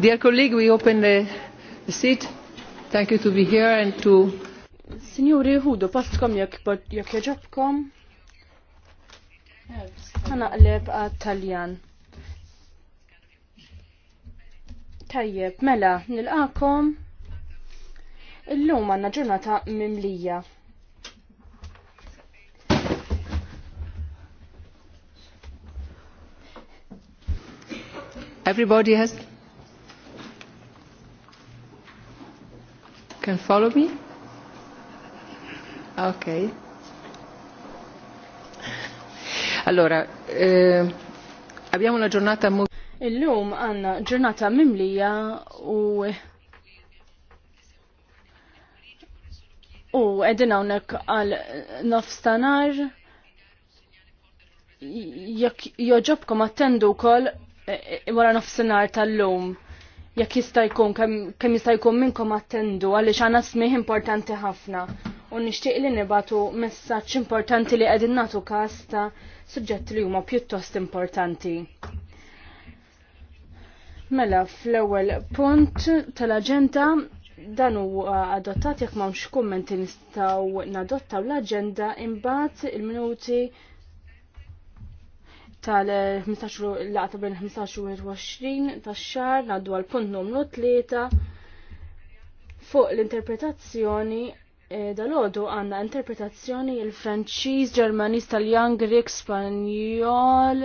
Dear colleague, we open the, the seat. Thank you to be here and to... Signori, hudu, pastkom jek jaġabkom. Għana għalib għat-Taljan. Tajjeb, mela, nil nilqakom. Illum għanna ġurnata mimlija. Everybody has Can follow me? Ok. Allora, eh, abbiamo una giornata molto... Illum għanna ġurnata mimlija u u edin hawnhekk għal nofstanar jekk joġobkom attendu wkoll eh, eh, wara nofsinhar tal-lum jekk jista' jkun kemm jista' jkun minnkom attendu għaliex għandna smih importanti ħafna u nixtieq li nibatu messaġġ importanti li qegħdin nagħtu każ ta' suġġetti li huma pjuttost importanti. Mela fl-ewwel punt tal-aġenda dan huwa adottat jekk m'hawnx kummenti nistgħu nadottaw l-aġenda imbagħad il-minuti il minuti tal-15 laqta bejn 15 u 20 tax-xar ngħaddu għal punt numru 3 fuq l-interpretazzjoni eh, dal-ħodu għanna interpretazzjoni il-Franċiż, Ġermaniż, Taljan, Grek, Spanjol,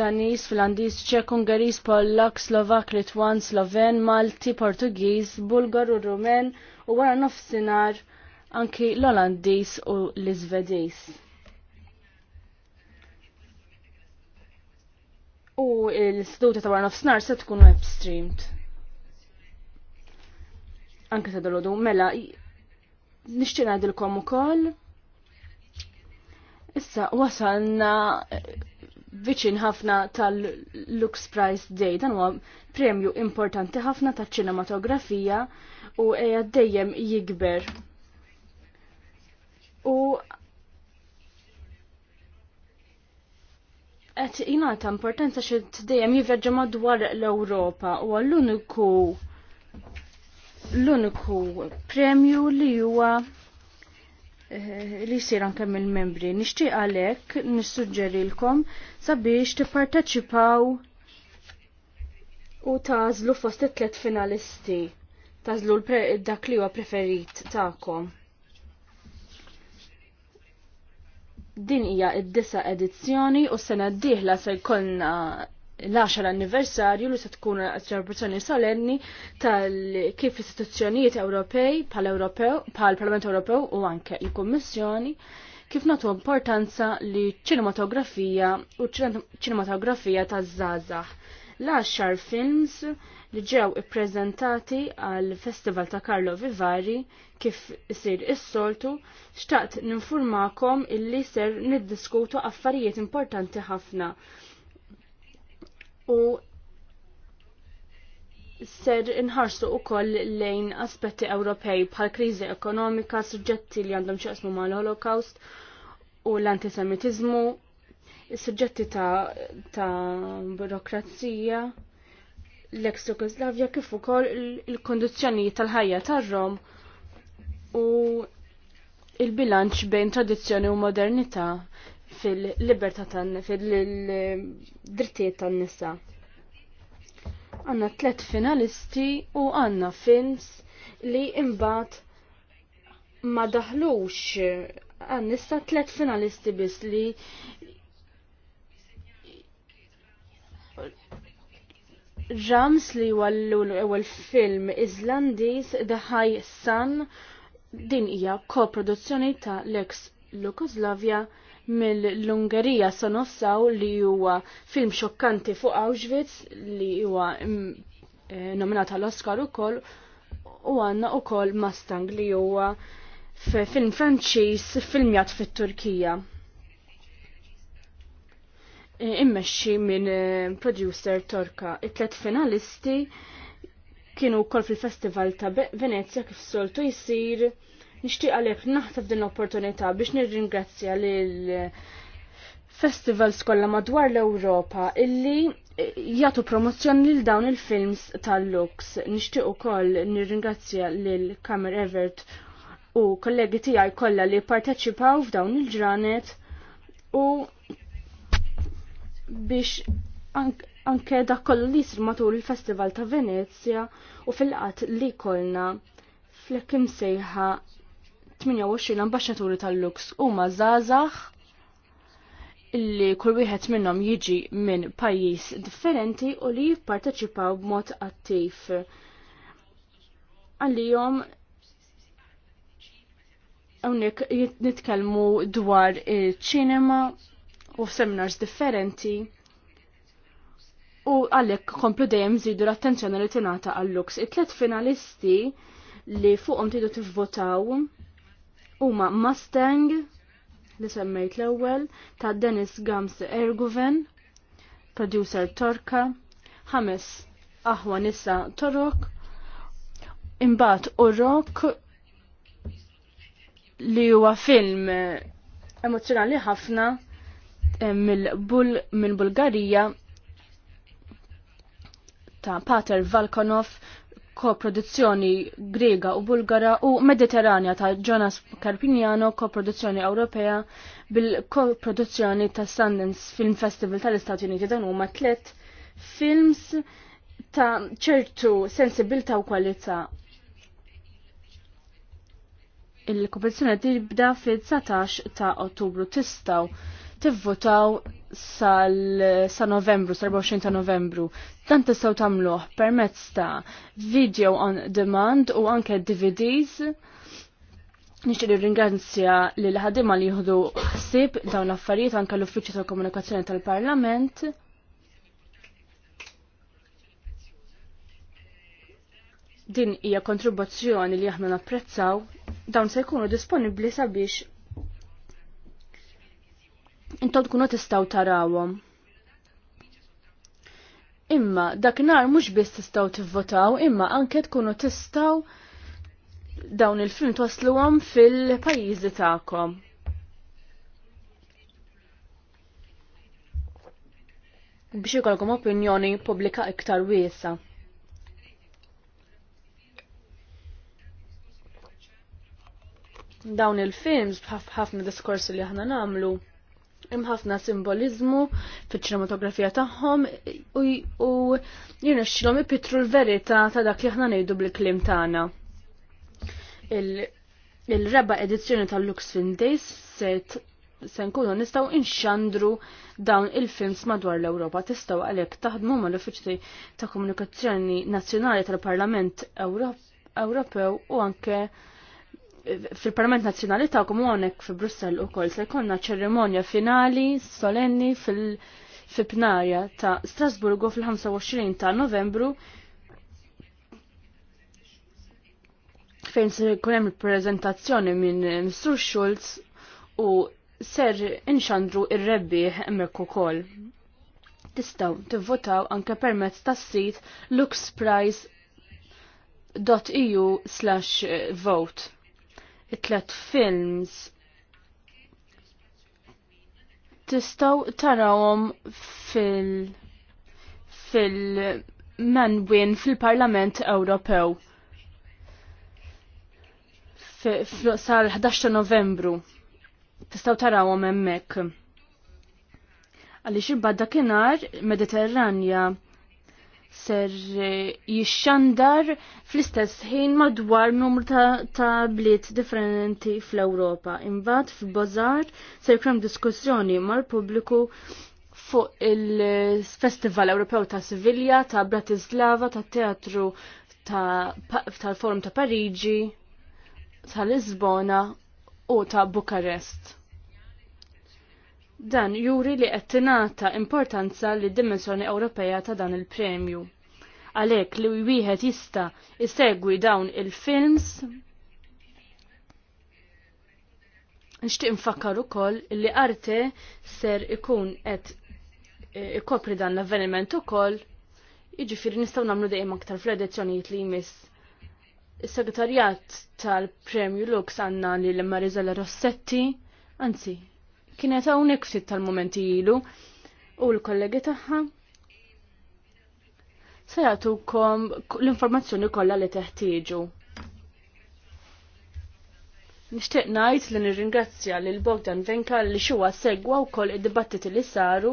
Danis, Finlandiż, Ċek, Ungeriż, Pollak, Slovak, Litwan, Sloven, Malti, Portugiż, Bulgar u Rumen u wara nofsinhar anki l-Olandiż u l-Iżvediż. u l-seduta ta' warna f'snar se tkun web streamed. Anke ta' dolodu, mela, nixtieq u ukoll. Issa wasalna eh, viċin ħafna tal-Lux Prize Day, dan huwa premju importanti ħafna taċ-ċinematografija u qiegħed dejjem jikber. U qed jingħata importanza xi dejjem jivvjaġġa madwar l-Ewropa u l-uniku l-uniku premju li huwa eh, li jisir anke mill-membri. Nixtieq għalhekk nissuġġerilkom sabiex tipparteċipaw u tażlu fost it-tlet finalisti. Tażlu dak li huwa preferit tagħkom. Din hija id-disa edizzjoni u sena d-dieħla se jkollna l-10 anniversarju li se tkun ċelebrazzjoni solenni tal kif istituzzjonijiet Ewropej pal parlament Ewropew u anke l-Kummissjoni kif natu importanza li ċinematografija u ċinematografija taż-żgħażagħ l-10 films li ġew ippreżentati għal Festival ta' Karlo Vivari kif isir is-soltu, xtaqt ninformakom illi ser niddiskutu affarijiet importanti ħafna. U ser inħarsu u koll lejn aspetti Ewropej bħal kriżi ekonomika, suġġetti li għandhom xieqsmu mal-Holocaust u l-antisemitizmu is-suġġetti ta', ta burokrazija l-eks Jugoslavja kif ukoll il-kondizzjonijiet tal-ħajja tar-Rom u il-bilanċ bejn tradizzjoni u modernità fil-libertà tan fil-drittijiet tan-nisa. Għanna tlet finalisti u għanna films li imbat ma daħlux għan nista tlet finalisti bis li Rams li huwa l-ewwel film Iżlandiż The High Sun din hija koproduzzjoni ta' Lex Lukoslavia mill-Ungerija sanofsaw li huwa film xokkanti fuq Auschwitz li huwa mm, eh, nominat għal Oscar ukoll u għanna ukoll Mustang li huwa film Franċiż filmjat fit-Turkija immexxi minn eh, producer Torka. It-tlet finalisti kienu kol fil-festival ta' Venezia kif soltu jisir nishtiq għalek naħtaf din l-opportunità biex nirringrazzja lil eh, festivals Skolla madwar l-Ewropa illi eh, jagħtu promozzjoni lil dawn il-films tal-Lux. Nixtieq ukoll nirringrazzja lil Kamer Evert u kollegi tiegħi kollha li parteċipaw f'dawn il-ġranet u biex anke dak kollu li jisir matul il-Festival ta' Venezia u fil-qat li kolna flek sejħa 28 ambasċaturi tal-Lux u mażazax illi kull wieħed minnhom jiġi minn pajjiż differenti u li jipparteċipaw b'mod attiv. Għalihom hawnhekk nitkellmu dwar il-ċinema, u f'seminars differenti u għallek komplu dejjem żidu l-attenzjoni li tingħata għall-lux. It-tliet finalisti li fuqhom tridu tivvotaw huma Mustang li semmejt l-ewwel ta' Dennis Gams Erguven, producer Torka, ħames aħwa nisa Torok, imbagħad Urok li huwa film emozjonali ħafna Eh, mill-Bulgarija ta' Pater Valkonov koproduzzjoni grega u bulgara u mediterranja ta' Jonas Carpignano koproduzzjoni Ewropea bil-koproduzzjoni ta' Sundance Film Festival tal-Istati Uniti dan huma tliet films ta' ċertu sensibilta u kwalità. Il-kompetizzjoni tibda fil-19 ta' Ottubru tistaw tivvotaw sal sa novembru, sal 24 ta' novembru. Dan tistgħu tagħmluh permezz ta' video on demand u anke DVDs. Nixtieq ringrazzja l-ħadima li jieħdu ħsieb dawn l-affarijiet anke l-Uffiċċju tal-Komunikazzjoni tal-Parlament. Din hija kontribuzzjoni li aħna napprezzaw dawn se jkunu disponibbli sabiex intom tkunu tistgħu tarawhom. Imma daknar mhux biss tistgħu tivvotaw, imma anke tkunu tistgħu dawn il-film twasluhom fil-pajjiżi tagħkom. biex ikolkom opinjoni pubblika iktar wiesa. Dawn il-films bħafna diskorsi li aħna namlu imħafna simbolizmu fil-ċinematografija tagħhom u jirnexxilhom ipitru l-verità ta' dak li aħna ngħidu bil klim tagħna. Il-reba edizzjoni tal-Lux Fin Days se nkunu nistgħu inxandru dawn il-films madwar l-Ewropa. Tistgħu għalhekk taħdmu mal uffiċċji ta' Komunikazzjoni Nazzjonali tal-Parlament Ewropew u anke fil-Parlament Nazzjonali ta' u hawnhekk fi Brussell ukoll se jkollna ċerimonja finali solenni fil pnaja ta' Strasburgu fil-25 ta' Novembru fejn se jkun hemm il-preżentazzjoni minn Mr. Schulz u ser inxandru ir emmek u ukoll. Tistgħu tivvotaw anke permezz tas-sit luxprice.eu slash vote tlet films tistaw tarawhom fil fil menwin fil-Parlament Ewropew sal-11 novembru. Tistaw tarawhom hemmhekk. Għaliex imbagħad dakinhar Mediterranja ser eh, jixxandar fl-istess ħin madwar numru ta', ta bliet differenti fl-Ewropa. Imbagħad f'Bozar ser jkun diskussjoni mal-pubbliku fuq il-Festival Ewropew ta' Sivilja, ta' Bratislava, ta' Teatru tal-Forum ta', Parigi, Pariġi, ta' Lisbona u ta' Bukarest. Dan juri li qed tingħata importanza li dimensjoni Ewropea ta' dan il-premju. Għalhekk li wieħed jista' jsegwi dawn il-films Nixtieq nfakkar ukoll li arte ser ikun qed e, ikopri dan l-avveniment ukoll jiġifieri nistgħu nagħmlu dejjem aktar fl-edizzjonijiet li jmiss. Is-segretarjat tal-Premju Lux għandna lil Marizella Rossetti, anzi, kienet hawnhekk ftit tal-mumenti ilu u l-kollegi tagħha se jagħtukom l-informazzjoni kollha li teħtieġu. Nixtieq ngħid li nirringrazzja lil Bogdan Venka li xuwa segwa wkoll id-dibattiti li saru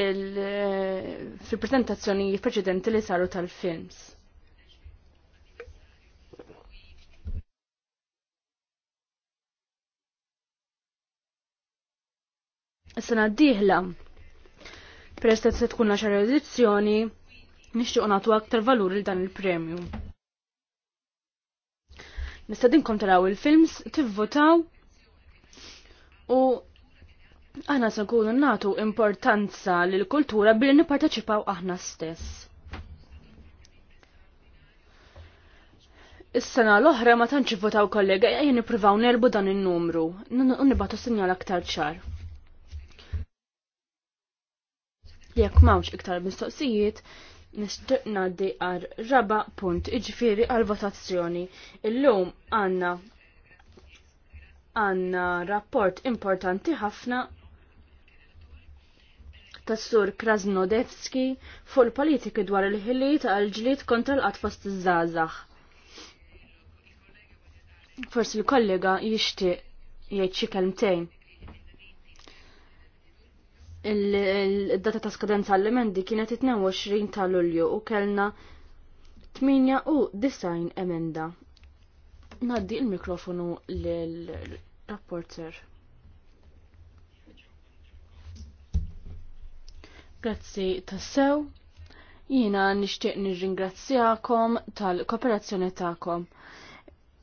eh, fil-prezentazzjonijiet preċedenti li saru tal-films. Sena diħla, peress se tkun xar edizzjoni, nixtieq nagħtu aktar valur il dan il-premju. Nistadinkom taraw il-films, tivvotaw u aħna se nkunu nagħtu importanza lil kultura billi nipparteċipaw aħna stess. Is-sena l-oħra ma tantx votaw kollega jgħin nippruvaw nerbu dan in-numru, nibgħatu sinjal aktar ċar. li jekk mawx iktar mistoqsijiet, nistuqna di għar raba punt iġifieri għal votazzjoni. Illum għandna għanna rapport importanti ħafna tas-sur Krasnodevski fuq il-politiki dwar il-ħiliet għal ġlied kontra l qatfost iż żgħażagħ Forsi l-kollega jixtieq jgħid xi kelmtejn il-data ta' skadenza għall-emendi kienet 22 ta' Lulju u kellna 8 u 9 emenda. Naddi il-mikrofonu l-rapporter. Grazzi tassew. Jina nishtiq nirringrazzjakom tal-kooperazzjoni ta'kom.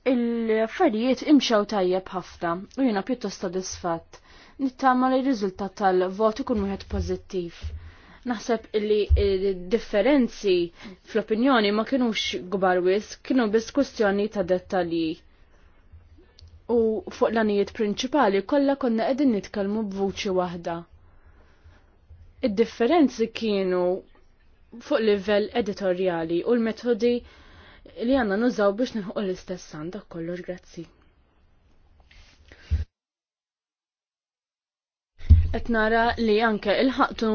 Il-affarijiet imxew tajjeb ħafna u jina pjuttost sodisfatt nittama li r-riżultat tal-vot ikun wieħed pożittiv. Naħseb li differenzi fl-opinjoni ma kienux gbar wisq, kienu biss kwestjoni ta' dettalji. U fuq l-anijiet prinċipali kollha konna qegħdin nitkellmu b'vuċi waħda. Id-differenzi kienu fuq livell editorjali u l-metodi li għanna nużaw biex nħuq l-istess għandak kollox grazzi. qed nara li anke il-ħaqtu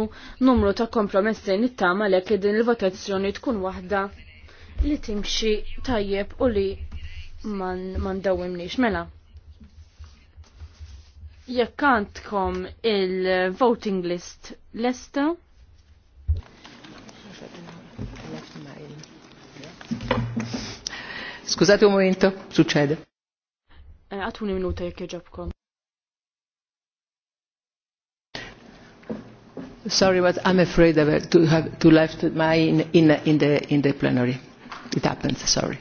numru ta' kompromessi nittama lek li din il-votazzjoni tkun waħda li timxi tajjeb u li man, man dawimniex mela. Jekk għandkom il-voting list lesta. Skużati un momento, succede. Eh, għatuni minuta jekk jġabkom. Sorry, but I'm afraid of to have to left my in, in, in, the, in the plenary. It happens, sorry.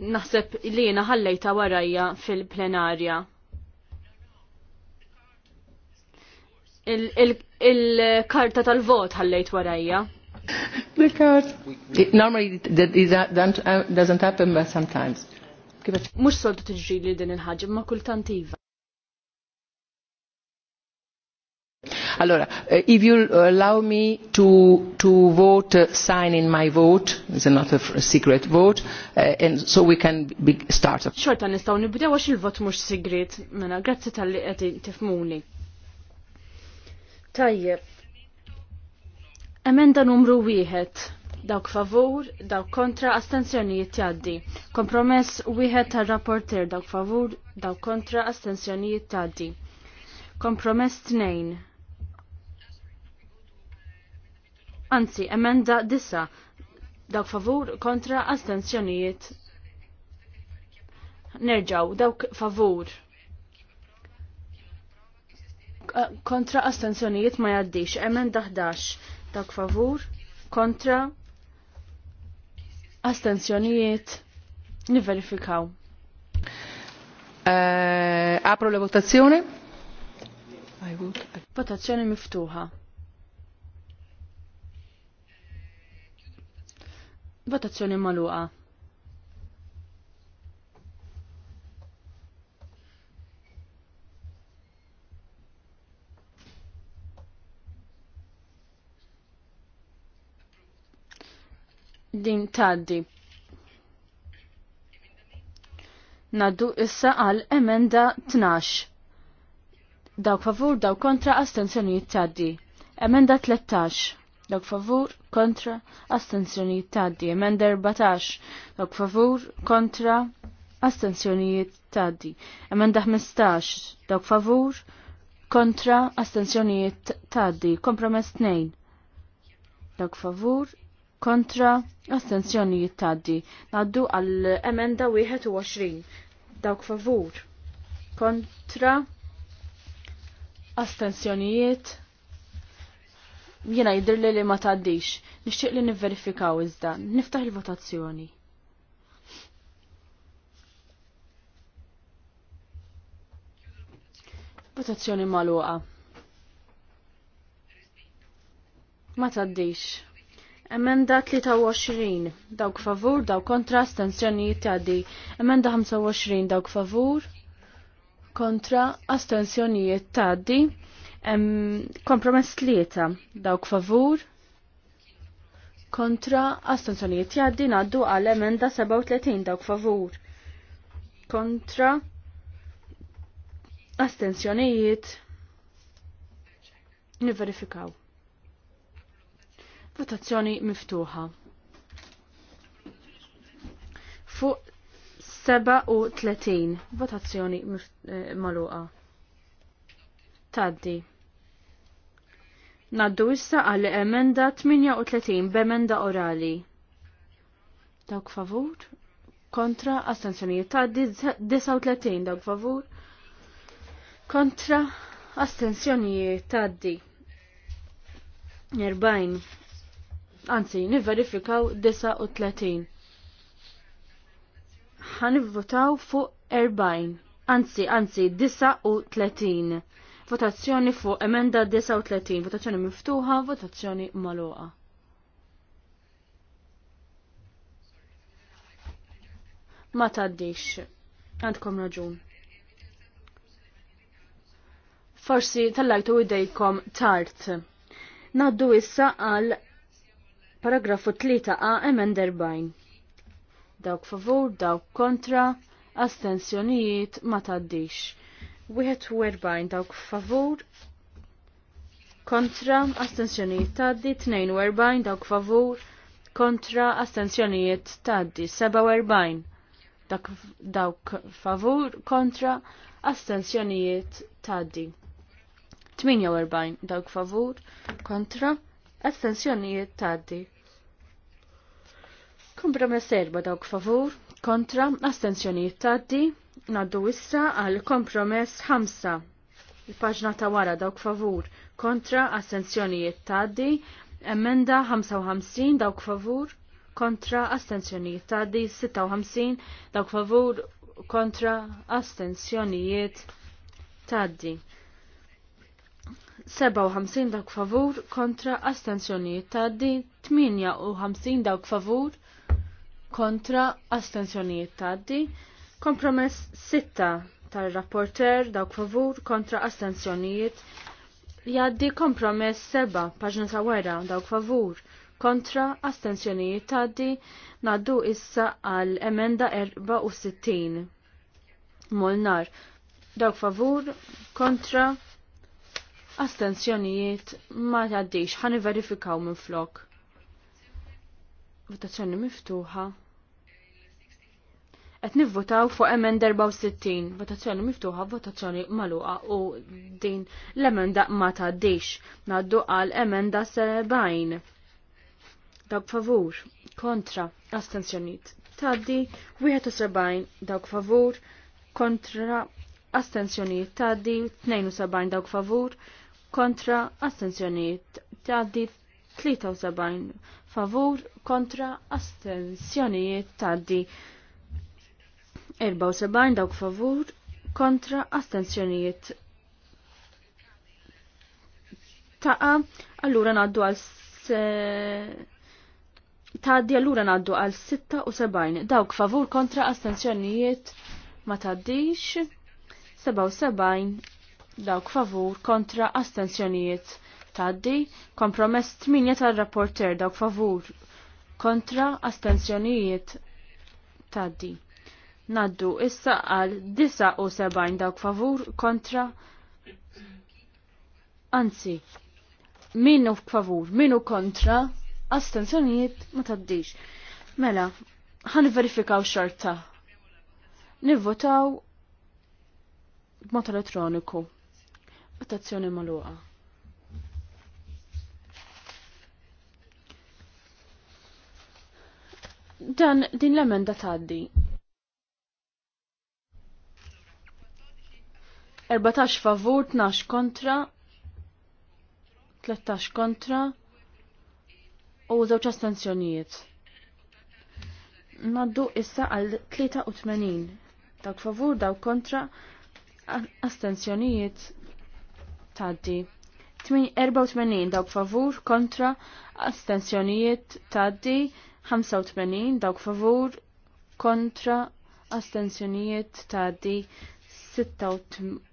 Naħseb li jena ħallejta warajja fil-plenarja. Il-karta tal-vot ħallejt warajja. The card. It, normally that is, that uh, doesn't happen, but sometimes. Mux soltu tiġri li din il-ħagġa, ma kultantiva. Allora, uh, if you uh, allow me to, to vote, uh, sign in my vote, it's not a, a secret vote, uh, and so we can be start. Xorta nistaw nibdew għax il-vot mux sigret, mena, grazzi tal-li għati tifmuni. Tajjeb. Emenda numru wieħed. Dawk favur, dawk kontra, astensjonijiet jittjaddi. Kompromess wieħed tar-rapporter dawk favur, dawk kontra, astensjonijiet jittjaddi. Kompromess tnejn. Anzi, emenda disa, dawk favur kontra astenzjonijiet. Nerġaw, dawk favur. Kontra astenzjonijiet ma jaddix, emenda 11, dawk favur kontra astenzjonijiet niverifikaw. Uh, apro la votazione. Votazione miftuħa. Votazzjoni maluqa. Din taddi. Naddu issa għal emenda 12. Dawk favur, dawk kontra, astenzjoni taddi. Emenda 13. Dawk favur kontra astensjonijiet taddi. Emenda 14. Dawk favur kontra astenzjonijiet taddi. Emenda 15. Dawk favur kontra astenzjonijiet taddi. Kompromess 2. dok favur kontra astensjonijiet taddi. Naddu għal emenda 21. Dawk favur kontra astensjonijiet taddi Jiena jidir li li ma taddix. Nixtieq li nivverifikaw iżda. Niftaħ il-votazzjoni. Votazzjoni maluqa. Ma taddix. Emenda 23, dawk favur, dawk kontra, astensjonijiet jittaddi. Emenda 25, dawk favur, kontra, astensjonijiet jittaddi. Kompromess tlieta dawk favur kontra astenzjonijiet jgħaddi għaddu għal emenda 37 dawk favur kontra astenzjonijiet niverifikaw. Votazzjoni miftuħa. Fuq 37 votazzjoni eh, maluqa. Taddi. Naddu issa għall emenda 38 b'emenda orali. Dawk favur? Kontra astensjonijiet ta' 39 dawk favur? Kontra astensjonijiet ta' di. 40. Anzi, niverifikaw 39. Ħanivvotaw fuq 40. Anzi, anzi, 39. Votazzjoni fuq emenda 39, votazzjoni miftuħa, votazzjoni maluqa. ma taddix. Għandkom raġun. Forsi tal-lajtu id-dejkom tart. Naddu issa għal paragrafu 3a emen Dawk favur, dawk kontra, astensjonijiet ma taddix. 41 dawk favur kontra astensjonijiet taddi 42 dawk favur kontra astensjonijiet taddi u dak, dawk favur kontra astensjonijiet taddi 48 dawk favur kontra astensjonijiet taddi Kompromess erba dawk favur kontra astensjonijiet taddi Naddu issa għal kompromess 5. Il-paġna ta' wara dawk favur kontra astenzjonijiet tgħaddi, Emenda 55 dawk favur kontra astenzjonijiet taddi. 56 dawk favur kontra astenzjonijiet taddi. 57 dawk favur kontra astenzjonijiet tgħaddi. 58 dawk favur kontra astenzjonijiet tgħaddi. Kompromess sitta tal-rapporter dawk favur kontra astenzjonijiet. Jaddi kompromess seba' paġna ta' wera dawk favur kontra astenzjonijiet taddi naddu issa għal emenda 64. Molnar dawk favur kontra astenzjonijiet ma jaddix ħani verifikaw minn flok. Votazzjoni miftuħa. Qed nivvotaw fuq emenda 64, votazzjoni miftuħa, votazzjoni maluqa u din l-emenda ma tgħaddix. Ngħaddu għal emenda 70. Dawk favur, kontra, astensjoniet. Taddi 71 dawk favur, kontra, astensjoniet. Taddi 72 dawk favur, kontra, astensjoniet. Taddi 73 favur, kontra, astensjoniet. Taddi 74 dawk favur kontra astenzjonijiet taqa allura naddu għal taddi allura naddu għal 76 dawk favur kontra astenzjonijiet ma taddix 77 dawk favur kontra astenzjonijiet taddi kompromess 8 tal-rapporter dawk favur kontra astenzjonijiet taddi Naddu issa għal 79 dawk favur kontra anzi minnu favur, minnu kontra astenzjonijiet ma taddix. Mela, ħan verifikaw xorta. Nivvotaw b'mod elettroniku. Votazzjoni maluqa. Dan din l-emenda taddi. 14 favur, 12 kontra, 13 kontra u żewġ astenzjonijiet. Naddu issa għal 83. Dawk favur, dawk kontra, astenzjonijiet taddi. 84 dawk favur, kontra, astenzjonijiet taddi. 85 dawk favur, kontra, astenzjonijiet taddi. 86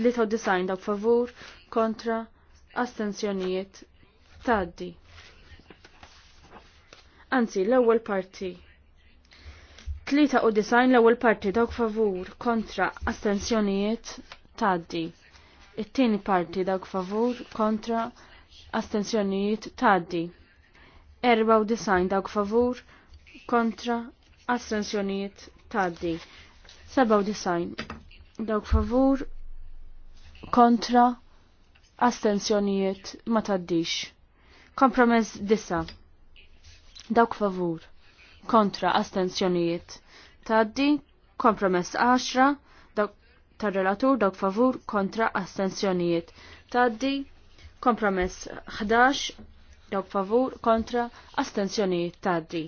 93 dak favur kontra astenzjonijiet taddi. Anzi, l-ewwel parti. 93 l-ewwel parti dawk favur kontra astenzjonijiet taddi. It-tieni parti dawk favur kontra astenzjonijiet taddi. disajn dawk favur kontra astenzjonijiet taddi. disajn dawk favur kontra astenzjonijiet ma taddix. Kompromess disa. Dawk favur. Kontra astenzjonijiet. Taddi. Kompromess għaxra. Dawk tar relatur dawk favur kontra astenzjonijiet. Taddi. Kompromess 11. Dawk favur kontra astenzjonijiet. Taddi.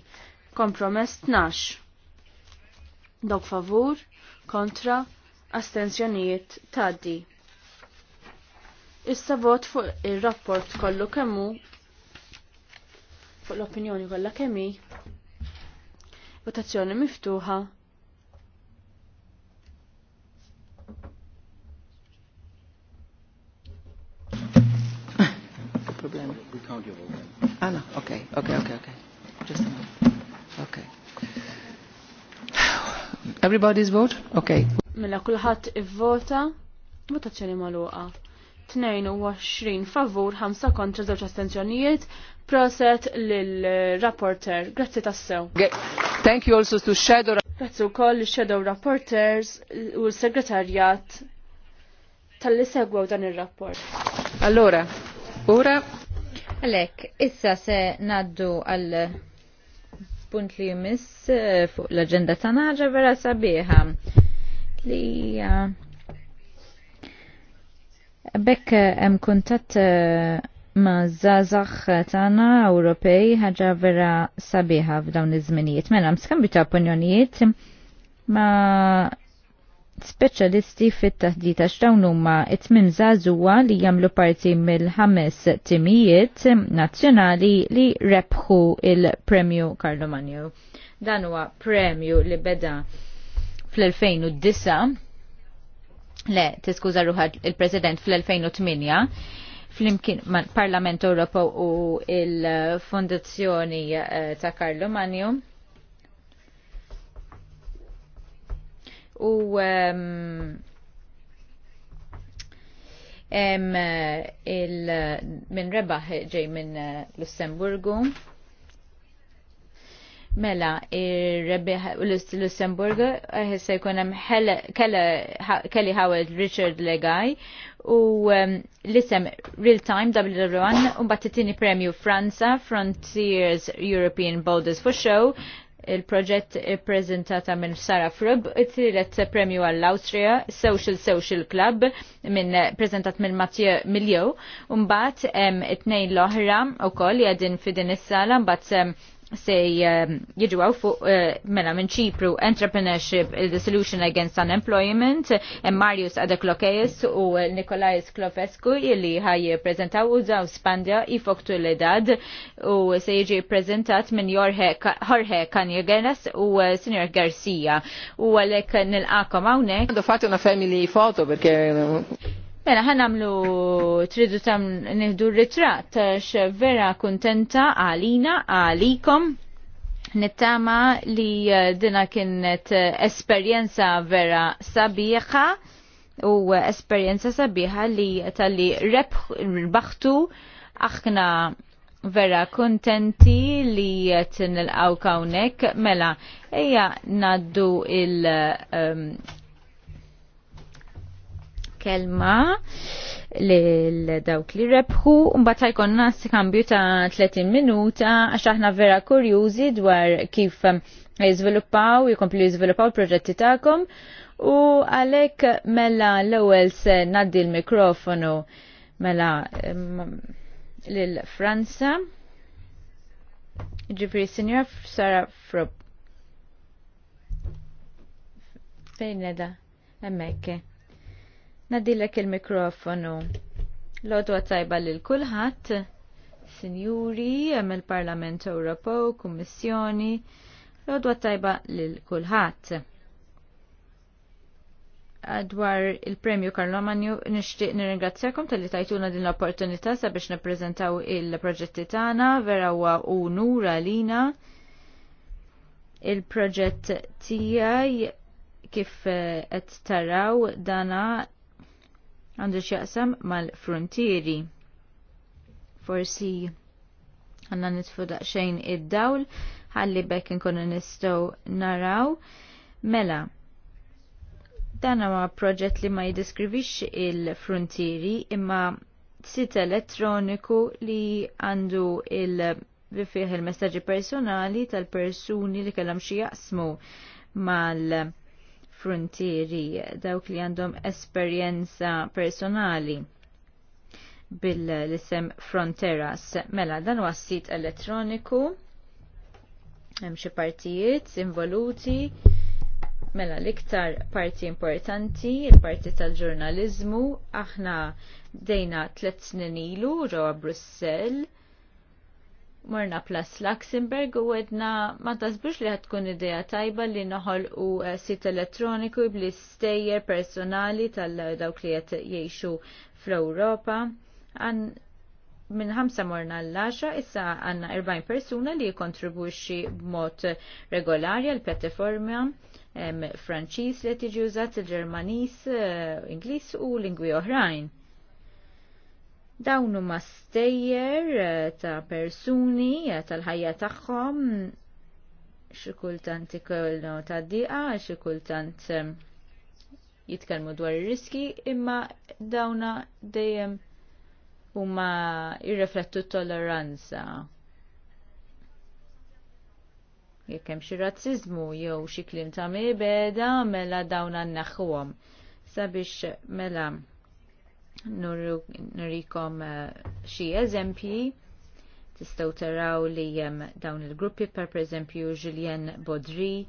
Kompromess 12. Dawk favur kontra astenzjonijiet. Taddi Issa vot fuq il-rapport kollu kemmu fuq l-opinjoni kollha kemmi. Votazzjoni miftuħa. Problem. We count your Ah, no. Okay, okay, okay, okay. Just a minute. Ok. Everybody's vote? Okay. Mela kulħadd ivvota, votazzjoni magħluqa. 22 favur, 5 kontra, 2 astenzjonijiet. Proset lil-rapporter. Grazzi tassew. Thank you also to Shadow. Grazzi u koll Shadow Rapporters u l-segretarjat tal-li segwew dan il-rapport. Allora, ora. Alek, issa se naddu għal punt li jmiss eh, fuq l-agenda tanaġa vera sabiħa li eh, Bekk hemm eh, kuntatt eh, ma' zazax eh, tagħna Ewropej ħaġa vera sabiħa f'dawn iż-żminijiet. Mela skambju ta' opinjonijiet ma' speċjalisti fit-taħdita x'dawn huma it-tmim żagħżuha li jagħmlu parti mill-ħames timijiet nazzjonali li rebħu il-Premju Karlo Magno. Dan huwa premju li beda fl-2009 Le, tiskuża ruħad il-President fl-2008 fl-imkien Parlament Europa u il-Fondazzjoni eh, ta' Karlo Magno. U um, um, il, min rebaħ ġej minn Lussemburgu. Mela, ir-rebbi Lussemburg għessa eh, jkun hemm Kelly Howard Richard Legaj u l-isem Real Time W1 u battitini premju Franza Frontiers European Boulders for Show il-proġett prezentata minn Sara Frub, it-tielet premju għall-Austria, Social Social Club, minn prezentat minn Mathieu Miljo, un-bat it-nejn l-oħra u koll jadin fidin is-sala, un-bat se eh, jiġu fuq eh, mela minn ċipru Entrepreneurship eh, the Solution Against Unemployment, Marius Adaklokejs u Nikolajs Klofesku illi ħaj prezentaw u Zaw Spandja foktu l-edad u se jiġi prezentat minn Jorge Kanjegenes u Senior Garcia u għalek nil-għakom għawnek. Għandu fatu na family photo perché Mela, ħanamlu tridu tam nihdu ritrat, vera kontenta għalina, għalikom. Nittama li eh, dina kienet eh, esperienza vera sabiħa u esperienza sabiħa li tal-li rebaħtu aħna vera kontenti li t għaw kawnek. Mela, eja naddu il- um, kelma lil dawk li rebħu, mbagħad ħajkonna skambju ta' 30 minuta għax aħna vera kurjużi dwar kif um, jiżviluppaw, jkomplu jiżviluppaw proġetti tagħkom u għalhekk mela l-ewwel se ngħaddi l-mikrofonu mela um, lil Franza. Ġifri Sinjor Sara Frob. Fejn edha? Emmekke. Nadilek il-mikrofonu. Lodwa tajba lil kulħadd, sinjuri, il parlament Ewropew, Kummissjoni, Lodu tajba lil kulħadd. Adwar ah, il-Premju Karlo Manju nixtieq nirringrazzjakom tal-li tajtuna din l-opportunità sabiex nippreżentaw il-proġetti tagħna vera huwa unura lina il-proġett tiegħi kif eh, qed taraw dana għandu xjaqsam mal-frontieri. Forsi għanna nitfu daqxejn id-dawl, ħalli bekk nkunu nistgħu naraw. Mela, dan huwa proġett li ma jiddeskrivix il-frontieri imma sit elettroniku li għandu il- fih il messaġġi personali tal-persuni li kellhom xi jaqsmu mal- frontieri dawk li għandhom esperjenza personali bil-isem Fronteras. Mela, dan huwa sit elettroniku, hemm xi partijiet involuti, mela l-iktar parti importanti, il-parti tal-ġurnalizmu, aħna dejna tliet snin ilu ġewwa Brussell morna Plus Luxemburg u għedna ma tasbux li ħatkun ideja tajba li noħol u eh, sit elettroniku bli stejjer personali tal-dawk eh, li għed jiexu fl-Europa. Għan minn ħamsa morna l laxa issa għanna 40 persuna li kontribuxi b'mod regolari għal pjattaforma franċis li tiġi użat il-Ġermanis, eh, Ingliż u lingwi oħrajn. Dawn huma stejjer eh, ta' persuni eh, tal-ħajja tagħhom xi kultant ikollu ta' diqa, xi kultant eh, jitkellmu dwar ir-riski, imma dawna dejjem huma jirreflettu t-tolleranza jekk hemm xi razziżmu jew xi kliem ta' mibeda mela dawn nneħħuhom sabiex mela nurikom eh, xi eżempji tistaw taraw li jem dawn il-gruppi per eżempju Julien Bodri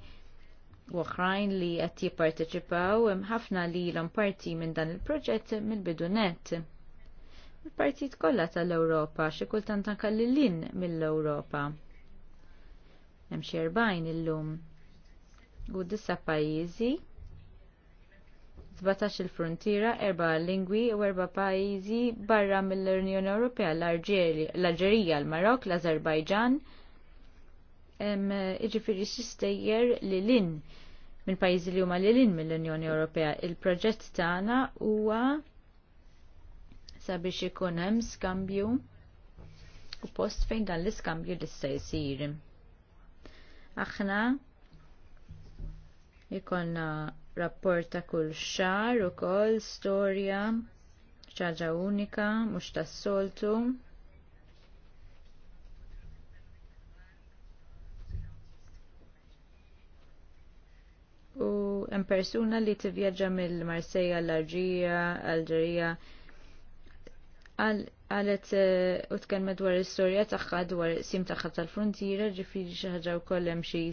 u oħrajn li qed jipparteċipaw ħafna li l parti minn dan il-proġett mill-bidunet. Il-partit kollha tal-Ewropa xi kultant anke lil mill-Ewropa. Hemm xi erbajn illum u disa pajjiżi 17 il-frontiera, 4 lingwi u 4 pajjiżi barra mill-Unjoni Ewropea l-Alġerija, l-Marok, l-Azerbajġan. Iġifieri xistejjer li lin minn pajjiżi li huma lilin mill-Unjoni Ewropea. Il-proġett tagħna huwa sabiex ikun hemm skambju u post fejn dan l-iskambju lista jsir. Aħna ikolna Rapporta kull xar u koll storja ċaġa unika mux ta' soltu u hemm persuna li tivvjaġġa mill-Marsejja l-Arġija, Alġerija għalet eh, u tkellmet dwar l-istorja tagħha dwar sim tagħha tal frontira ġifiri xi ħaġa wkoll hemm xi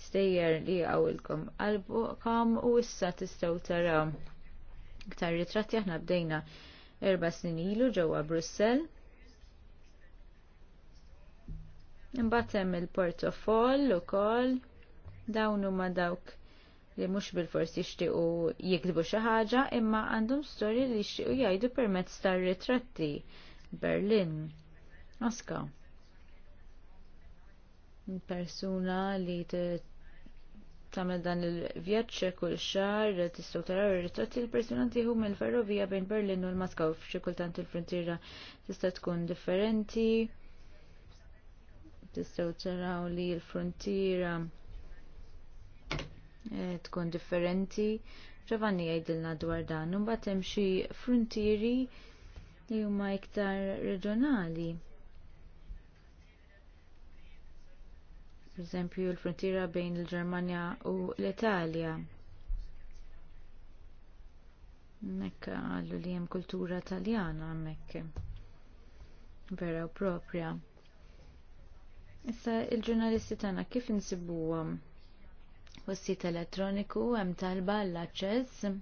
stejjer li għawilkom għalbukom u issa tistaw taraw iktar ritratti aħna bdejna erba snin ilu ġewwa Brussell. Imbagħad hemm il-portofoll ukoll dawn huma dawk li mhux bil-forsi jixtiequ jikdbu xi ħaġa imma għandhom storji li jixtiequ jgħidu permezz tar-ritratti Berlin. Aska persuna li Tamel dan il vjaċ kull xahar tistgħu taraw ir-ritratti l-persuna tieħu mill-ferrovija bejn Berlin u l-Moskaw f'xi kultant il-frontiera tista' tkun differenti. Tistgħu taraw li l-frontiera eh, tkun differenti. Ġovanni jgħidilna dwar dan, u mbagħad hemm xi frontieri li huma iktar reġjonali per eżempju l-frontiera bejn il-Ġermanja u l-Italja. Mekk għallu li hemm kultura taljana hemmhekk vera u propja. Issa il-ġurnalisti tagħna kif insibuhom? Fis-sit elettroniku hemm talba l-aċċess.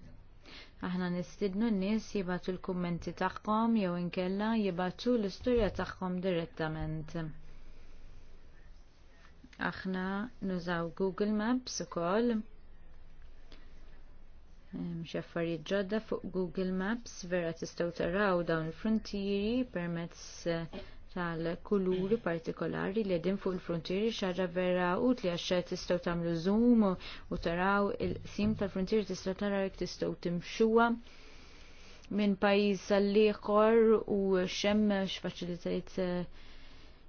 Aħna nistidnu n-nies jibatu l-kummenti tagħhom jew inkella jibatu l-istorja tagħhom direttament. Aħna nużaw Google Maps ukoll. Xaffarijiet ġodda fuq Google Maps vera tistgħu taraw dawn il-frontieri permezz eh, tal-kuluri partikolari li għedin fuq il-frontieri xaġa vera utli għaxa tistgħu tagħmlu zoom u taraw il-sim tal-frontieri tistgħu taraw jekk tistgħu timxuha minn pajjiż għall ieħor u xemm x'faċilitajt. Eh,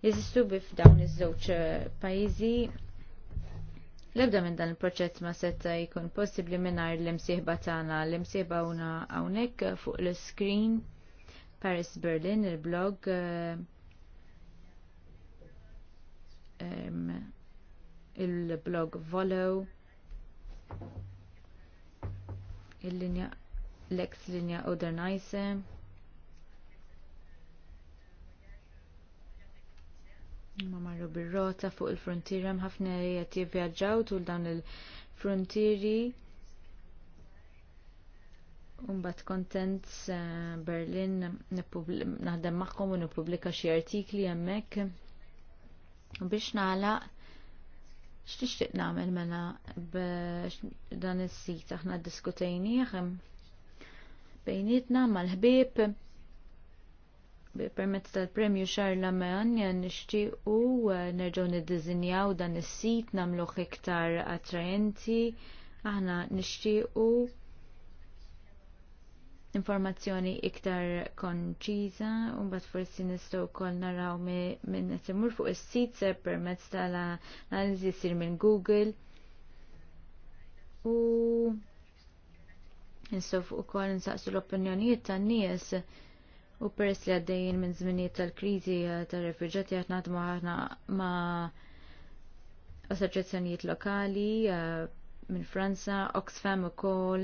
jeżistu bif dawn iż-żewġ eh, pajjiżi L-ebda minn dan il-proċett ma setta jkun possibbli minnar l-imsieħba tagħna, l-imsieħba una hawnhekk fuq l-screen Paris Berlin, il-blog eh, il-blog Volo il-linja l-ex linja Odernice Ma marru bir-rota fuq il-frontiera ħafna qed jivvjaġġaw tul dawn il-frontieri. Umbat kontent eh, Berlin naħdem magħhom u nippubblika xi artikli hemmhekk biex nagħlaq x'tixtieq nagħmel mela dan is-sit aħna ddiskutejnieh bejnietna mal-ħbieb permezz tal-premju xarla meħanja nishti u eh, nerġaw nid-dizinjaw dan is-sit namluħ iktar attraenti aħna nishti u informazzjoni iktar konċiza u bat forsi nistaw kol naraw minn imur fuq is-sit se permezz tal-analizi jsir minn Google u nistaw fuq kol nsaqsu l-opinjonijiet tan-nies u peress li għaddejjin minn żminijiet tal-kriżi eh, tar-refuġjati qed naħdmu aħna ma' assoċjazzjonijiet lokali eh, minn Franza, Oxfam ukoll,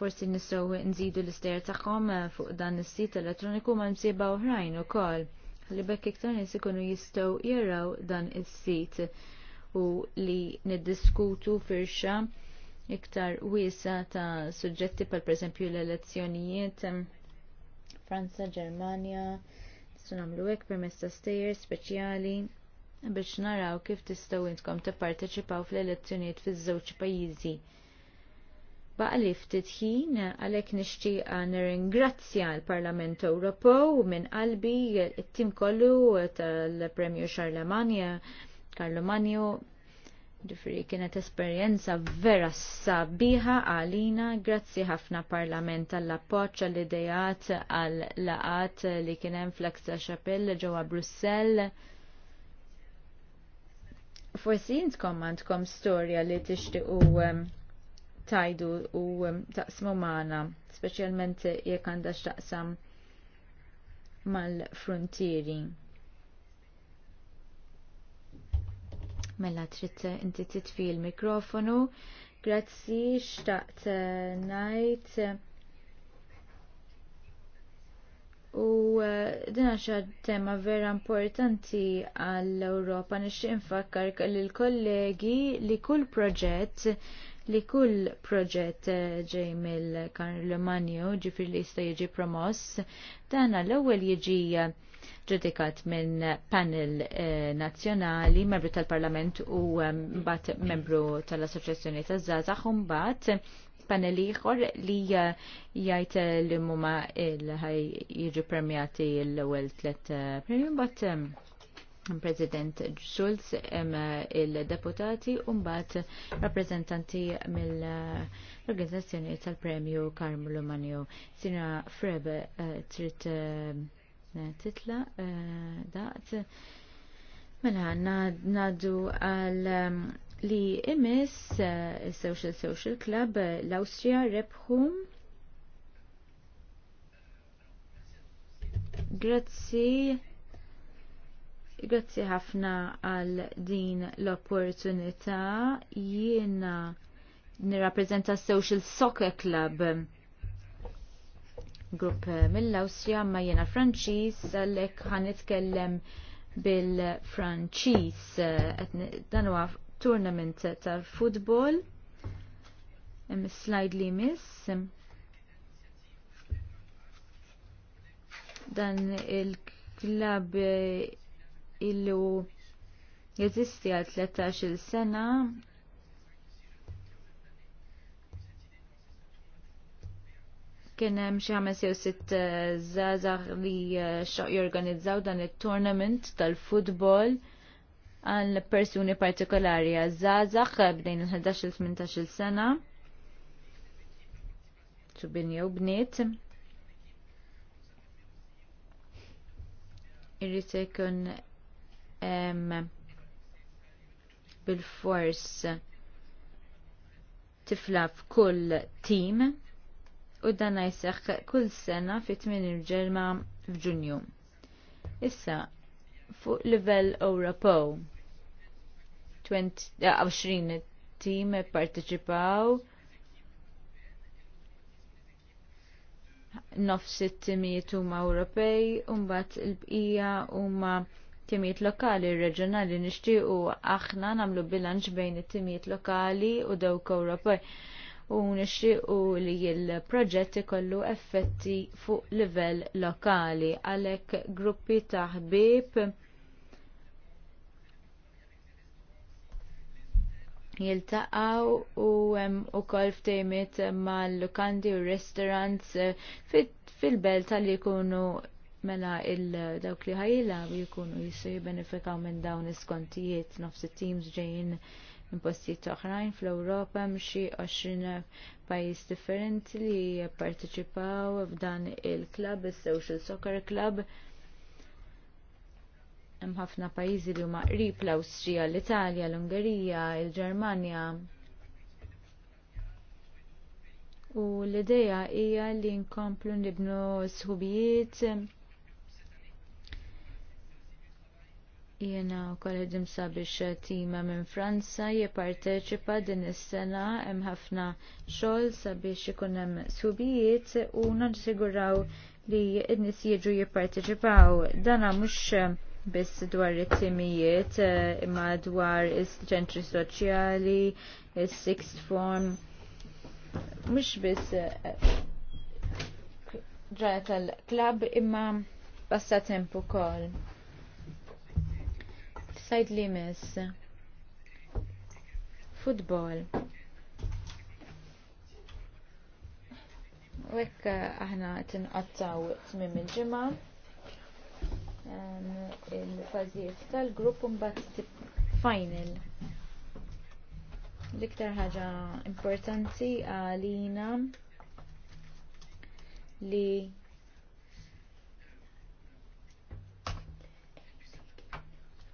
forsi nistgħu nżidu l-istejjer tagħhom eh, fuq dan is-sit elettroniku ma' msiba oħrajn ukoll li bekk iktar nies ikunu jistgħu jaraw dan is-sit u li niddiskutu firxa iktar wiesa ta' suġġetti pal pereżempju l-elezzjonijiet Franza, Ġermanja, nistgħu nagħmlu hekk permezz ta' stejjer speċjali biex naraw kif tistgħu intkom tipparteċipaw fl-elezzjonijiet fiż-żewġ pajjiżi. Baqa li ftit ħin għalhekk nixtieqa nirringrazzja l-Parlament Ewropew minn qalbi it-tim kollu tal-Premju Charlemagne Carlo Magno Ġifiri kienet esperjenza vera sabiħa għalina, grazzi ħafna parlament għall appoċ għall idejat għall laqat li kienem fl-Aksa Chapelle ġewwa Brussell. Forsi jintkom għandkom storja li u um, tajdu u um, taqsmu maħna, specialment jek għandax taqsam mal-frontieri. mela trid eh, inti titfi l-mikrofonu. Grazzi, xtaqt eh, najt. U eh, dina xa tema vera importanti għall-Europa nixtieq infakkar lill-kollegi li kull proġett li kull proġett ġej mill-Karl Manju ġifir li jista' jiġi promoss, dana l-ewwel jiġi ġudikat minn panel eh, nazzjonali, membru tal-Parlament u eh, bat membru tal-Assoċjazzjoni taż-Żazax un bat panel ieħor li eh, jgħid li huma ħaj jiġu premjati l ewel tlet premju bat President Schulz, il-deputati, umbat rappresentanti mill-organizzazzjoni tal-premju Carmelo Manio. Sina Frebe, trit titla eh, daqt. Mela, naddu għal um, li imis eh, Social Social Club eh, l-Austria rebħum Grazzi. Grazzi ħafna għal din l-opportunità jiena nirrappreżenta Social Soccer Club grupp eh, mill-Awstrija ma jiena Franċiż għalhekk ħan nitkellem bil-Franċiż eh, dan huwa tournament tal-futbol. Hemm slide li miss. Dan il-klab eh, illu jeżisti għal 13-il sena kien hemm xi ħames jew sitt eh, żgħażagħ li eh, jorganizzaw dan it-tournament tal-futbol għal persuni partikolari żgħażagħ bdejn il-11 il-18 sena. Subin jew bniet. Irrid jkun bil-fors tifla f'kull tim u dan jseħħ kull sena fit tmien il-ġerma f'Ġunju. Issa, fuq livell Ewropew, 20 tim parteċipaw nofs it-timijiet huma Ewropej u mbagħad il-bqija huma timijiet lokali reġjonali nixtiequ aħna nagħmlu bilanċ bejn it-timijiet lokali u dawk Ewropej u nixxiequ li l-proġett ikollu effetti fuq livell lokali għalhekk gruppi ta' ħbieb jiltaqgħu u hemm ukoll ftejmiet mal-lukandi u restaurants fil-belt tal jkunu mela il-dawk li ħajla jkunu jistgħu jibbenefikaw minn dawn iskontijiet nofs it-teams ġejjin impostijiet oħrajn fl-Ewropa mxi 20 pajjiż differenti li jipparteċipaw f'dan il-klab, il-Social Soccer Club. Hemm ħafna pajjiżi li huma qrib l-Awstrija, l-Italja, l-Ungerija, il-Ġermanja. U l-idea hija li nkomplu nibnu sħubijiet Jena u koll id sabiex tima minn Franza jipparteċipa din is-sena hemm ħafna xogħol sabiex ikun hemm subijiet u naġsiguraw li n-nies jiġu jipparteċipaw. Dana mhux biss dwar it-timijiet imma dwar is-ċentri soċjali, is-sixth form. Mhux biss ġara eh, tal klabb imma passatemp ukoll sajt li mis. Futbol. Wek eh, aħna tinqattaw tmim il-ġimgħa. Il-fażijiet tal-grupp mbagħad final. L-iktar ħaġa importanti għalina li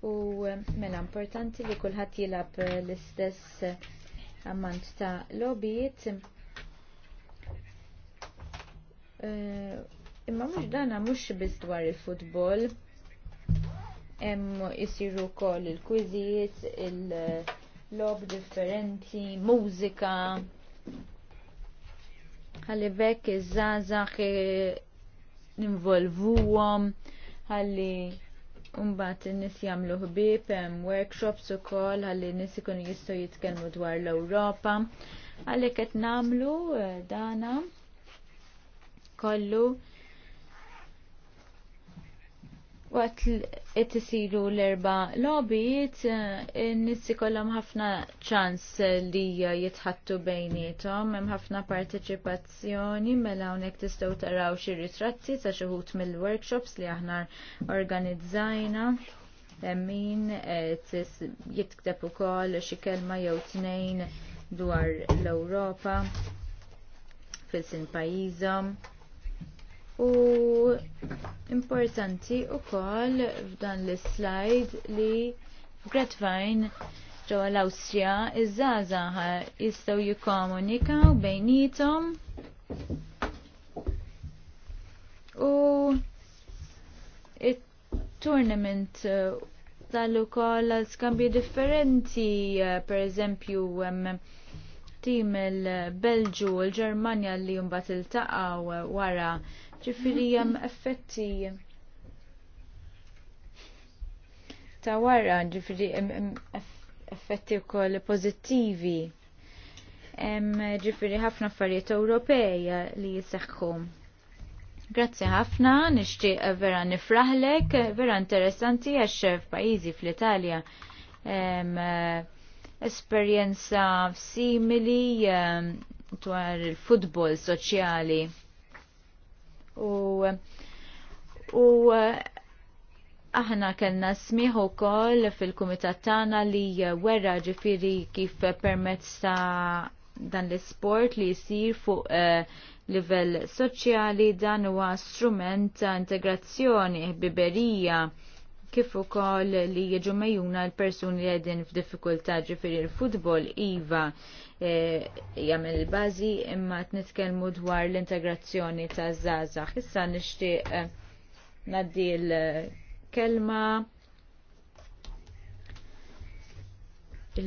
u eh, mela importanti li kulħadd jilab eh, l-istess eh, ammont ta' lobbyt. Imma mhux dana mhux biss dwar il-futbol. Hemm isiru wkoll il-kwiżijiet, il-lob differenti, mużika. Ħalli bekk iż-żgħażagħ ninvolvuhom ħalli Umbat n-nis jamlu ħbib, workshops u kol, għalli n-nis ikun jistu jitkelmu dwar l-Europa. Għalli ket namlu eh, dana kollu qed isiru l-erba lobbyt eh, n-nissi kollhom ħafna ċans li jitħattu bejnietom, hemm ħafna partecipazzjoni mela hawnhekk tistgħu taraw xi ritratti ta' xi mill-workshops li aħna organizzajna min jitkdeb ukoll xi kelma jew tnejn dwar l-Ewropa fil-sin pajjiżhom. U importanti u koll f'dan l-slide li f'Gretvine ġo l-Awstrija iż żaza jistgħu jikkomunikaw bejnietom u it-tournament uh, tal ukoll skambju differenti uh, pereżempju eżempju, um, tim il-Belġu u l-Ġermanja li il-taqaw uh, wara Ġifiri jem effetti ta' wara, ġifiri effetti u koll pozittivi. Ġifiri ħafna affarijiet Ewropej li jisseħħu. Grazzi ħafna, nishtiq vera nifraħlek, vera interessanti għax f'pajjiżi fl-Italja. Esperjenza simili eh, dwar il-futbol soċjali u u aħna kellna smieħu koll fil-kumitat tagħna li werra ġifiri kif permezz ta' dan l-sport li jisir fuq eh, livell soċjali dan huwa strument ta' integrazzjoni ħbiberija kif ukoll li jiġu mejjuna l-persuni li għedin f'diffikultà ġifiri l-futbol iva e, jagħmel il-bażi imma qed nitkellmu dwar l-integrazzjoni ta' żgħażagħ. Issa nixtieq e, ngħaddi l-kelma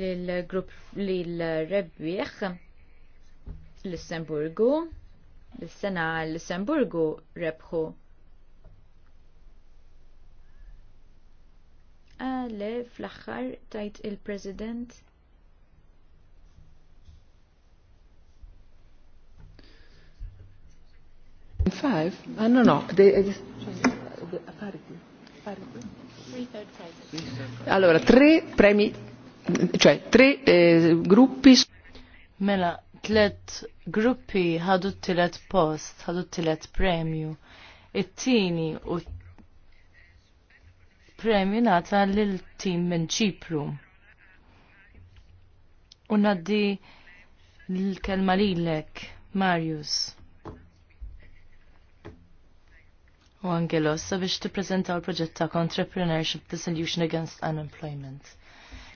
lill-grupp lill-rebbieħ l-Lussemburgu. L-sena l-Lussemburgu rebħu għale fl-axħar tajt il-President Five? Ah, no, no. They, just... Allora, tre premi, cioè tre eh, gruppi. Mela, tlet gruppi ħadu t-tlet post, ħadu t-tlet premju. It-tini u premju nata l-tim minn ċipru. Unaddi l-kelma lilek, Marius. U Angelos, sabiex tippreżentaw il-proġett ta' Entrepreneurship Solution Against Unemployment.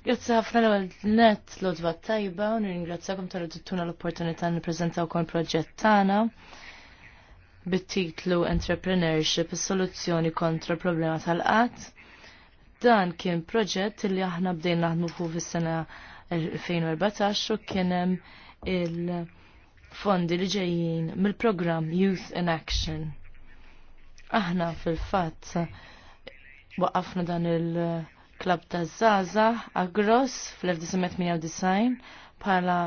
Grazzi ħafna l net l-odva tajba u nirringrazzakom tal tuna l-opportunità nippreżentaw kon proġett tagħna bit-titlu Entrepreneurship is-soluzzjoni kontra problema tal-qatt. Dan kien proġett li aħna bdejna naħdmu fuq fis-sena 2014 u kien hemm il-fondi li ġejjin mill-programm Youth in Action. Aħna fil-fatt waqafna dan il-klab ta' Zaza Agros fl-1998 bħala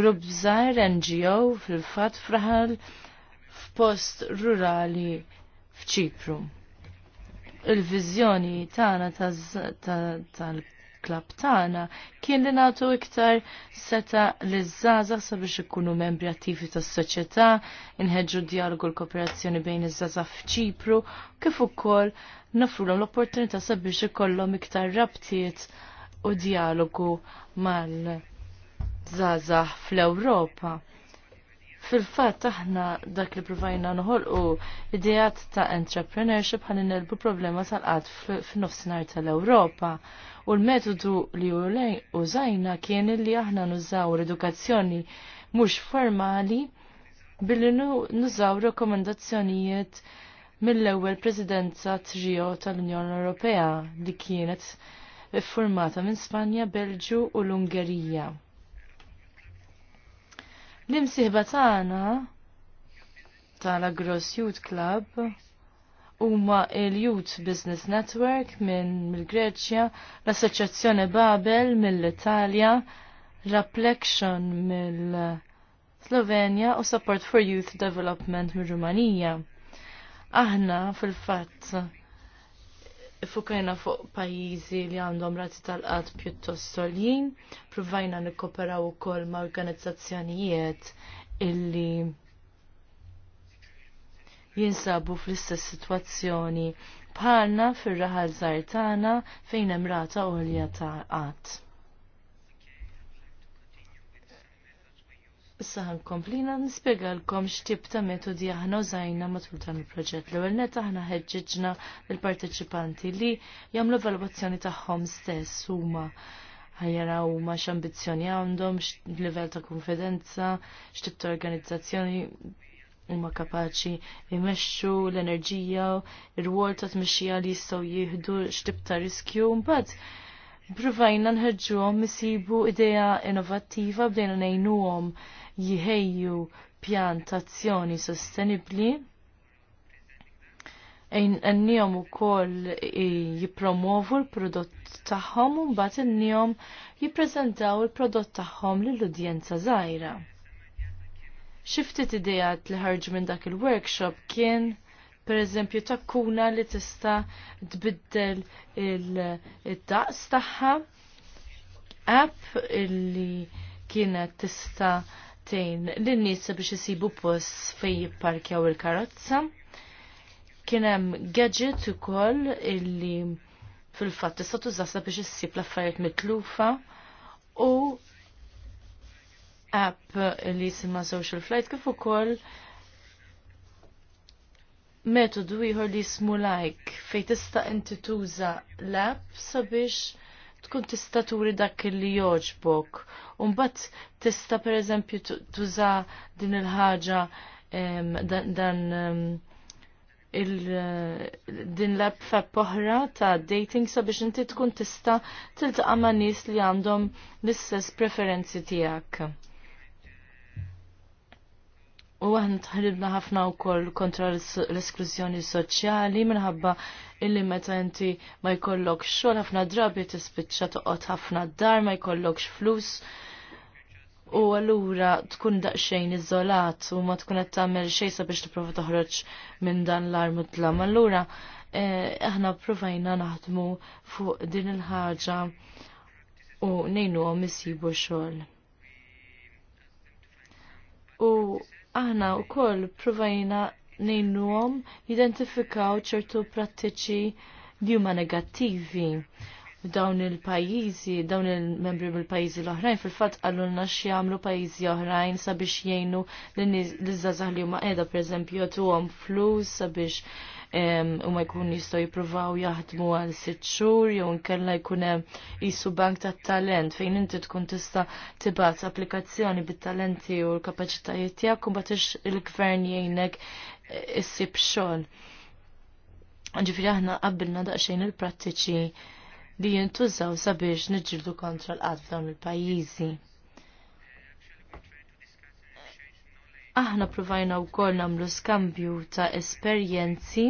grupp żgħar NGO fil-fatt fraħal f'post rurali f'Ċipru il-vizjoni tagħna tal-klab tagħna kien li nagħtu iktar seta li żgħażagħ sabiex ikunu membri attivi tas-soċjetà, inħeġġu dialogu l-kooperazzjoni bejn iż żaza f'Ċipru, kif ukoll nafru l-opportunità sabiex ikollhom iktar rabtiet u dialogu mal-żgħażagħ fl-Ewropa. Fil-fatt aħna dak li provajna noħolqu idejat ta' entrepreneurship ħalli nelbu problema tal-qad f'nofsinhar tal-Ewropa. U l-metodu li użajna kien li aħna nużaw l-edukazzjoni mhux formali billi nużaw rekomendazzjonijiet mill-ewwel Presidenza trio tal-Unjoni Ewropea li kienet formata minn Spanja, Belġu u l-Ungerija. L-imsiħba tagħna tal-Gross Youth Club huma il-Youth Business Network minn mill-Greċja, l-Assoċjazzjoni Babel mill-Italja, Raplection mill-Slovenja u Support for Youth Development mill-Rumanija. Aħna fil-fatt fukajna fuq pajizi li għandhom rati tal-qad pjuttost solin, provajna nikkoperaw ukoll ma' organizzazzjonijiet illi jinsabu fl-istess situazzjoni bħalna fir-raħal żgħar tagħna fejn hemm rata għolja ta' qatt. Issa ħankomplina nispjegalkom x'tip ta' metodi aħna użajna matul dan il-proġett. L-ewwel net aħna ħeġġeġna l-parteċipanti li jagħmlu evalwazzjoni tagħhom stess huma ħajjaraw ma x'ambizzjoni għandhom, x'livell ta' konfidenza, x'tib ta' organizzazzjoni huma kapaċi jmexxu l-enerġija, ir-rwol ta' tmexxija li jistgħu jieħdu x'tip ta' riskju mbagħad Provajna nħedġuhom isibu idea innovattiva bdejna għom jihejju pjantazzjoni ta' azzjoni sostenibli għannijom u koll jipromovu l-prodott taħħom un bat għannijom jiprezentaw l-prodott taħħom l-udjenza zaħira. Xiftit idejat li ħarġ minn dak il-workshop kien per eżempju kuna li tista tbiddel il-daqs taħħa app illi kienet tista' tejn l-nisa biex jisibu post fej jipparkjaw il-karozza. Kienem gadget u koll illi fil-fat tista' tużassa biex issib l-affarijiet mitlufa u app li jisimha Social Flight kif ukoll metodu ieħor li jismu like fejn tista' inti tuża l-app sabiex tkun tista' turi dak li joġbok. Umbat tista' pereżempju tuża din il-ħaġa dan din l-app oħra ta' dating sabiex inti tkun tista' tiltaqa' ma' nies li għandhom l-istess preferenzi tiegħek. U għahna tħaribna ħafna u koll kontra l-esklużjoni soċjali minħabba illi meta inti ma jkollok xogħol ħafna drabi tispiċċa toqgħod ħafna dar ma jkollokx flus. U allura tkun daqsxejn iżolat u ma tkun qed tagħmel xej sabiex tipprova toħroġ minn dan l armu t-lam. Allura eh, aħna provajna naħdmu fuq din il-ħaġa u nejnu għom isibu xogħol. U aħna u koll provajna nejnuhom jidentifikaw ċertu prattiċi li huma negattivi dawn il-pajizi, dawn il-membri mill-pajizi l-oħrajn, fil-fat nax jamlu pajizi oħrajn sabiex jgħinu l-izzazah li huma qiegħda pereżempju jagħtuhom flus sabiex u ma jkun jistgħu jippruvaw jaħdmu għal sitt xhur jew inkella jkun hemm isu bank tat-talent fejn inti tkun tista' tibgħat applikazzjoni bit-talenti u l-kapaċitajiet tiegħek u mbagħad il-gvern jgħinek eh, issib xogħol. Ġifieri aħna qabbilna daqsxejn il-prattiċi li jintużaw sabiex niġġieldu kontra l-qatt f'dawn il-pajjiżi. Aħna provajna wkoll nagħmlu skambju ta' esperjenzi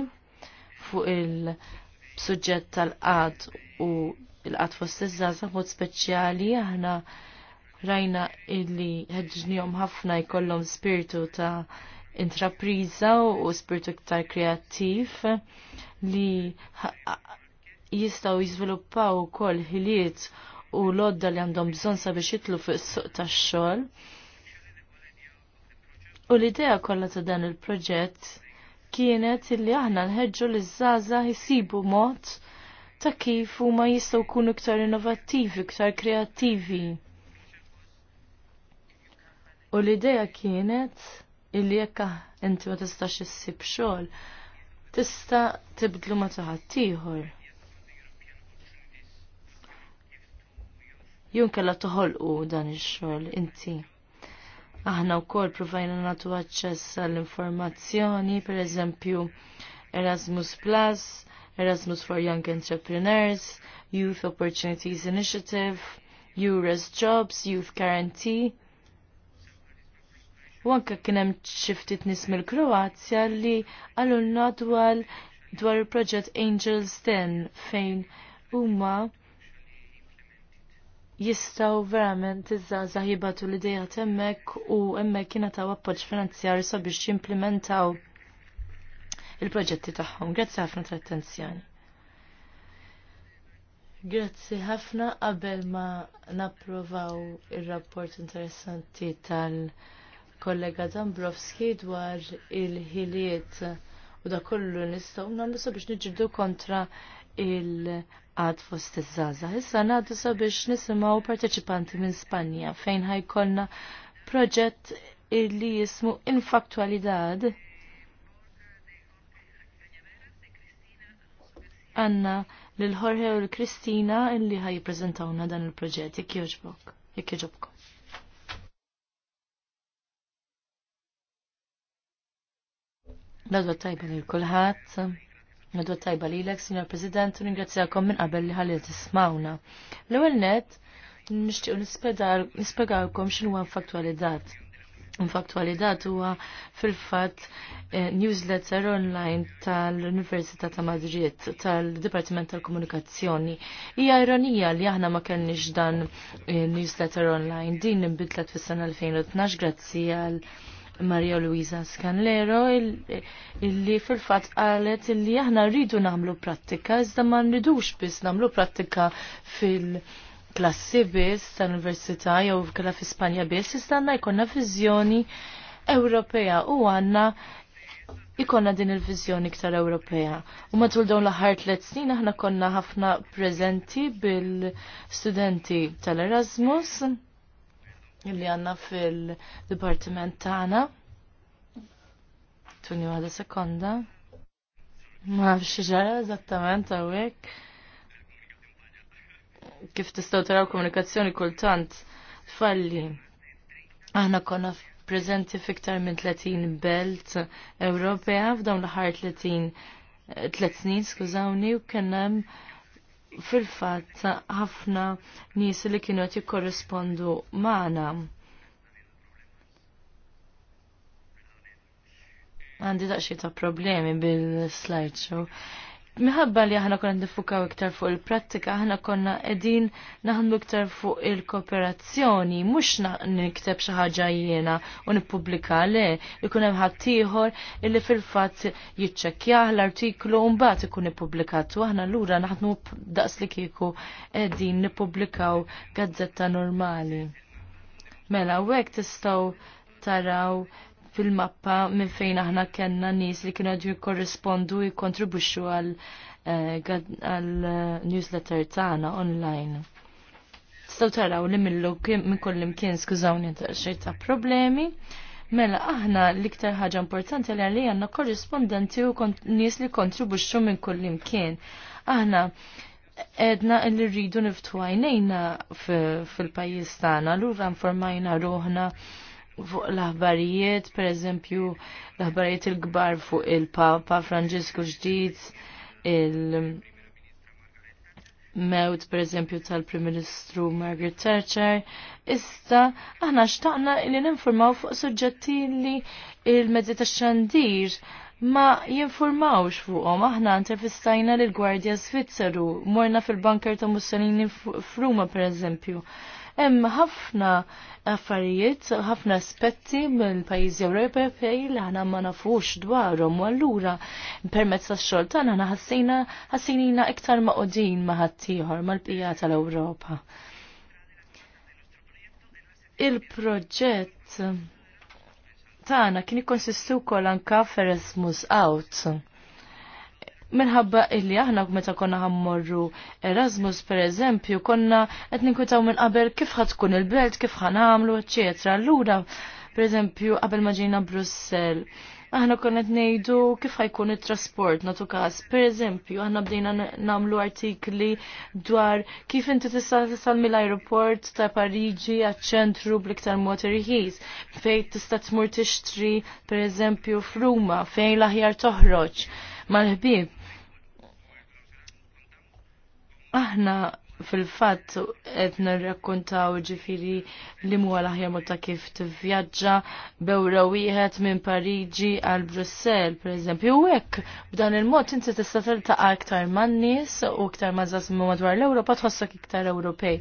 fuq il-suġġett tal-qad u il-qad fost iż-żgħażagħ mod speċjali aħna rajna illi ħedġnijom ħafna jkollhom spiritu ta' intrapriza u spiritu iktar kreattiv li jistaw jiżviluppaw kol ħiliet u lodda li għandhom bżon sabiex jitlu fuq is-suq tax-xogħol U l-idea kollha ta' dan il-proġett kienet illi aħna nħeġġu l żgħażagħ jisibu mod ta' kif huma jistgħu jkunu iktar innovattivi, iktar kreattivi. U l-idea kienet illi jekk ah, inti ma tistax issib xogħol, tista' tibdlu ma taħat ieħor. Jun kellha toħolqu dan ix-xogħol inti. Aħna wkoll provajna nagħtu aċċess għall-informazzjoni, pereżempju Erasmus Plus, Erasmus for Young Entrepreneurs, Youth Opportunities Initiative, Eures Jobs, Youth Guarantee. U anka kienem ċiftit nis mill-Kroazja li għallunna dwar dwar il-proġett Angels Den fejn huma jistaw verament iż-żazah jibatu l-ideja temmek u emmek kiena ta' appoġġ finanzjarju sabiex jimplementaw il-proġetti tagħhom. Grazzi ħafna tal-attenzjoni. Grazzi ħafna qabel ma napprovaw ir-rapport interessanti tal-kollega Dambrovski dwar il-ħiliet u da kollu nistgħu nagħmlu sabiex niġġieldu kontra il-għad fost iż-żaza. Issa ngħaddu sabiex nisimgħu parteċipanti minn Spanja fejn ħajkolna proġett illi jismu Infaktualidad. Anna lil ħorħe u l-Kristina illi ħajpreżentawna dan il-proġett jekk jogħġbok, jekk jogħġobkom. L-għadwa tajba l-kulħat. Nadu tajba li l-ek, Signor President, u ringrazzjakom minn qabel li ħalli ismawna. L-ewel net, nishtiq nispegawkom xinu għan faktualidat. Faktualidat huwa fil-fat eh, newsletter online tal-Università ta' Madrid, tal-Dipartiment tal-Komunikazzjoni. Hija ironija li aħna ma kellniex dan eh, newsletter online din nbidlet fis-sena 2012 grazzi għal Maria Luisa Scanlero illi fil-fat qalet illi aħna rridu namlu prattika iżda ma nridux biss namlu prattika fil- klassi biss tal-Università jew kella fi Spanja biss għandna jkollna viżjoni Ewropea u għanna ikonna din il-vizjoni iktar Ewropea. U matul dawn l ħar tliet snin aħna konna ħafna prezenti bil-studenti tal-Erasmus illi għanna fil-dipartiment tagħna. Tuni għada sekonda. Ma nafx ġara eżattament hawnhekk. Kif tistgħu taraw komunikazzjoni kultant tfalli. Aħna konna preżenti fiktar minn 30 belt Ewropea f'dawn l-ħar 30 snin, skużawni, u kien hemm fil-fatt ħafna nies li kienu qed jikkorrispondu magħna. Għandi daqsxi ta' problemi bil-slideshow. Minħabba li aħna konna nifukaw iktar fuq il-prattika, aħna konna edin naħdmu iktar fuq il-kooperazzjoni, mux nikteb xi ħaġa jiena u nipublika le, ikun hemm ħaddieħor illi fil-fatt jitċekjaħ l-artiklu u mbagħad ikun ippubblikat u aħna lura naħdmu daqs li kieku qegħdin nippubblikaw gazzetta normali. Mela, u hekk tistgħu taraw fil-mappa minn fejn aħna kellna nies li kienu għadju korrespondu jikontribuxu għal eh, eh, newsletter tagħna online. Staw taraw li millu minn kollim kien skużawni ta' xejn ta' problemi. Mela aħna l-iktar ħaġa importanti li għalli għanna korrispondenti u nis li kontribuxu minn kollim kien. Aħna edna li rridu niftu għajnejna fil-pajis tagħna, lura informajna ruħna fuq l-aħbarijiet, per eżempju, l-aħbarijiet il-gbar fuq il-Papa Franġisku ġdid, il-mewt per eżempju tal-Prim Ministru Margaret Thatcher, issa aħna xtaqna li ninformaw fuq suġġetti li il-mezzi tax-xandir ma jinformawx fuqhom aħna intervistajna lill Gwardja Svizzeru, morna fil-banker ta' Mussolini f'Ruma per eżempju hemm ħafna affarijiet, ħafna aspetti mill-pajjiżi Ewropej li aħna ma nafux dwarhom u allura permezz tax-xogħol tagħna aħna ħassina ħassinina iktar qudin ma' ħaddieħor mal-bqija tal-Ewropa. Il-proġett tagħna kien ikkonsistu wkoll anke f'Erasmus Out minħabba illi aħna meta konna ħammorru Erasmus per eżempju, konna qed ninkwitaw minn qabel kif ħad tkun il-belt, kif ħanamlu, eċċetra. Allura, per eżempju, qabel ma ġejna Brussell, aħna konna qed ngħidu kif ħajkun it-trasport nagħtu każ. Per eżempju, aħna bdejna nagħmlu artikli dwar kif inti tista' tisal mill-ajruport ta' Pariġi għaċ-ċentru bliktar mod irħis, fejn tista' tmur tixtri per eżempju f'Ruma, fejn l-aħjar toħroġ mal-ħbib aħna fil-fatt qed nirrakkuntaw ġifiri li huwa l-aħjar mod ta' kif tivvjaġġa bewra wieħed minn Pariġi għal Brussell pereżempju. U hekk b'dan il-mod inti tista' tiltaqa' aktar man-nies u aktar mażas madwar l-Ewropa tħossok iktar Ewropej.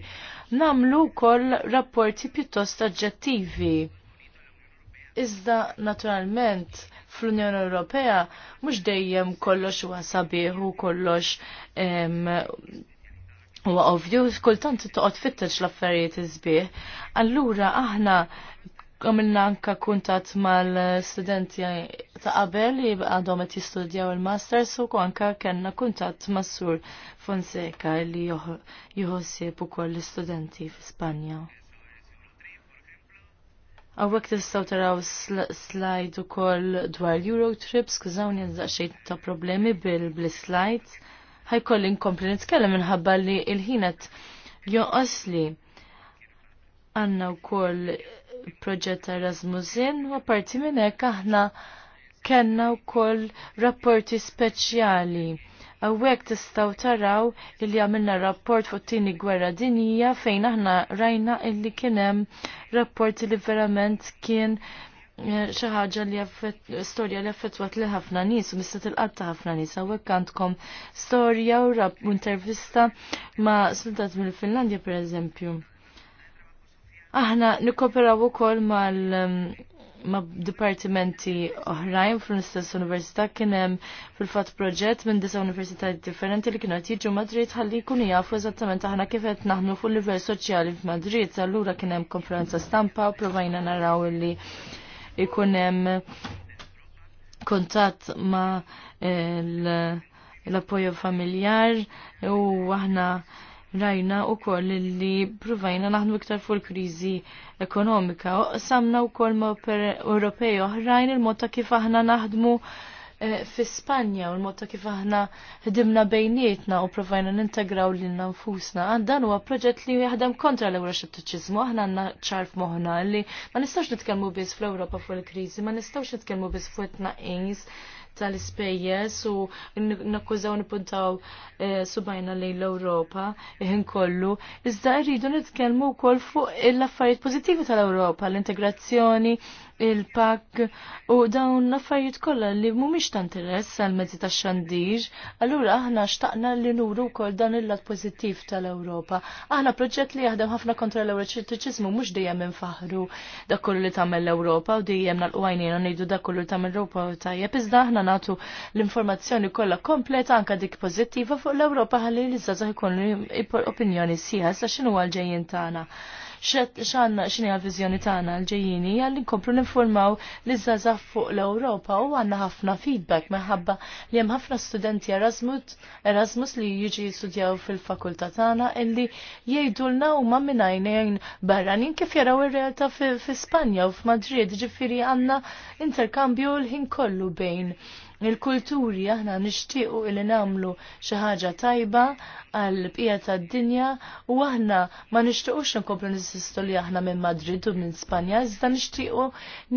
Namlu wkoll rapporti pjuttost aġġettivi. Iżda naturalment fl-Unjoni Ewropea mhux dejjem kollox huwa sabiħ u kollox em, Huwa ovvju, kultant toqgħod fittex l-affarijiet izbieħ. Allura aħna għamilna anka kuntat mal-studenti ta' qabel li għadhom qed jistudjaw il-masters u anka kellna kuntat mas-sur Fonseca li jħossib ukoll l-istudenti fi Spanja. Għawek tistaw taraw slide u koll dwar Eurotrips, skużawni għazda xejn ta' problemi bil-slides ħajkolli nkompli nitkellem minħabba li il-ħinet li għanna u koll proġett Erasmusin u parti minn hekk aħna kellna wkoll rapporti speċjali. Awek tistaw taraw li għamilna rapport fuq tini gwerra dinija fejn aħna rajna illi kienem rapport li verament kien xi ħaġa li storja li affettwat li ħafna nies u mista tilqab ta' ħafna nies hawnhekk għandkom storja u rab intervista ma' sultat mill-Finlandja pereżempju. Aħna nikkoperaw ukoll mal um, ma' dipartimenti oħrajn fl-istess università kien hemm fil-fatt proġett minn disa universitajiet differenti li kienu qed jiġu Madrid ħalli jkunu jafu eżattament aħna kif qed naħdmu fuq livell soċjali f'Madrid, allura kien hemm konferenza stampa u provajna naraw li ikun hemm kuntatt ma' l-appojo familjar u aħna rajna u koll li provajna naħnu iktar fuq il-krizi ekonomika. Samna u koll ma' Ewropej oħrajn il-mod ta' kif aħna naħdmu Eh, fi Spanja u l-mod ta' kif aħna ħdimna bejnietna u provajna nintegraw lilna nfusna. Dan huwa proġett li jaħdem kontra l-Euroxettiċiżmu, aħna għandna ċarf moħna li ma nistgħux nitkellmu biss fl-Ewropa fuq il-kriżi, ma nistgħux nitkellmu biss fuq it-tnaqqis tal-ispejjeż u nakkużaw nipuntaw eh, subajna lejn l-Ewropa iħin kollu. Iżda rridu nitkellmu wkoll fuq l-affarijiet pożittivi tal-Ewropa, l-integrazzjoni, il-pak u dawn l-affarijiet kollha li mhumiex ta' interess għal mezzi tax xandir, allura aħna xtaqna li nuru wkoll dan il-lat pożittiv tal-Ewropa. Aħna proġett li jaħdem ħafna kontra l-Ewroċentriċiżmu mhux dejjem infaħru dak kollu li tagħmel l-Ewropa u dejjem nalqwajnina ngħidu dak kollu li tagħmel Ewropa u tajjeb iżda aħna nagħtu l-informazzjoni kollha kompleta anke dik pożittiva fuq l-Ewropa ħalli li żgħażagħ ikun opinjoni sieħa sa x'inhuwa l ġejjin tagħna x'għandna x'inhi l-viżjoni tagħna l-ġejjini hija li nkomplu informaw li żgħażagħ fuq l-Ewropa u għandna ħafna feedback minħabba li hemm ħafna studenti Erasmus li jiġi jistudjaw fil-fakultà tagħna illi jgħidulna huma mingħajr barranin kif jaraw ir-realtà fi Spanja u f'Madrid ġifiri għandna interkambju l-ħin kollu bejn il-kulturi aħna nixtiequ il nagħmlu xi ħaġa tajba għal bqija tad-dinja u aħna ma nixtiequx nkomplu nisistu li aħna minn Madrid u minn Spanja, iżda nixtiequ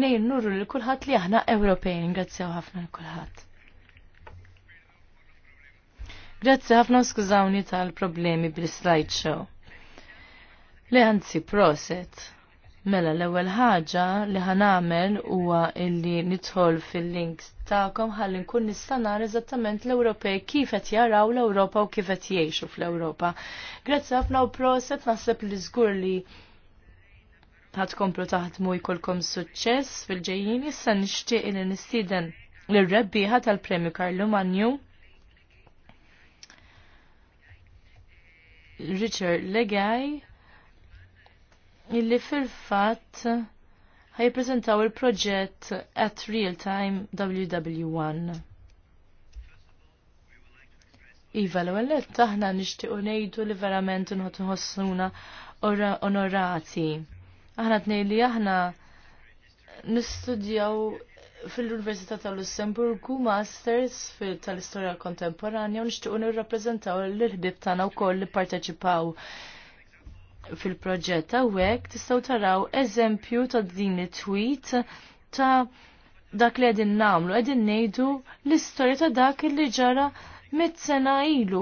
nejn nurru lil kulħadd li aħna Ewropejn. Grazzi ħafna lil kulħadd. Grazzi ħafna skużawni tal-problemi bil-slideshow. Le anzi, proset. Mela l-ewwel ħaġa li ħanamel huwa illi nidħol fil-links tagħkom ħalli nkun nista' nara eżattament l-Ewropej kif qed jaraw l-Ewropa u kif qed jgħixu fl-Ewropa. Grazzi ħafna u proset naħseb li żgur li ħadkomplu taħdmu jkollkom suċċess fil-ġejjin issa nixtieq li nistieden lir rebbieħa tal-Premju Karlu Manju. Richard Legaj illi fil-fatt ħajprezentaw il-proġett at real time WW1. Iva l-għallet taħna nishtiqu nejdu li verament nħot nħossuna onorati. Aħna t li aħna nistudjaw fil-Università tal-Lussemburgu Masters tal-Istorja Kontemporanja u nixtiequ nirrappreżentaw l-ħbib tagħna wkoll li parteċipaw fil-proġett hawnhekk tistaw taraw eżempju ta' din it-tweet ta' dak li qegħdin nagħmlu, qegħdin ngħidu l-istorja ta' dak li ġara mit sena ilu.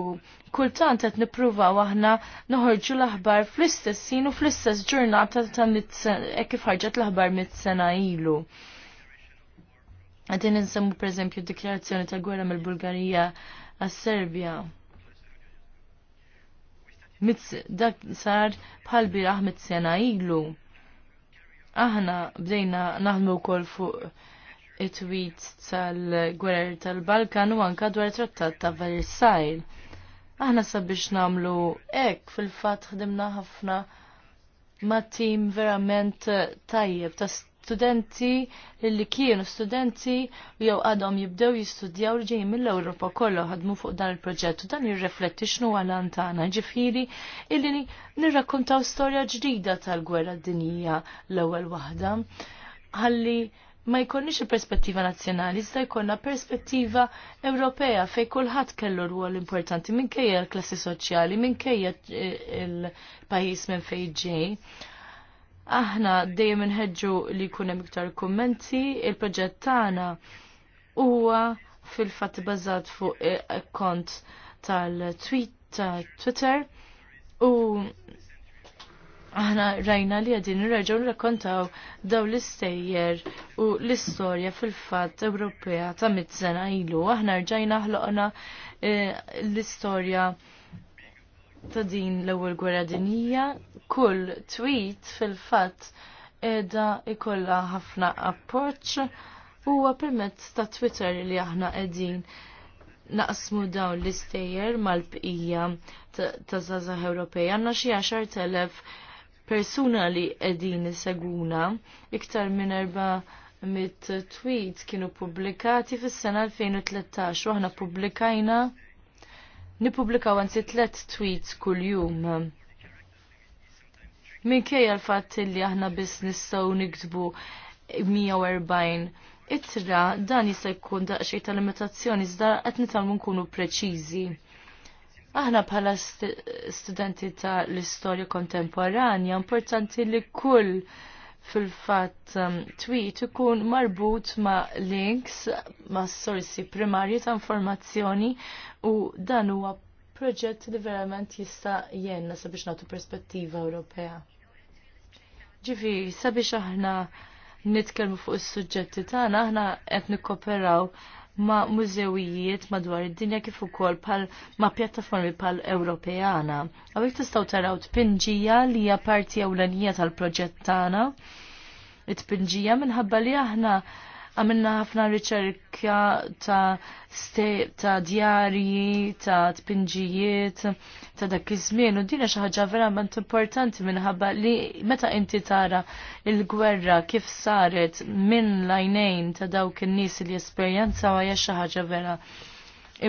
Kultant qed nippruvaw aħna noħorġu l-aħbar fl-istess sin u fl-istess ġurnata ta' e kif ħarġet l-aħbar mit sena ilu. Għedin nsemmu per eżempju dikjarazzjoni ta' gwerra mill-Bulgarija għas-Serbja dak sar bħal biraħ mit sena ilu. Aħna bdejna naħdmu wkoll fuq it-tweet tal-gwerer tal-Balkan u anka dwar trattat ta' Versailles. Aħna sabiex namlu ek fil-fat ħdimna ħafna ma' tim verament tajjeb ta' studenti li kienu studenti u jew għadhom jibdew jistudjaw li ġejjin mill-Ewropa kollha ħadmu fuq dan il-proġett u dan jirrifletti x'nu għal tagħna ġifieri illi nirrakkontaw storja ġdida tal-gwerra dinjija l-ewwel waħda. Ħalli ma jkollniex il-perspettiva nazzjonali, iżda jkollna perspettiva Ewropea fej kulħadd kellu rwol importanti minkejja l-klassi soċjali, minkejja eh, il-pajjiż minn fejn ġej aħna dejjem inħeġġu li jkun hemm iktar kummenti, il-proġett tagħna huwa fil-fatt bażat fuq kont tal-tweet Twitter u aħna rajna li għadin nirraġaw nirrakkontaw daw l-istejjer u l-istorja fil fatt Ewropea ta' mit-sena ilu. Aħna rġajna ħloqna eh, l-istorja ta' din l-ewwel gwerra dinjija, kull tweet fil-fatt edha ikolla ħafna approċċ huwa permezz ta' Twitter li aħna qegħdin naqsmu dawn l-istejjer mal-bqija ta' żgħażagħ Ewropej. Għandna xi għaxar telef persuna li qegħdin iseguna iktar minn erba' mit tweet kienu pubblikati fis-sena 2013 u aħna pubblikajna nipublikaw għansi tlet tweets kull-jum. Minkejja l fat li aħna biss nistgħu niktbu 140 itra dan jista' jkun daqsxejn ta' limitazzjoni iżda qed nitalmu nkunu preċiżi. Aħna bħala st studenti ta' l-istorja kontemporanja importanti li kull fil-fat um, tweet ikun marbut ma' links ma' sorsi primarji ta' informazzjoni u dan huwa proġett li verament jista' jenna sabiex nagħtu perspettiva Ewropea. Ġifi, sabiex aħna nitkellmu fuq is-suġġetti tagħna aħna qed nikkoperaw ma' mużewijiet madwar id-dinja kif ukoll pal ma' pjattaformi pal Ewropejana. Għawek tistgħu taraw tpinġija li hija parti ewlenija tal-proġett tagħna. It-tpinġija minħabba li aħna għamilna ħafna ricerka ta' ta' djarji, ta' tpinġijiet, ta' dak iż-żmien u dina xi ħaġa verament importanti minħabba li meta inti tara il-gwerra kif saret minn lajnejn ta' dawk in-nies li esperjenzaw hija xi ħaġa vera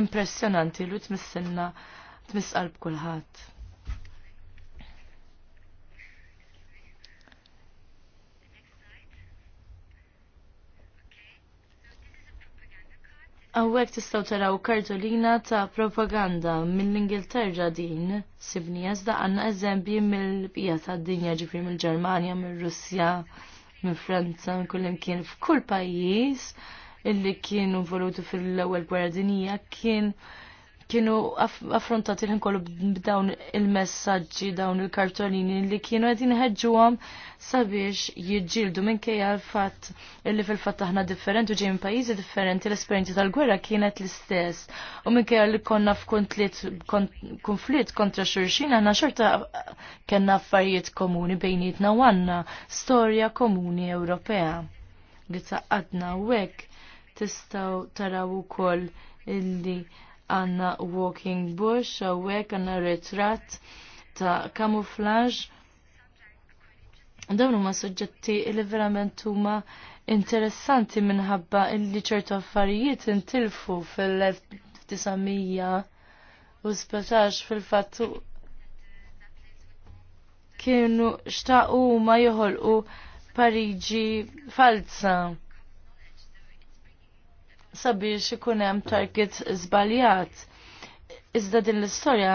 impressjonanti li tmissilna tmisqalb kulħadd. Għawek tistaw taraw kartolina ta' propaganda mill-Ingilterra din, sibni jazda għanna eżempji mill-bija ta' dinja ġifri mill ġermania mill-Russja, mill-Franza, mill-kullimkien f'kull pajis illi kienu voluti fil-ewel gwerra dinija kien kienu affrontati l kollu b'dawn il-messagġi, dawn il-kartolini li kienu għedin għam sabiex minn minkejja l-fatt illi fil-fatt aħna differenti u minn pajjiżi differenti l-esperjenza tal-gwerra kienet l-istess. U minkejja li konna f'konflitt kontra xulxin għanna xorta kellna affarijiet komuni bejnietna u għanna storja komuni Ewropea li taqqadna u hekk tistgħu taraw ukoll illi għanna walking bush, għawek għanna retrat ta' kamuflaġ. Dawn huma suġġetti li verament huma interessanti minħabba illi ċertu affarijiet intilfu fil-1917 fil-fatt kienu xtaqu ma joħolqu Pariġi falsa sabiex ikun hemm target żbaljat. Iżda din l-istorja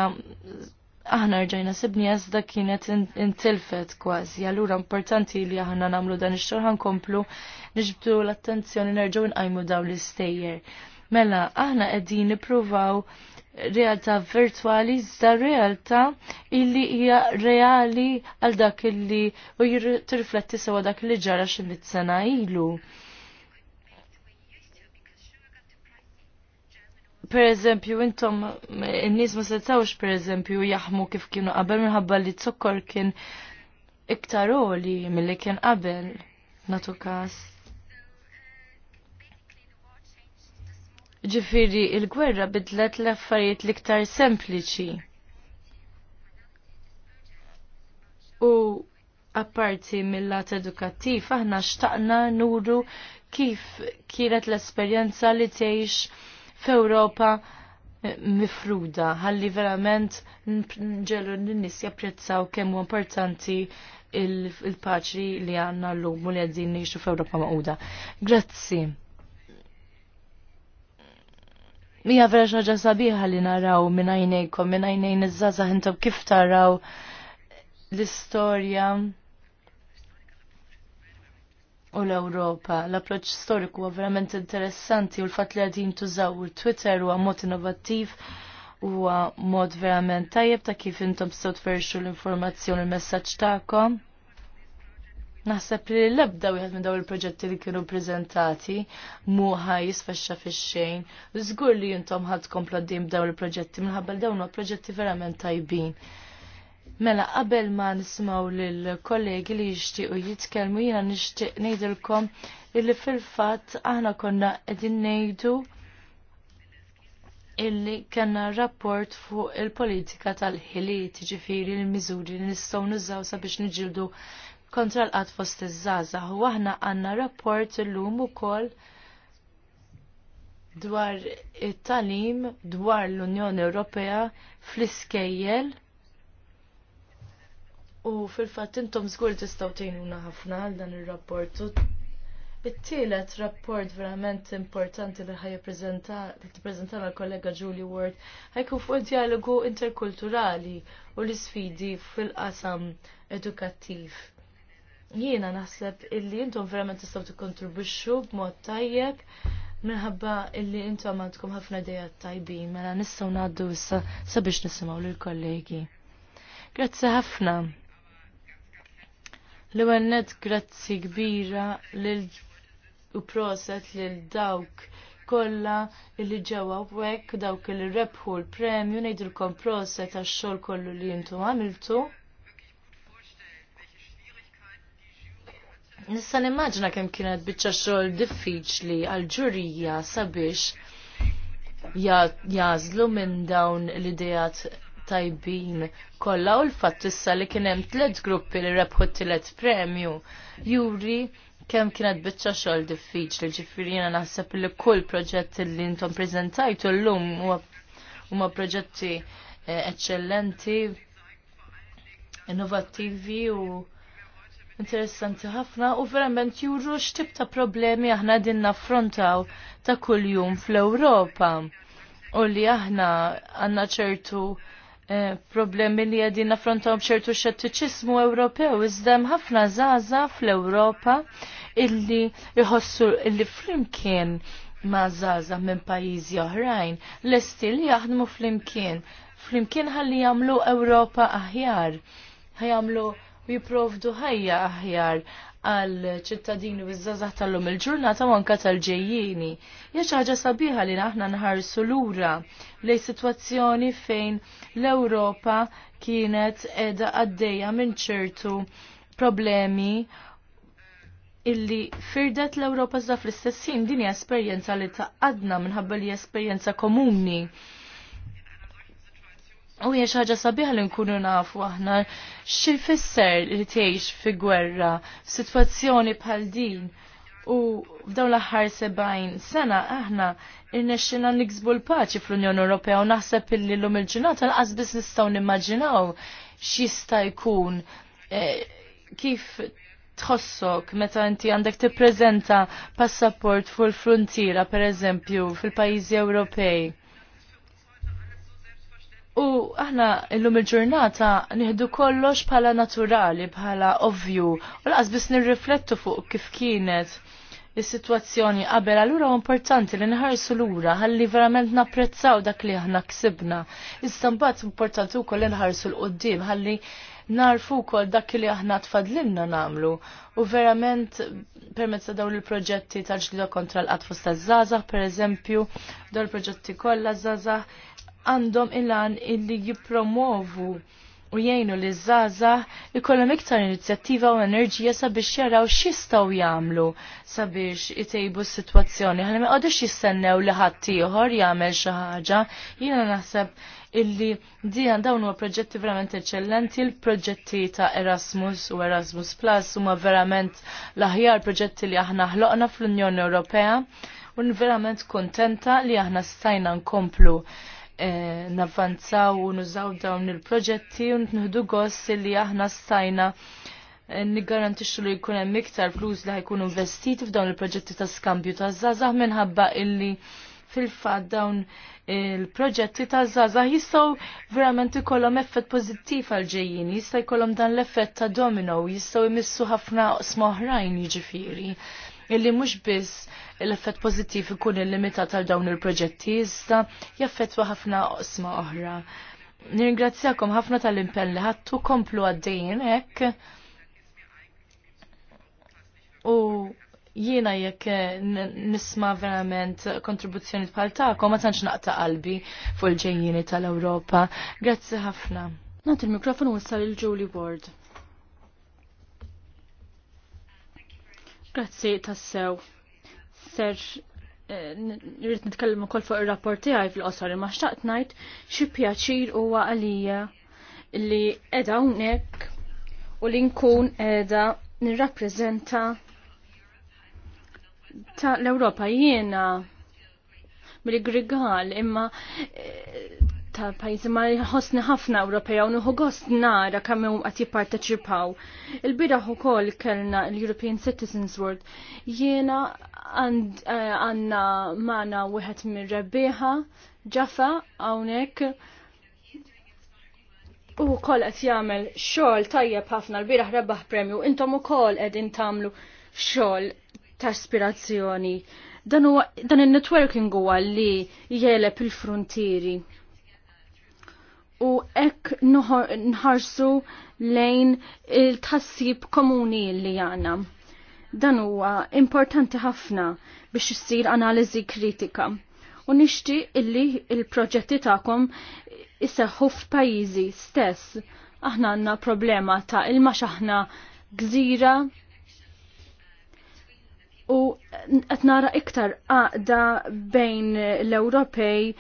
aħna rġajna sibni għazda kienet intilfet kważi. Allura importanti li aħna namlu dan ix-xogħol ħankomplu niġbdu l-attenzjoni nerġgħu nqajmu dawn l-istejjer. Mela, aħna qegħdin nippruvaw realtà virtuali iżda realtà illi hija reali għal dak illi u tirrifletti sewa dak li ġara xi mit sena ilu. per eżempju, intom, n-nis ma setawx per eżempju jaħmu kif kienu qabel minħabba li t-sokkor kien iktar oli mill-li kien qabel, natu kas. Ġifiri, il-gwerra bidlet l-affarijiet l-iktar sempliċi. U apparti mill-lat edukattiv, aħna xtaqna nuru kif kienet l-esperjenza li tgħix f'Ewropa eh, mifruda ħalli verament nġelu n-nis japprezzaw kemm huwa importanti il-paċi li għanna l-lum u li għaddin nixu f'Ewropa maquda. Grazzi. Mija vera xaġa sabiħa li naraw minn għajnejkom, minn għajnejn iż-żazah intom kif taraw l-istorja u l-Ewropa. L-approċ storiku huwa verament interessanti u l fat li għadin tużaw il-Twitter huwa mod innovattiv huwa mod verament tajjeb ta' kif intom sot verxu l-informazzjoni u l-messaġġ tagħkom. Naħseb li l-ebda wieħed minn dawn il-proġetti li kienu prezentati, muħa jisfexxa fix-xejn. Zgur li intom ħadd kompla daw il-proġetti minħabba dawn proġetti verament tajbin. Mela, qabel ma nismaw lill-kollegi li jixtiequ jitkellmu jiena nixtieq ngħidilkom illi fil-fatt aħna konna qegħdin ngħidu illi kellna rapport fuq il-politika tal-ħiliet, ġifieri l-miżuri li nistgħu nużaw sabiex nġildu kontra l qat fost iż żaza U aħna għandna rapport illum ukoll dwar it-talim dwar l-Unjoni Ewropea fl-iskejjel U fil-fatt intom żgur tistgħu tgħinuna ħafna għal dan ir-rapport. It-tielet rapport verament importanti li tippreżentana l-kollega Julie Ward ħajkun fuq id dialogu interkulturali u l-isfidi fil-qasam edukattiv. Jiena naħseb illi intom verament tistgħu tikkontribwixxu b'mod tajjeb minħabba illi intom għandkom ħafna dejat tajbin mela nistgħu ngħaddu issa sabiex nisimgħu lill-kollegi. Grazzi ħafna l għannet grazzi kbira u proset lil dawk kolla illi ġewa wek dawk li rebħu l-premju nejdilkom proset għax xol kollu li jintu għamiltu. Nissa nimmaġna kem kienet bieċa xol diffiċli għal-ġurija sabiex jazlu minn dawn l-idejat tajbin kollha u l-fatt issa li kien hemm tliet gruppi li rebħu tliet premju. Juri kemm kienet biċċa xogħol diffiċli, li ġifirina naħseb li kull proġett li intom l-lum llum huma proġetti eh, eċċellenti, innovattivi u interessanti ħafna u verament juru x'tib ta' problemi aħna din naffrontaw ta' kuljum fl-Ewropa u li aħna għandna ċertu Eh, problemi li għedin naffrontaw bċertu xettiċismu Ewropew, iżdem ħafna zaza fl-Ewropa illi jħossu illi flimkien ma zaza minn pajizi oħrajn, l-esti li jaħdmu flimkien, flimkien ħalli jamlu Ewropa aħjar, ħajamlu jiprovdu ħajja aħjar għal ċittadini bizzazah tal-lum il-ġurnata manka tal-ġejjini. Jax ħaġa sabiħa li naħna nħarsu lura lej situazzjoni fejn l-Ewropa kienet edha għaddeja minn ċertu problemi illi firdet l-Ewropa zda fl-istessin din esperjenza li taqqadna minħabba li esperjenza komuni U hija xi ħaġa sabiħa li nkunu nafu aħna x'ifisser li tgħix fi gwerra, f'sitwazzjoni bħal din. U f'dawn l-aħħar 70 sena aħna irnexxina niksbu l-paċi fl-Unjoni Ewropea u naħseb illi lum il ġinata laqas biss nistgħu nimmaġinaw x'jista' jkun e, kif tħossok meta inti għandek tippreżenta passaport fuq il per pereżempju fil-pajjiżi Ewropej U aħna l-lum il-ġurnata nieħdu kollox bħala naturali, bħala ovvju, u laqas biss nirriflettu fuq kif kienet is-sitwazzjoni qabel allura importanti li nħarsu lura ħalli verament napprezzaw dak li aħna ksibna. Issa mbagħad importanti wkoll li nħarsu l qudiem ħalli narfu wkoll dak li aħna tfadlinna namlu. U verament permezz daw il-proġetti tal-ġlida kontra l-qatfus ta' zazah, per eżempju, daw il-proġetti kollha zazah, għandhom il-għan illi jipromovu u jgħinu li zaza ikollhom iktar inizjattiva u enerġija sabiex jaraw x'jistgħu jagħmlu sabiex itejbu s-sitwazzjoni. Ħalli ma qogħdux jistennew li ħadd ieħor jagħmel xi ħaġa. Jiena naħseb illi dijan dawn huwa proġetti verament eċċellenti, il-proġetti ta' Erasmus u Erasmus Plus huma verament l-aħjar proġetti li aħna ħloqna fl-Unjoni Ewropea un verament kontenta li aħna stajna nkomplu Eh, navvanzaw u nużaw dawn il-proġetti u nħdu gost li aħna stajna eh, nigarantixxu li jkun hemm iktar flus li ħajkunu investiti f'dawn il-proġetti ta' skambju ta' żgħażagħ minħabba illi fil-fatt dawn il-proġetti ta' żgħażagħ jistgħu verament ikollhom effett pożittiv għal ġejjin, jista' jkollhom dan l-effett ta' domino, jistgħu jmissu ħafna oqsma oħrajn jiġifieri illi mhux biss l-effett pożittiv ikun illimitat għal dawn il-proġetti iżda jaffettwa ħafna oqsma oħra. Nirringrazzjakom ħafna tal-impenn li ħattu komplu għaddejjin hekk. U jiena jekk nisma verament kontribuzzjoni bħal ta'kom ma tantx naqta' qalbi fuq il-ġejjini tal-Ewropa. Grazzi ħafna. Nagħti il-mikrofonu wassal il-Julie Ward. Grazzi tassew. Serġ, eh, rrit nitkellem ukoll fuq ir-rapporti għaj fil-qosor imma xtaqt ngħid xi pjaċir huwa għalija li qiegħda hawnhekk u li nkun qeda nirrappreżenta ta' l-Ewropa jiena mill-Grigal imma eh, ta' pajzi ma ħosni ħafna Ewropea u nħu gost nara kemm hum qed jipparteċipaw. Il-bidaħ ukoll kellna l-European Citizens World. Jiena eh, għandna mana wieħed mir-rebbieħa ġafa hawnhekk u wkoll qed jagħmel xogħol tajjeb ħafna l-bieraħ rebbaħ premju intom ukoll qegħdin tagħmlu xogħol ta' ispirazzjoni. Dan, dan il-networking huwa li jeleb il-frontieri u ek nħarsu lejn il-tassib komuni li għana. Dan huwa importanti ħafna biex issir analiżi kritika. U nixti illi il-proġetti tagħkom isseħħu f'pajjiżi stess. Aħna għandna problema ta' ilma aħna gżira u qed nara iktar għaqda bejn l-Ewropej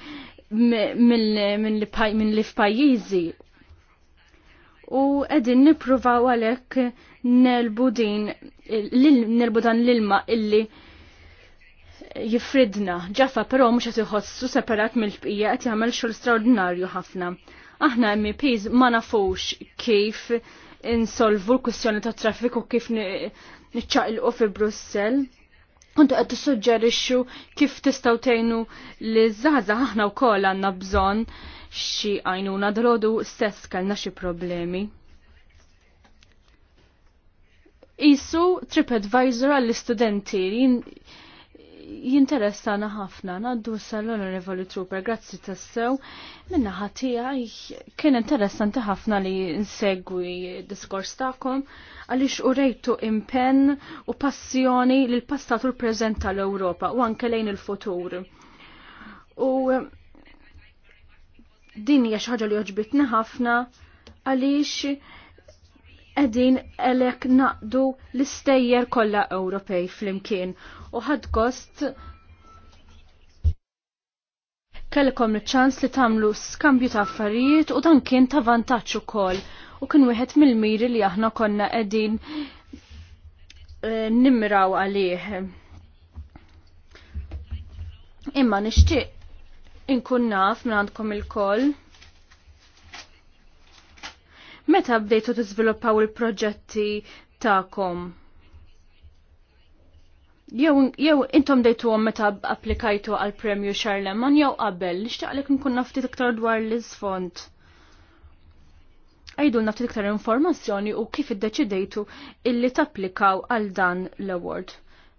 minn li f'pajjiżi. U qegħdin nippruvaw għalhekk nelbu dan l-ilma illi jifridna. Ġaffa però mhux qed iħossu separat mill-bqija qed jagħmel xogħol straordinarju ħafna. Aħna MPs ma nafux kif insolvu l kussjoni tat traffiku kif niċċaqilqu fi Brussell Kontu għed t-sugġerixxu kif tistaw tejnu li zaza aħna u kol għanna bżon xi għajnuna drodu stess kellna xi problemi. Isu TripAdvisor għall-istudenti jinteressana ħafna naddu sal-Onorevoli Trooper, grazzi tassew. Minna ħatija kien interessanti ħafna li nsegwi diskors ta'kom għalix u rejtu impen u passjoni li l-passat u l prezenta tal-Europa u anke lejn il-futur. U din hija xi ħaġa li oġbitni ħafna għaliex edin elek naqdu l-istejjer kollha Ewropej flimkien u ħad kost kellkom ċans li tagħmlu skambju ta' affarijiet u dan kien ta' vantaġġ ukoll u kien wieħed mill-miri li aħna konna qegħdin eh, nimraw għalih. Imma nixtieq inkun naf minn għandkom il-koll Meta bdejtu tiżviluppaw il-proġetti tagħkom? Jew jew intom dejtuhom meta applikajtu għal premju Charlemagne jew qabel, nixtieqlek nkun naftit iktar dwar l-isfond. Għajdu naftit iktar informazzjoni u kif iddeċidejtu illi tapplikaw għal dan l-award.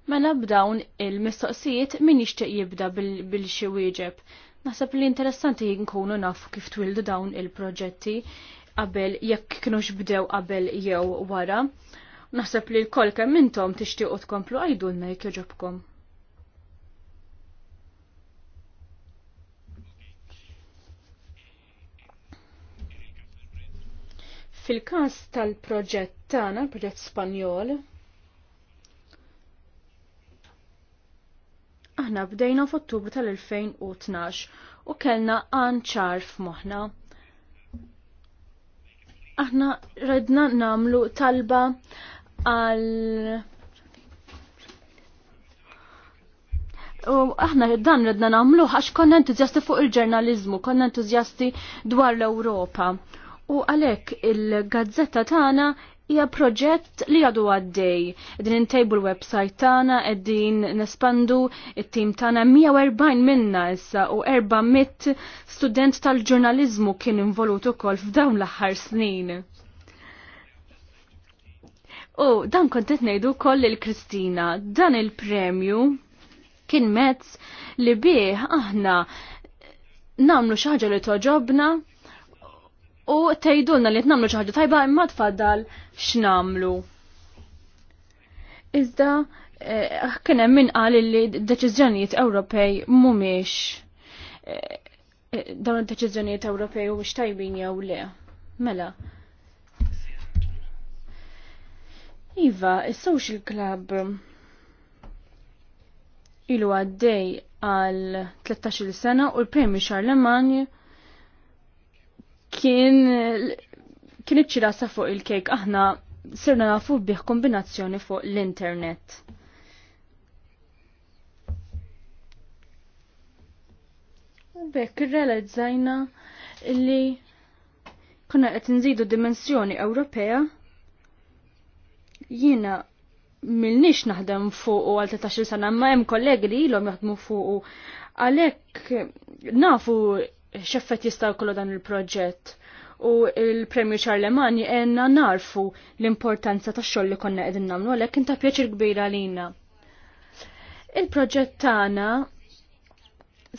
Mela b'dawn il-mistoqsijiet min jixtieq jibda bil-xi wieġeb. Naħseb li interessanti nkunu nafu kif twildu dawn il-proġetti qabel jekk kienux bdew qabel jew wara. Naħseb li l-kol kemm intom tixtiequ tkomplu għajdulna jekk joġobkom. Fil-każ tal-proġett tagħna, proġett Spanjol, aħna bdejna f'Ottubru tal-2012 u kellna għan ċar f'moħħna aħna redna namlu talba għal U aħna dan redna namlu għax konna entuzjasti fuq il-ġurnalizmu, konna entuzjasti dwar l-Europa. U għalek il-gazzetta tagħna hija proġett li għadu għaddej. Din intejbu l-website tagħna qegħdin nespandu il tim tagħna 140 minna issa u 400 student tal-ġurnaliżmu kien involut ukoll f'dawn l-aħħar snin. U dan kont ngħidu wkoll lil Kristina, dan il-premju kien mezz li bih aħna nagħmlu xi ħaġa li toġobna u tgħidulna li qed nagħmlu xi ħaġa tajba imma x' namlu Iżda eh, kien hemm min qal li d-deċiżjonijiet Ewropej mhumiex eh, eh, dawn id-deċiżjonijiet Ewropej u tajbin jew le. Mela. Iva, il social club ilu għaddej għal 13 sena u l-premju Charlemagne kien kien iċċirasa fuq il-kejk aħna sirna nafu bih kombinazzjoni fuq l-internet. Bekk realizzajna li konna qed nżidu dimensjoni Ewropea jiena milniex naħdem fuq u għal 13 sana, ma hemm kollegi li ilhom jaħdmu fuq għalhekk nafu xeffet jistaw kollu dan il-proġett. U il-Premju Charlemagne enna narfu l-importanza ta' xoll li konna edin namlu, għalek ta' pjaċir kbira għalina. Il-proġett tagħna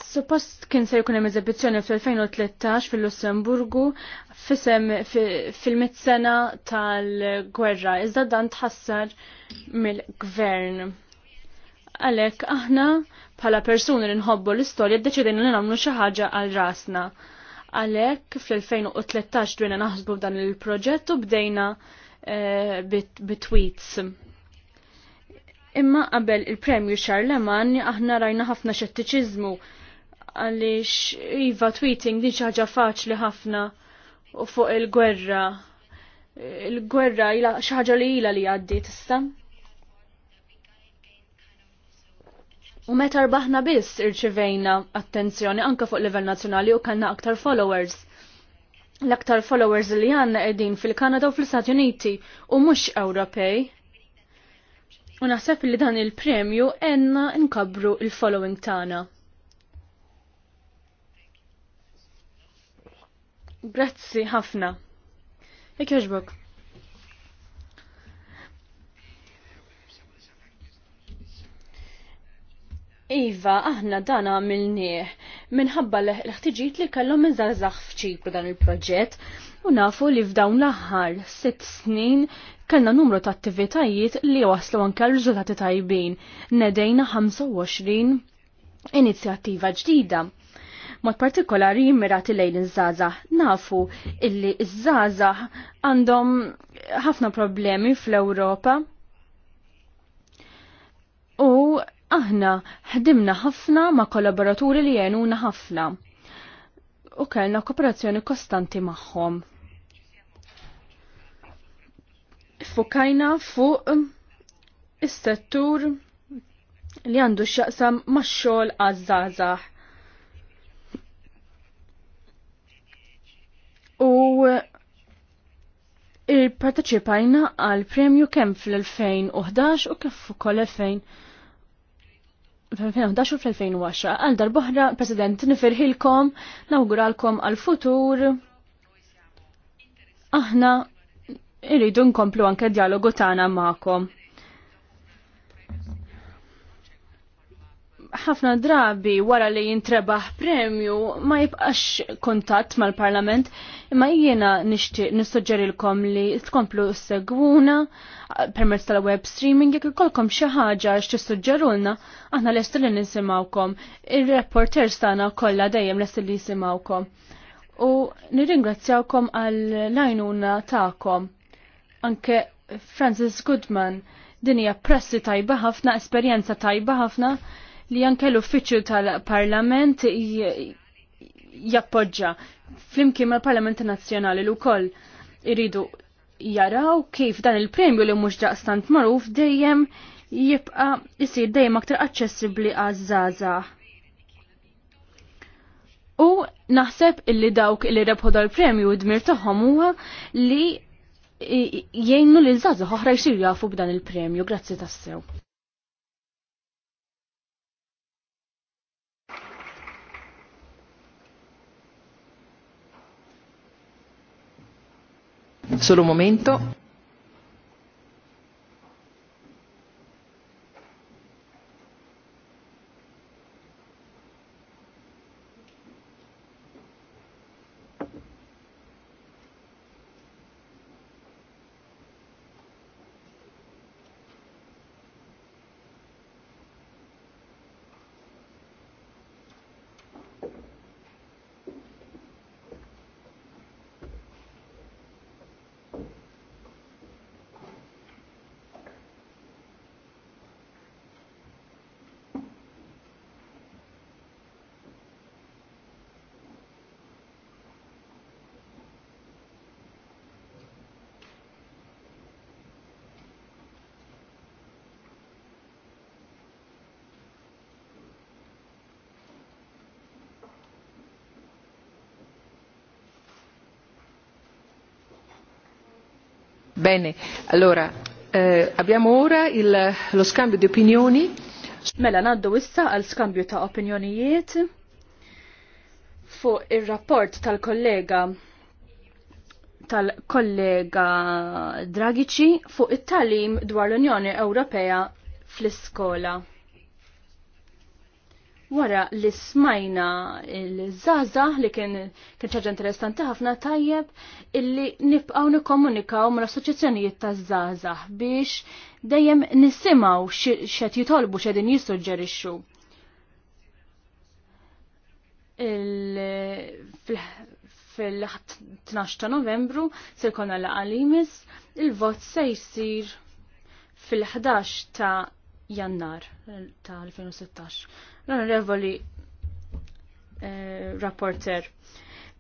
suppost kien se jkun hemm eżibizzjoni fl-2013 fil-Lussemburgu fil-mit-sena tal-gwerra, iżda dan tħassar mill-gvern Għalhekk aħna bħala persuni li nħobbu l-istorja ddeċidejna li nagħmlu xi ħaġa għal rasna. Għalhekk fl-2013 dwina naħsbu dan il-proġett u bdejna eh, bit-tweets. Imma qabel il-premju Charlemagne aħna rajna ħafna xettiċiżmu għaliex iva tweeting din xi ħaġa faċli ħafna u fuq il-gwerra. Il-gwerra xi ħaġa li ilha li għaddiet issa. U meta rbaħna biss irċivejna attenzjoni anka fuq livell nazzjonali u kellna aktar followers. L-aktar followers li għanna edin fil-Kanada u fl-Stati Uniti u mhux Ewropej. U naħseb li dan il-premju enna nkabru il-following tagħna. Grazzi ħafna. Jekk Iva, aħna dan għamilnieh minħabba l-ħtiġijiet li kellhom iżgħażagħ f'ċipru dan il-proġett u nafu li f'dawn l-aħħar sitt snin kellna numru ta' attivitajiet li waslu anke riżultati tajbin. Nedejna 25 inizjattiva ġdida. Mod partikolari jimmirati lejn iż-żgħażagħ. Nafu illi iż-żgħażagħ għandhom ħafna problemi fl-Ewropa Aħna ħdimna ħafna ma' kollaboraturi li jenuna ħafna u kellna kooperazzjoni kostanti magħhom. Fukajna fuq is-settur li għandu x'jaqsam max-xogħol għaż-żgħażagħ. U il-parteċipajna għal premju kemm fl-2011 u kif ukoll 2000 fl-2011 u fl-2010. Għal darbohra, President, nifirħilkom, nawguralkom għal-futur. Aħna irridu nkomplu anke dialogu tagħna magħkom. ħafna drabi wara li jintrebaħ premju ma jibqax kontatt mal-parlament imma jiena nixtieq nissuġġerilkom li tkomplu segwuna permezz tal-web streaming jekk ikolkom xi ħaġa x'tissuġġerulna aħna lest li nisimgħukom. ir reporter tagħna kollha dejjem lest li jisimgħukom. U nirringrazzjawkom għall lajnuna tagħkom. Anke Francis Goodman din hija pressi tajba ħafna, esperjenza tajba ħafna li anke l-uffiċċju tal-Parlament jappoġġa flimkien mal-Parlament Nazzjonali l ukoll iridu jaraw kif dan il-premju li mhux daqstant magħruf dejjem jibqa' isir dejjem aktar aċċessibbli għaż-żgħażagħ. U naħseb illi dawk illi rebħu dal-premju d-dmir tagħhom huwa li jgħinu li żaza oħra jsir jafu b'dan il-premju. Grazzi tassew. Solo un momento. Bene, allora, eh, abbiamo ora il, lo scambio di opinioni. Mela naddu issa għal skambju ta' opinjonijiet fuq ir-rapport tal-kollega tal-kollega Dragici fuq it-talim dwar l-Unjoni Ewropea fl-iskola wara li smajna l zaza li kien kien ċaġa interessanti ħafna tajjeb illi nibqgħu nikkomunikaw mal-assoċjazzjonijiet taż zaza biex dejjem nisimgħu x'qed jitolbu x'edin jissuġġerixxu fil-12 ta' novembru se jkollna laqa il-vot se jsir fil-11 ta' jannar ta' 2016 L-onorevoli eh, rapporter.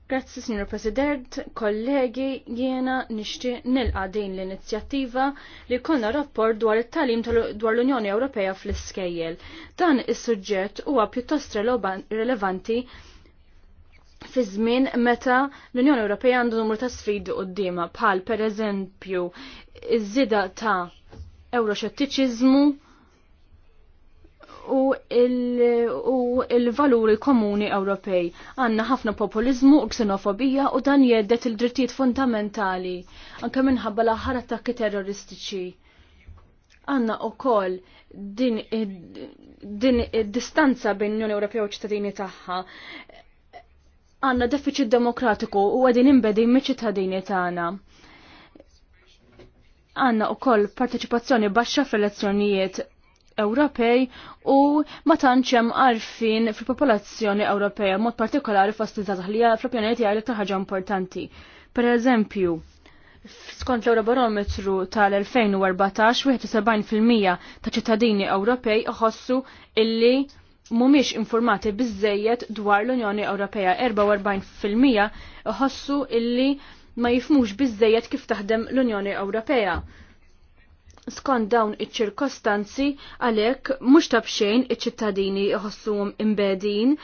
Grazzi, signor President, kollegi, jiena nishti nilqa din l-inizjattiva li konna rapport dwar it-talim dwar l-Unjoni Ewropea fl-iskejjel. Dan is-suġġett huwa pjuttost relevanti fi żmien meta l-Unjoni Ewropea għandu numru ta' sfidi qudiema bħal pereżempju iż-żida ta' euroxettiċiżmu, u il-valuri komuni Ewropej. Għanna ħafna populizmu u ksenofobija u dan jeddet il-drittijiet fundamentali, anke minħabba l-aħħar attakki terroristiċi. Għanna u koll din id-distanza bejn l-Unjoni Ewropea u ċittadini tagħha għanna deficit demokratiku u għedin imbedi miċ-ċittadini tagħna għanna u koll parteċipazzjoni baxxa fl-elezzjonijiet Ewropej u ma tantx hemm għarfin fil-popolazzjoni Ewropea mod partikolari fost iż-żgħażagħ li fl-opinjoni tiegħi li ħaġa importanti. Pereżempju, skont l-Eurobarometru tal-2014 71% ta' ċittadini Ewropej iħossu illi mumiex informati bizzejiet dwar l-Unjoni Ewropea 44% iħossu illi ma jifmux bizzejiet kif taħdem l-Unjoni Ewropea skont dawn iċ-ċirkostanzi għalhekk mhux tabxejn iċ-ċittadini jħossuhom imbedin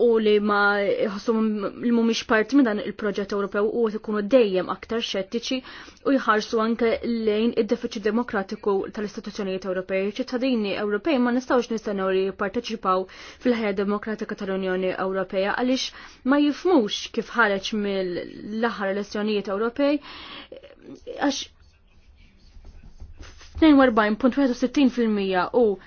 u li ma jħossuhom li mhumiex parti minn dan il-proġett Ewropew u qed ikunu dejjem aktar xettiċi u jħarsu anke lejn id-defiċit demokratiku tal-istituzzjonijiet Ewropej. Ċittadini Ewropej ma nistgħux nistennew li jipparteċipaw fil-ħajja demokratika tal-Unjoni Ewropea għaliex ma jifmux kif ħareġ mill-aħħar elezzjonijiet Ewropej għax 42.61% u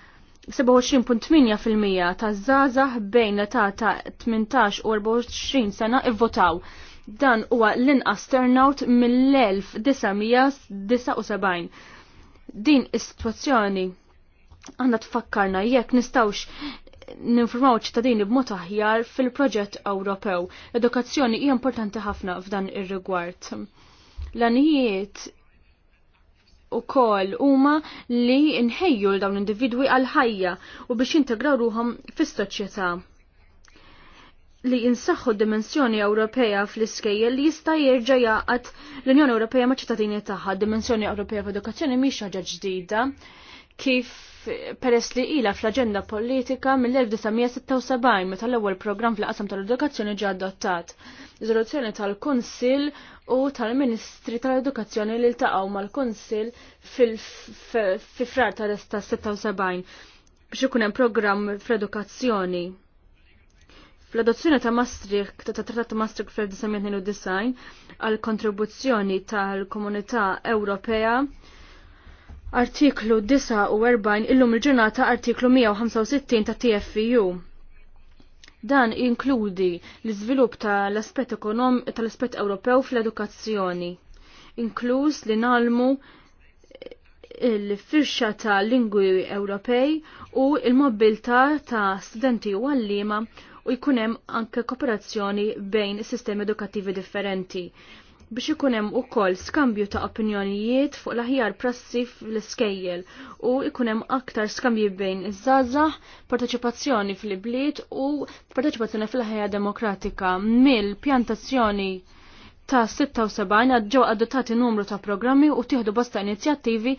27.8% ta' zazah bejn ta' ta' 18 u 24 sena ivvotaw. Dan huwa l-inqas turnout mill-1979. Din is-sitwazzjoni għandna tfakkarna jekk nistawx ninformaw ċittadini b'mod aħjar fil-proġett Ewropew. Edukazzjoni hija importanti ħafna f'dan ir-rigward. L-anijiet u kol huma li nħejju l dawn individwi għal ħajja u biex integraw ruhom fis-soċjetà li jinsaħħu dimensjoni Ewropea fl-iskejjel li jista' jerġa' jaqgħad l-Unjoni Ewropea ma' ċittadini tagħha. Dimensjoni Ewropea f'edukazzjoni mhix ħaġa ġdida kif peress li ila fl-aġenda politika mill-1976 meta l-ewwel programm fl-qasam tal-edukazzjoni ġie adottat. Riżoluzzjoni tal-Kunsill u tal-Ministri tal-Edukazzjoni li ltaqgħu mal-Kunsill fil-frar tal-76 biex ikun hemm programm fl-edukazzjoni. Fl-adozzjoni ta' Maastricht, ta' Trattat ta' Maastricht fl-1992 għal kontribuzzjoni tal-Komunità Ewropea Artiklu 49 illum il-ġurnata artiklu 165 ta' TFU. Dan inkludi l-iżvilupp tal-aspett tal-aspett Ewropew fl-edukazzjoni, inkluż li nalmu il-firxa ta' lingwi Ewropej u il-mobilta ta' studenti u għallima u jkunem anke kooperazzjoni bejn sistemi edukattivi differenti biex ikun hemm ukoll skambju ta' opinjonijiet fuq l-aħjar prassi fl-iskejjel u ikun hemm aktar skambji bejn iż-żgħażagħ, parteċipazzjoni fl-ibliet u parteċipazzjoni fil-ħajja demokratika mill-pjantazzjoni ta' 76 għad ġew adottati numru ta' programmi u tieħdu bosta inizjattivi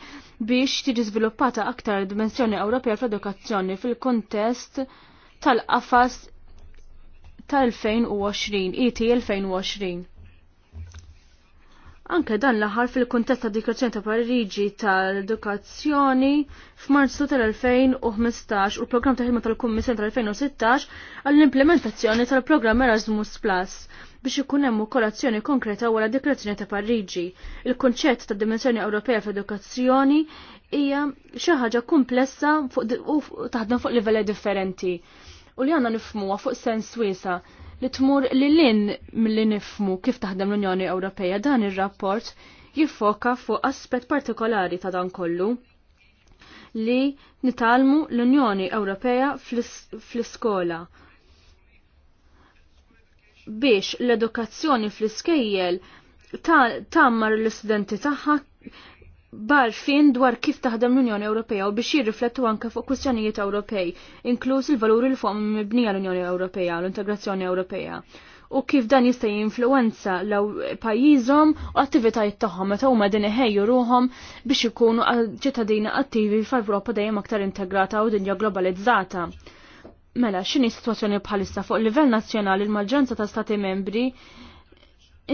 biex tiġi żviluppata aktar dimensjoni Ewropea fl-edukazzjoni fil-kontest tal-qafas tal-2020, IT e 2020. E Anke dan l ħar fil-kuntest ta' dikrazzjoni ta' Pariġi tal-edukazzjoni f'Marzu tal-2015 u l-programm ta' ħidma tal-Kummissjoni tal-2016 għall-implementazzjoni tal-programm Erasmus Plus biex ikun hemm ukoll azzjoni konkreta wara dikrazzjoni ta' Pariġi. Il-kunċett ta' dimensjoni Ewropea edukazzjoni hija xi ħaġa komplessa u taħdem fuq livelli differenti. U li għandna nifmuha fuq sens wiesa' li tmur li lin mill-li nifmu kif taħdem l-Unjoni Ewropea dan ir-rapport jiffoka fuq aspett partikolari ta' dan kollu li nitalmu l-Unjoni Ewropea fl-iskola biex l-edukazzjoni fl-iskejjel tammar l-istudenti tagħha fin dwar kif taħdem l-Unjoni Ewropea u biex jirriflettu anke fuq kwistjonijiet Ewropej, inkluż il-valuri li fuq mibnija l-Unjoni Ewropea, l-integrazzjoni Ewropea u kif dan jista' jinfluwenza law pajjiżhom u attivitajiet tagħhom meta huma din iħejju ruhom biex ikunu ċittadini attivi f'Ewropa dejjem aktar integrata u dinja globalizzata. Mela, x'inhi situazzjoni bħalissa fuq livell nazzjonali l-maġġoranza ta' stati membri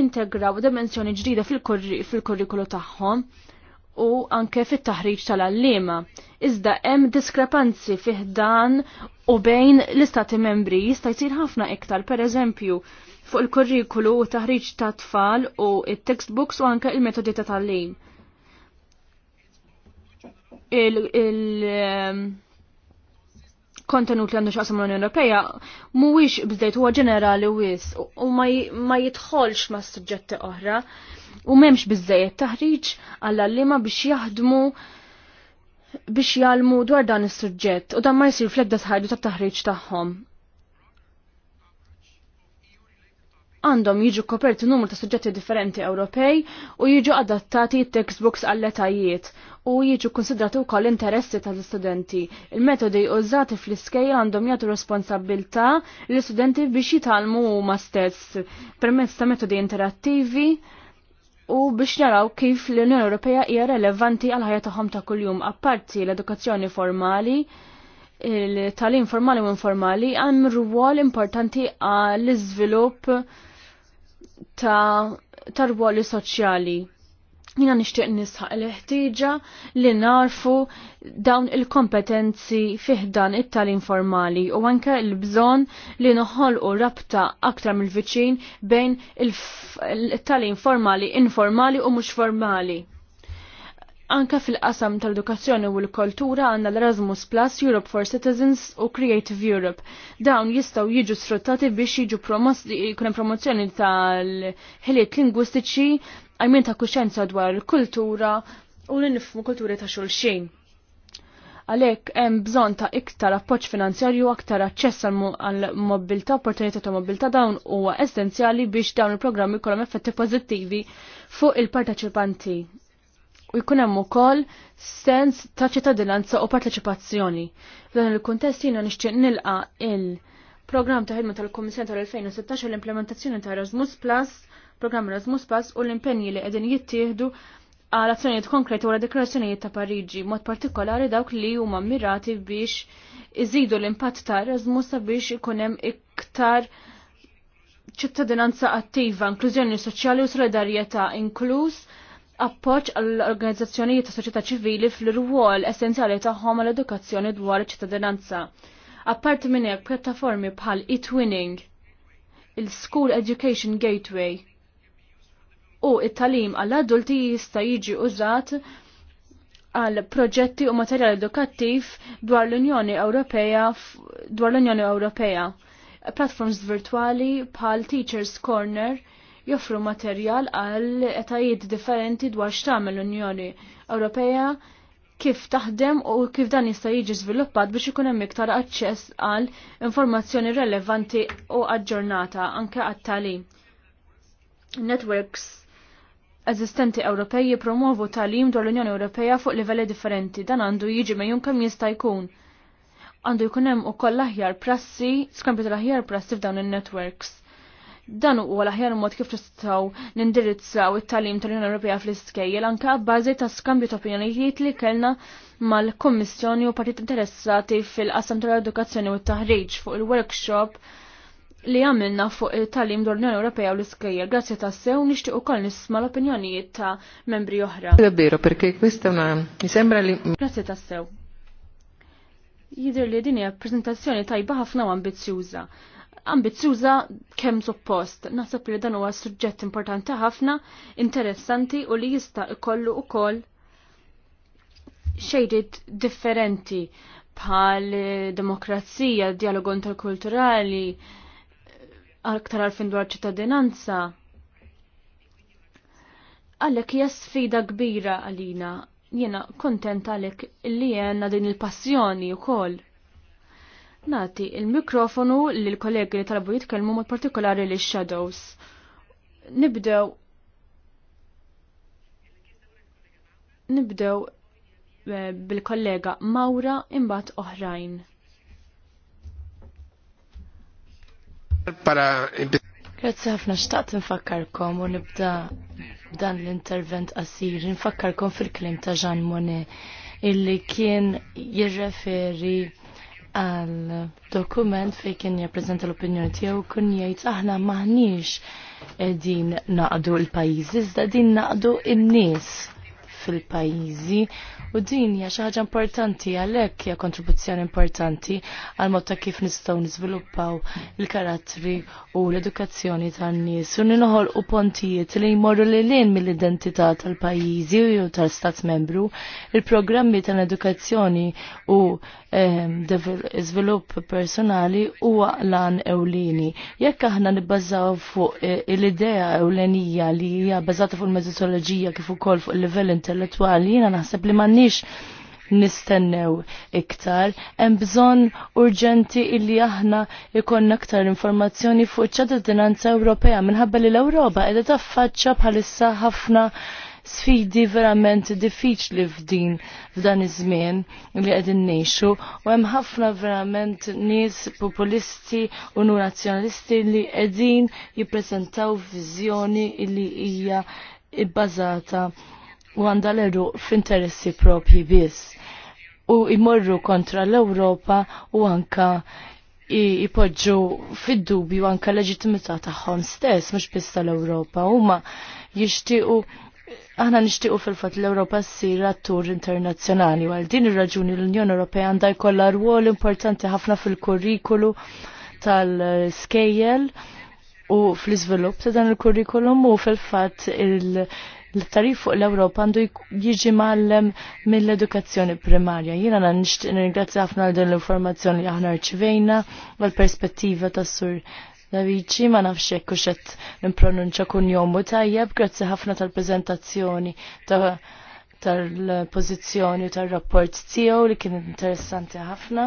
integraw dimensjoni ġdida fil-kurrikulu tagħhom u anke fit-taħriġ tal-allima. Iżda hemm diskrepanzi fih dan u bejn l-istati membri jista' jsir ħafna iktar, pereżempju, fuq il-kurrikulu u taħriġ ta' tfal u it-textbooks u anke il-metodi ta' tal-lim. Il-kontenut ehm, li għandu xaqsam l-Unjoni Ewropea mhuwiex bżejt huwa ġenerali wis u ma jidħolx ma' suġġetti oħra u memx bizzejet taħriġ għall-allima biex jaħdmu biex jalmu dwar dan is-suġġett u dan ma jsir fl-ebda sħajdu ta' taħriġ tagħhom. Għandhom jiġu koperti numru ta' suġġetti differenti Ewropej u jiġu adattati textbooks għall etajiet u jiġu konsidrati wkoll interessi tal-istudenti. Il-metodi użati fl iskejl għandhom jagħtu responsabilità l-istudenti biex jitalmu huma stess permezz ta' metodi interattivi u biex naraw kif l-Unjoni Ewropea hija relevanti għal ħajja tagħhom ta' kuljum apparti l-edukazzjoni formali il-talim formali u informali għam rwol importanti għall-iżvilupp ta' ruwoli soċjali Jina nishtiq nisħaq l-ħtieġa li narfu dawn il-kompetenzi fiħdan it-tal informali u anke l-bżon li noħolqu rabta aktar mill-viċin bejn il-tal informali informali u mhux formali. Anka fil-qasam tal-edukazzjoni u l-kultura għandna l-Erasmus Plus, Europe for Citizens u Creative Europe. Dawn jistgħu jiġu sfruttati biex jiġu promozzjoni tal-ħiliet lingwistiċi għajmin ta' kuxenza dwar kultura u li nifmu kulturi ta' xulxin. Għalek hemm bżonn ta' iktar appoġġ finanzjarju aktar aċċess għal mobilta opportunità ta' mobilta dawn huwa essenzjali biex dawn il-programmi kolom effetti pożittivi fuq il-parteċipanti u jkun hemm ukoll sens ta' ċittadinanza u parteċipazzjoni. F'dan il-kuntest jiena nixtieq nilqa il-programm ta' ħidma tal-Kummissjoni tal-2016 l-implementazzjoni ta' Erasmus Plus programm Erasmus Plus u l-impenji li qegħdin jittieħdu għal azzjonijiet konkreti wara deklarazzjonijiet ta' Pariġi, mod partikolari dawk li huma mirati biex iżidu l-impatt ta' Erasmus biex ikun hemm iktar ċittadinanza attiva, inklużjoni soċjali u solidarjetà inkluż appoġġ għall organizzazzjonijiet ta' soċjetà ċivili fl-irwol essenzjali tagħhom għall edukazzjoni dwar iċ-ċittadinanza. Apparti minn hekk pjattaformi bħal e-twinning, il-School Education Gateway, u it-talim għall-adulti jista' jiġi użat għal proġetti u materjal edukattiv dwar l-Unjoni Ewropea dwar l-Unjoni Ewropea. Platforms virtuali bħal Teachers Corner joffru materjal għal etajiet differenti dwar x'tagħmel l-Unjoni Ewropea kif taħdem u kif dan jista' jiġi żviluppat biex ikun hemm iktar aċċess għal informazzjoni relevanti u aġġornata anke għat-tagħlim networks eżistenti Ewropej jipromovu talim dwar l-Unjoni Ewropeja fuq livelli differenti. Dan għandu jiġi mejjun kemm jista' jkun. Għandu jkun hemm ukoll aħjar prassi, skampi tal-aħjar prassi f'dawn in-networks. Dan huwa l-aħjar mod kif tistgħu nindirizzaw it-talim tal-Unjoni Ewropea fl-iskejjel anke bbażi ta' skambju ta' opinjonijiet li kellna mal kummissjoni u partit interessati fil-qasam tal-edukazzjoni u t-taħriġ fuq il-workshop li għamilna fuq il-talim l-Unjoni Ewropea u l-Iskejjer. Grazzi ta' sew nixtieq ukoll nisma' l-opinjonijiet ta' membri oħra. Davvero, perché questa una mi sembra li Grazzi ta' sew. Jidher li din hija preżentazzjoni tajba ħafna u ambizzjuża. Ambizzjuża kemm suppost. Naħseb li dan huwa suġġett importanti ħafna, interessanti u li jista' ikollu ukoll xejrid differenti bħal demokrazija, dialogu interkulturali, kulturali aktar għalfin dwar ċittadinanza. għallek hija sfida kbira għalina. Jena kontent għalek li jena din il-passjoni u koll. Nati, il-mikrofonu li l-kollegi li talbu jitkellmu mod partikolari li shadows Nibdew Nibdew eh, bil-kollega Maura imbat oħrajn. Grazzi ħafna xtaqt nfakkarkom u nibda dan l-intervent qasir. Nfakkarkom fil-klim ta' Jean Monnet illi kien jirreferi għal dokument fej kien jappreżenta l-opinjoni tiegħu kun jgħid aħna maħniex din naqdu l-pajjiż, iżda din naqdu in-nies fil-pajjiżi u din hija xi ħaġa importanti għalhekk hija kontribuzzjoni importanti għal mod ta' kif nistgħu niżviluppaw il-karattri u l-edukazzjoni tan-nies u u pontijiet li jmorru lil mill-identità tal-pajjiżi u tal-Stat membru. Il-programmi tal-edukazzjoni u Ehm, iżvilupp personali huwa lan ewlieni. Jekk aħna nibbażaw fuq e, l-idea ewlenija li hija bbażata fuq il mezzoloġija kif ukoll fuq il-livell intellettwali, jiena naħseb li m'għandniex nistennew iktar, hemm bżonn urġenti illi aħna ikonna aktar informazzjoni fuq ċadda dinanza Ewropea minħabba li l-Ewropa qiegħda taffaċċa bħalissa ħafna sfidi verament diffiċli f'din f'dan iż-żmien li qegħdin ngħixu u hemm ħafna verament nies populisti u nazzjonalisti li qegħdin jippreżentaw viżjoni li hija bbażata u għandha l-eruq f'interessi propji biss u imorru kontra l-Ewropa u anka jipoġġu fid-dubju anka leġitimità tagħhom stess mhux biss tal-Ewropa huma jixtiequ Aħna nixtiequ fil-fatt l-Ewropa ssir attur internazzjonali għal din ir-raġuni l-Unjoni Ewropea għandha jkollha rwol importanti ħafna fil-kurrikulu tal-skejjel u fl-iżvilupp ta' dan il-kurrikulum u fil-fatt il-, l-tarif fuq l-Ewropa għandu jiġi mallem mill-edukazzjoni primarja. Jiena na nixtieq ringrazzja ħafna għal din l-informazzjoni li aħna rċivejna għal perspettiva tas sur Davici, ma nafx jekk kuxet nimpronunċa kun jomu tajjeb, grazzi ħafna tal-prezentazzjoni tal-pozizjoni u tal-rapport tiegħu li kien interessanti ħafna.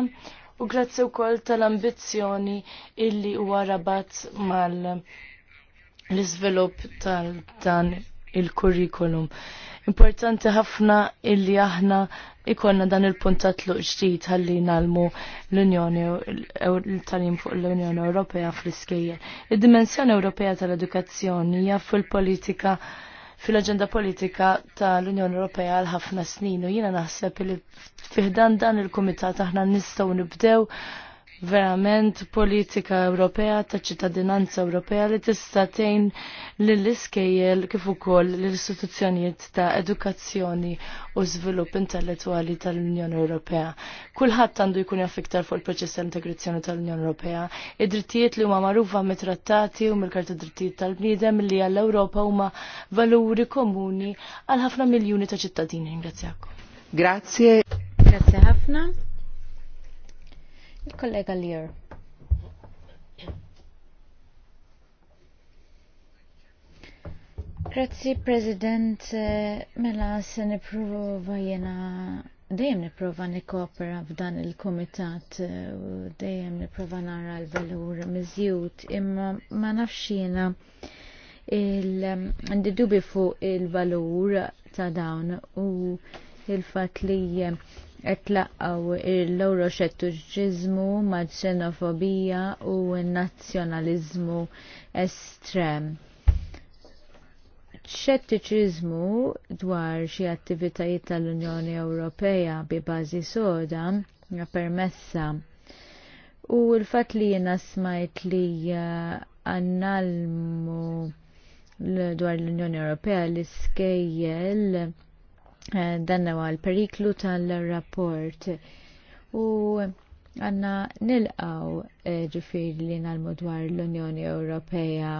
U grazzi wkoll tal-ambizzjoni illi huwa rabat mal l-iżvilupp tal-dan il-kurrikulum. il kurrikulum Importanti ħafna illi aħna ikonna dan il-puntat luq ġdid ħalli nalmu l-Unjoni tal-jim fuq l-Unjoni Ewropea fl-iskejjer. Id-dimensjoni Ewropea tal-edukazzjoni hija fil-politika fil-agenda politika tal-Unjoni Ewropea għal ħafna snin u jiena naħseb li fiħdan dan il-kumitat aħna nistgħu nibdew verament politika Ewropea ta' ċittadinanza Ewropea li tista' tgħin lill-iskejjel kif ukoll l-istituzzjonijiet ta' edukazzjoni u żvilupp intellettwali tal-Unjoni Ewropea. Kulħadd għandu jkun jaffiktar fuq il-proċess ta' integrazzjoni tal-Unjoni Ewropea. Id-drittijiet li huma magħrufa mit-trattati u mill-Karta Drittijiet tal-Bniedem li għall-Ewropa huma valuri komuni għal ħafna miljuni ta' ċittadini. Ringrazzjakom. Grazie. Grazie ħafna. Il-kollega Lear. Grazzi, President. Eh, mela, se niprova jena, dejjem niprova nikopera f'dan il-komitat, eh, dejjem niprova nara l-valur miżjut, imma ma nafx jena il-dubi fuq il-valur ta' dawn u il-fat li qed laqgħu l-euroxettuġiżmu ma' xenofobija u n-nazzjonaliżmu estrem. Xettiċiżmu dwar xi attivitajiet tal-Unjoni Ewropea bi bażi soda permessa u l-fatt li jena smajt li uh, annalmu dwar l-Unjoni Ewropeja l-iskejjel Eh, dan huwa l-periklu tal-rapport. U għanna nilqaw eh, ġifir li nal dwar l-Unjoni Ewropea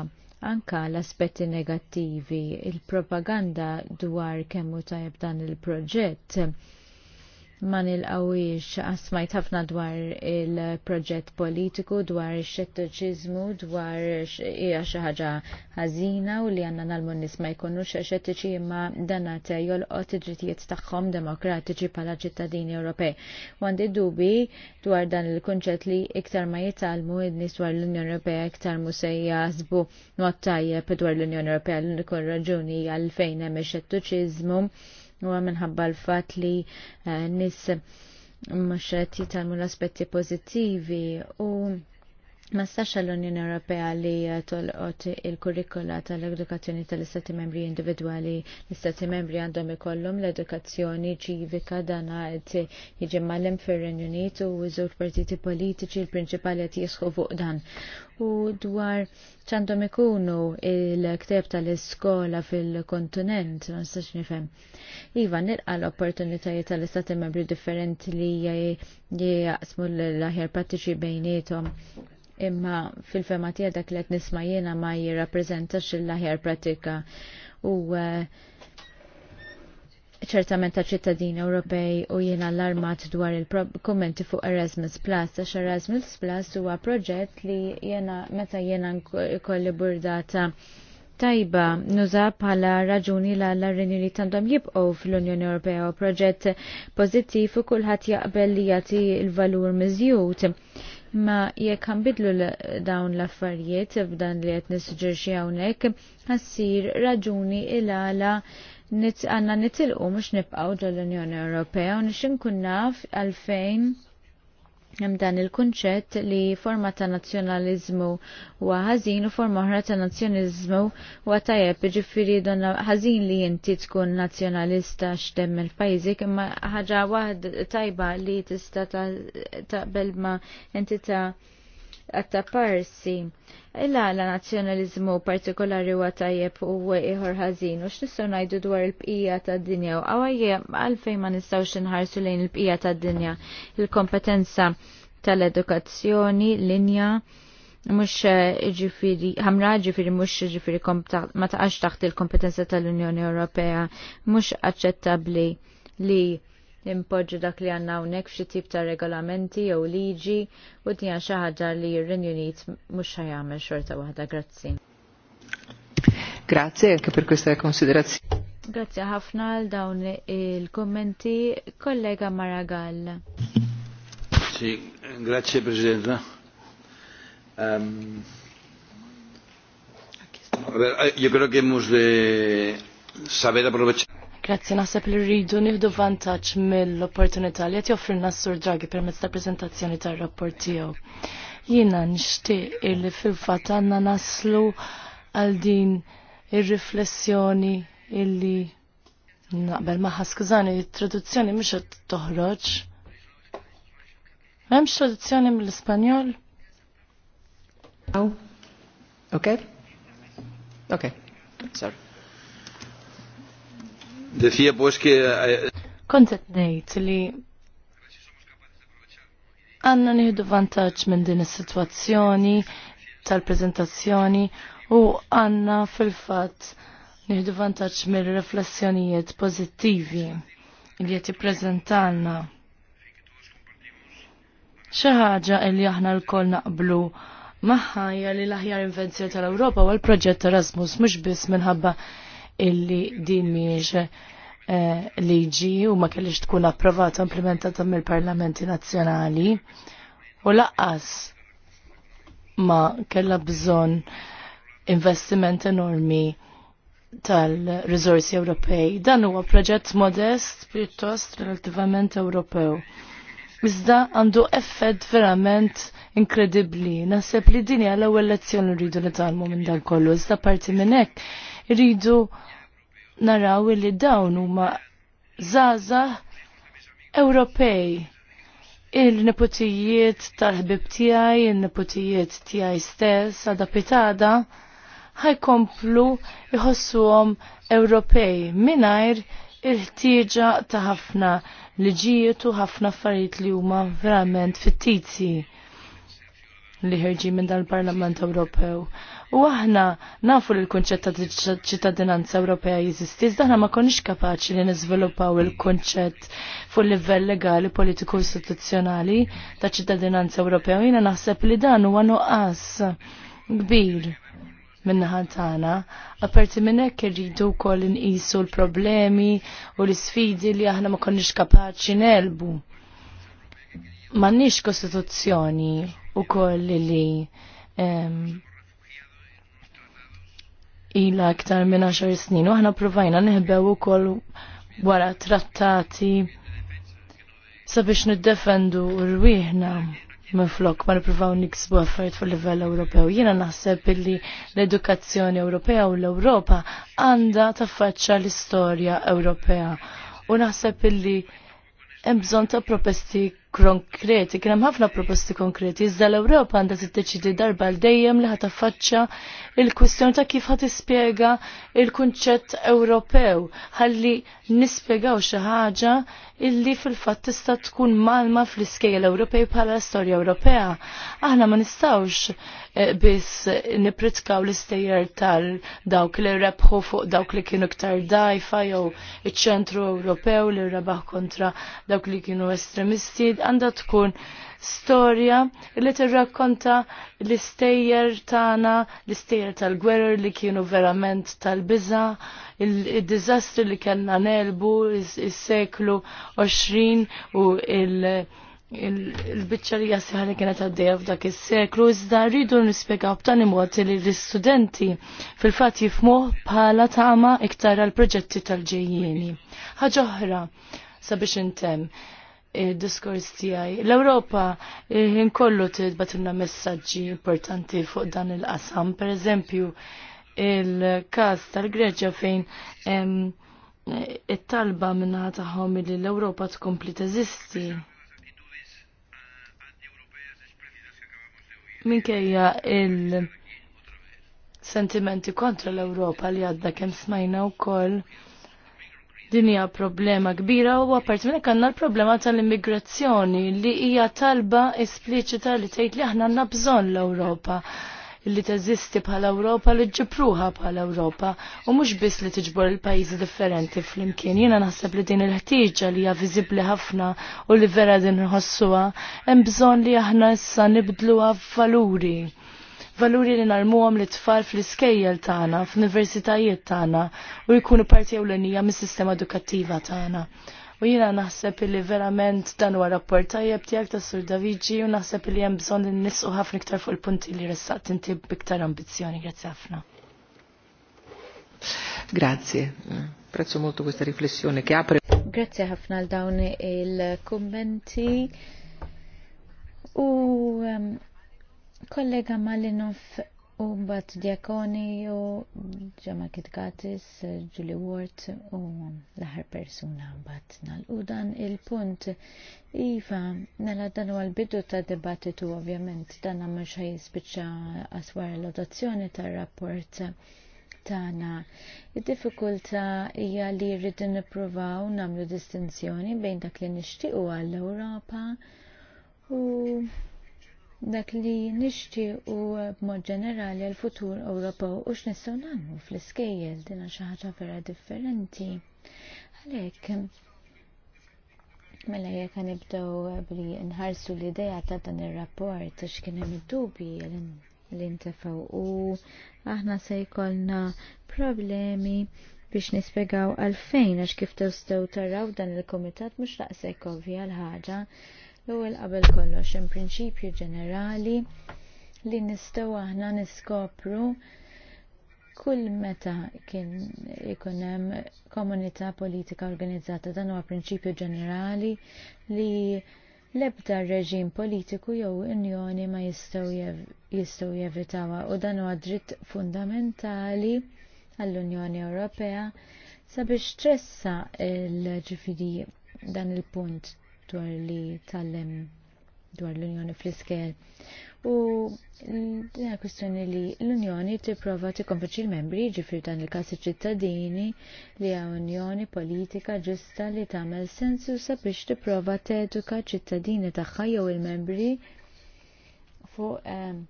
anka l-aspetti negattivi, il-propaganda dwar kemmu tajab dan il-proġett ma nilqawix asmajt ħafna dwar il-proġett politiku, dwar xettoċizmu, dwar hija xi ħaġa ħażina u li għandna nalmu nies ma jkunux xettiċi imma dan għate jolqot id-drittijiet tagħhom demokratiċi bħala ċittadini Ewropej. Għandi dubi dwar dan il-kunċett li iktar ma jitalmu id-nies dwar l-Unjoni Ewropea iktar mu se jasbu mod tajjeb dwar l-Unjoni Ewropea l-unikun raġuni għalfejn hemm xettoċiżmu u minħabba l-fat li eh, nis mux jitalmu l-aspetti pozittivi u Ma stax l-Unjoni Ewropea li tolqot il-kurrikula tal-edukazzjoni tal-Istati membri individwali. L-Istati membri għandhom ikollhom l-edukazzjoni ċivika dan għad jiġi mal fir-Renju Unit u żewġ partiti politiċi l-prinċipali qed jisħu fuq dan. U dwar ċandhom ikunu il-kteb tal-iskola fil-kontinent, ma stax nifhem. Iva, nilqa l-opportunitajiet tal-Istati membri differenti li jaqsmu l-aħjar pratiċi bejnietom imma fil-fema tiegħek dak li qed nisma' jiena ma jirrappreżentax il-aħjar pratika u eh, ċertament ta' ċittadini Ewropej u jiena allarmat dwar il-kommenti fuq Erasmus Plus, għax Erasmus Plus huwa proġett li jiena meta jiena ikolli burdata tajba nuża bħala raġuni l l-arrini tandom jibqgħu fl-Unjoni Ewropea u proġett pożittiv u kulħadd jaqbel li jagħti l-valur miżjud ma jekk ħanbidlu dawn l-affarijiet f'dan li qed nisġirxi hawnhekk ħassir raġuni il-għala għandna nitilqu mhux nibqgħu ġol-Unjoni Ewropea u nix inkun naf għalfejn hemm dan il-kunċett li forma ta' nazzjonaliżmu huwa ħażin u forma oħra ta' nazzjonaliżmu huwa tajjeb, jiġifieri donna ħażin li inti tkun nazzjonalista x'temm il-pajjiżek, imma ħaġa waħda tajba li tista' taqbel ma' entità għatta Illa la nazjonalizmu partikolari wa tajjeb u iħor ħazin u x'nistgħu ngħidu dwar il-bqija tad-dinja u għawajje għalfejn ma nistgħux xinħarsu lejn il-bqija tad-dinja. Il-kompetenza tal-edukazzjoni, linja, mux ġifiri, ħamra ġifiri mux ġifiri ma taqax taħt il-kompetenza tal-Unjoni Ewropea, mux aċċettabli li nimpoġġu dak li għanna unnek f'xi tip ta' regolamenti jew liġi u din xi ħaġa li r-Renju Unit mhux ħajamel xorta waħda. Grazzi. Grazzi anche per questa considerazione. Grazzi ħafna għal dawn il-kommenti kollega Maragall. Sì, grazie Presidenta. Um, ehm, a ver, yo creo que hemos de saber aprovechar. Grazzi naħseb li rridu nieħdu vantaġġ mill-opportunità li qed joffrilna s-Sur Draghi permezz ta' preżentazzjoni tar-rapport tiegħu. Jiena nixtieq illi fil fat għandna naslu għal din ir-riflessjoni illi naqbel maħħa skużani traduzzjoni mhux qed toħroġ. M'hemmx traduzzjoni mill-Ispanjol? Ok? Ok, Sorry. Decía pues que... Kontet nejt li għanna nieħdu vantaġġ minn din is-sitwazzjoni tal-preżentazzjoni u għanna fil-fatt nieħdu vantaġġ mill riflessjonijiet pożittivi li qed jippreżentalna. Xi ħaġa li aħna lkoll naqblu maħħa li l-aħjar invenzjoni tal-Ewropa u l-proġett Erasmus mhux biss minħabba illi din miex eh, liġi u ma kellix tkun approvata u implementata mill-parlamenti nazzjonali u laqqas ma kella bżon investiment enormi tal-rizorsi Ewropej. Dan huwa proġett modest pjuttost relativament Ewropew. Iżda għandu effett verament inkredibbli. Naseb li din l-ewwel lezzjoni rridu nitalmu minn dan kollu. Iżda parti minn hekk rridu naraw li dawn huma zaza Ewropej. Il-nepotijiet tal-ħbib tiegħi, il-nepotijiet tiegħi stess, għada pitada, ħajkomplu jħossuhom Ewropej mingħajr il-ħtieġa ta' ħafna liġijiet u ħafna affarijiet li huma verament fittizji li ħerġi minn dal-Parlament Ewropew. U aħna nafu li l-konċett ta' ċittadinanza Ewropea jiżisti, iżda ma konniex kapaċi li niżviluppaw il-konċett fuq livell legali, politiku istituzzjonali ta' ċittadinanza Ewropea. Jiena naħseb li dan huwa nuqqas kbir minnaħan tagħna. Aperti minn hekk irridu wkoll inqisu l-problemi u l-isfidi li aħna ma konniex kapaċi nelbu. M'għandniex kostituzzjoni u koll li um, ila aktar minn 10 snin u aħna provajna neħbew ukoll wara trattati sabiex niddefendu rwieħna minn flok ma nippruvaw niksbu affarijiet fuq livell Ewropew. Jiena naħseb illi l-edukazzjoni Ewropea u l-Ewropa għandha taffaċċa l-istorja Ewropea. U naħseb illi hemm bżonn ta' propesti konkreti, kien hemm ħafna proposti konkreti, iżda l-Ewropa għandha tiddeċidi darba l dejjem li ħat affaċċa il-kwistjoni ta' kif ħadd ispjega il-kunċett Ewropew ħalli nispjegaw xi ħaġa illi fil-fatt tista' tkun malma fl-iskejjel Ewropej bħala l-istorja Ewropea. Aħna ma nistgħux eh, biss nipritkaw l-istejjer tal dawk li rebħu fuq dawk li kienu ktar dajfa jew iċ-ċentru Ewropew li rebaħ kontra dawk li kienu estremisti għanda tkun storja li tirrakkonta l-istejjer tagħna, l-istejjer tal-gwerer li kienu verament tal-biża, il dizastri li kellna nelbu is-seklu 20 u il- il-bicċa li jassiħa li kienet għaddeja f'dak is-seklu, iżda rridu nispjegaw b'tani mod li l-istudenti fil-fatt jifmuh bħala tama iktar għal proġetti tal-ġejjieni. Ħaġa oħra sabiex intemm il-diskors tijaj. L-Europa inkollu eh, tidbatunna messagġi importanti fuq dan il-qasam. Per eżempju, il-kas tal-Greċja fejn it-talba minna taħom li l-Europa tkompli teżisti. Minkejja il-sentimenti kontra l-Europa li għadda kem smajna u koll din hija problema kbira u għapart minn għandna l-problema tal-immigrazzjoni li hija talba espliċita li tgħid li aħna għandna bżonn l-Ewropa li teżisti bħala Ewropa li ġipruħa bħala Ewropa u mhux biss li tiġbor il-pajjiżi differenti flimkien. Jiena naħseb li din il-ħtieġa li hija viżibbli ħafna u li vera din nħossuha hemm bżonn li aħna issa nibdluha f'valuri valuri li għam li tfal fl-iskejjel tagħna, fl-universitajiet tagħna u jkunu parti ewlenija mis-sistema edukattiva tagħna. U jina naħseb li verament dan huwa rapport tajjeb tiegħek ta' Sur Daviġi u naħseb li hemm bżonn li nisqu ħafna iktar fuq il-punti li ressaqt inti biktar ambizzjoni. Grazzi ħafna. Grazie. Prezzu molto questa riflessione che apre. Grazie ħafna għal dawn il-kommenti. U ehm, kollega Malinov u bat Diakoni u ġama Kitkatis, Julie Ward u laħar persuna bat nal. U dan il-punt Iva, nella dan u għal-bidu ta' debattitu ovvjament dan għamma xaj jisbicċa aswar l-adozzjoni ta' rapport tagħna. Id-diffikultà hija li rridu nippruvaw nagħmlu distinzjoni bejn dak li nixtiequ għall-Ewropa u dak li nixti u b'mod ġenerali għal-futur Ewropew u x'nistgħu nagħmlu fl-iskejjel dinha xi ħaġa vera differenti. Għalhekk mela jekk nibdew bli nħarsu l-idea ta' dan ir-rapport għax kien hemm id-dubji li ntefgħu u aħna se jkollna problemi biex nispjegaw għalfejn għax kif tistgħu taraw dan il-kumitat mhux laqsek ovvja l-ħaġa L-ewwel qabel kollox hemm prinċipju ġenerali li nistgħu aħna niskopru kull meta kien ikun hemm komunità politika organizzata dan huwa prinċipju ġenerali li l-ebda reġim politiku jew unjoni ma jistgħu jevitawha u dan huwa dritt fundamentali għall-Unjoni Ewropea sabiex tressa l ġifiri dan il-punt dwar li tal-lem dwar l-Unjoni fl-iskel. U dina mm, kwestjoni li l-Unjoni tipprova tikkonvinċi l-membri ġifir dan il-każ ċittadini li hija Unjoni politika ġusta li tagħmel sensu sabiex tipprova teduka ċittadini tagħha jew il-membri fuq ehm,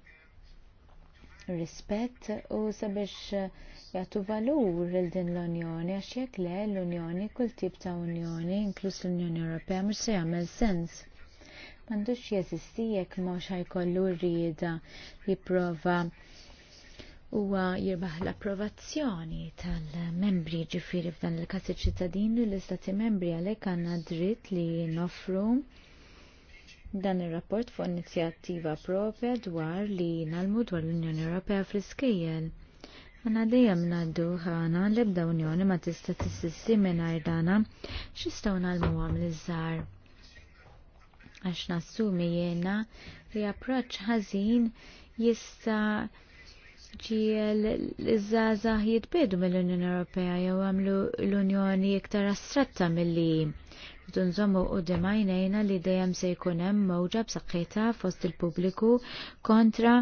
rispett u sabiex jagħtu valur lil din l-Unjoni għax jekk le l-Unjoni kull tip ta' Unjoni inkluż l-Unjoni Ewropea mhux se jagħmel sens. M'għandux jeżisti jekk mhux ħajkollu rrieda jipprova huwa jirbaħ l-approvazzjoni tal-membri ġifiri f'dan il-każ iċ-ċittadini l-istati membri għalhekk għandna dritt li noffru dan ir-rapport fuq inizjattiva propja dwar li nalmu dwar l-Unjoni Ewropea fl-iskejjel. Għana dejjem naddu ħana l-ebda unjoni ma tista tissisti mingħajr dana x'istgħu nagħmlu għam l żar Għax nassumi jiena li approċċ ħażin jista' ġiel l-żgħażagħ jitbedu mill-Unjoni Ewropea jew għamlu l-Unjoni iktar astratta milli rridu nżommu u demajnejna li dejjem se jkun hemm mowġa b'saqħitha fost il-pubbliku kontra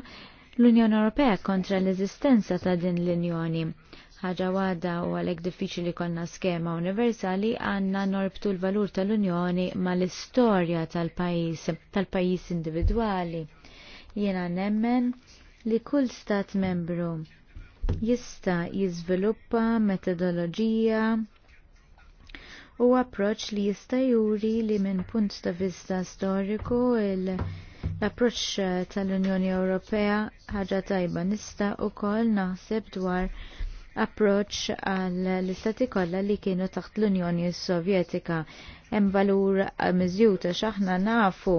l-Unjoni Ewropea kontra l-eżistenza ta' din l-Unjoni. Ħaġa wada u għalek diffiċli konna skema universali għanna norbtu l-valur tal-Unjoni ma l-istorja tal-pajis, tal-pajis individuali. Jena nemmen li kull stat membru jista jizviluppa metodoloġija u approċ li jista juri li minn punt ta' vista storiku il- L-approċċ eh, tal-Unjoni Ewropea ħaġa tajba nista u kol naħseb dwar approċċ għall istati kollha li kienu taħt l-Unjoni Sovjetika. Hemm valur miżjuta x'aħna nafu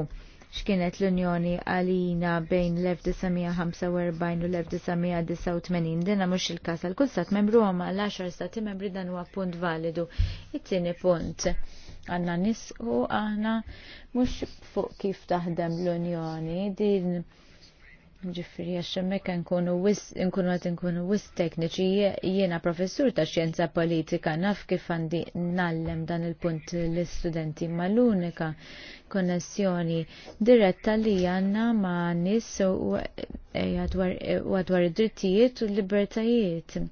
x'kienet l-Unjoni għalina bejn l-1945 u l-1989. dinha mhux il-każ għal kull stat membru huma l 10 stati membri dan huwa punt validu. It-tieni punt għanna nisqu għanna mux fuq kif taħdem l-Unjoni din ġifri għaxemmek nkunu nkunu għat nkunu wis tekniċi jiena professur ta' xjenza politika naf kif għandi nallem dan il-punt l-studenti ma l-unika konnessjoni diretta li għanna ma nis u għadwar eh, id-drittijiet u l-libertajiet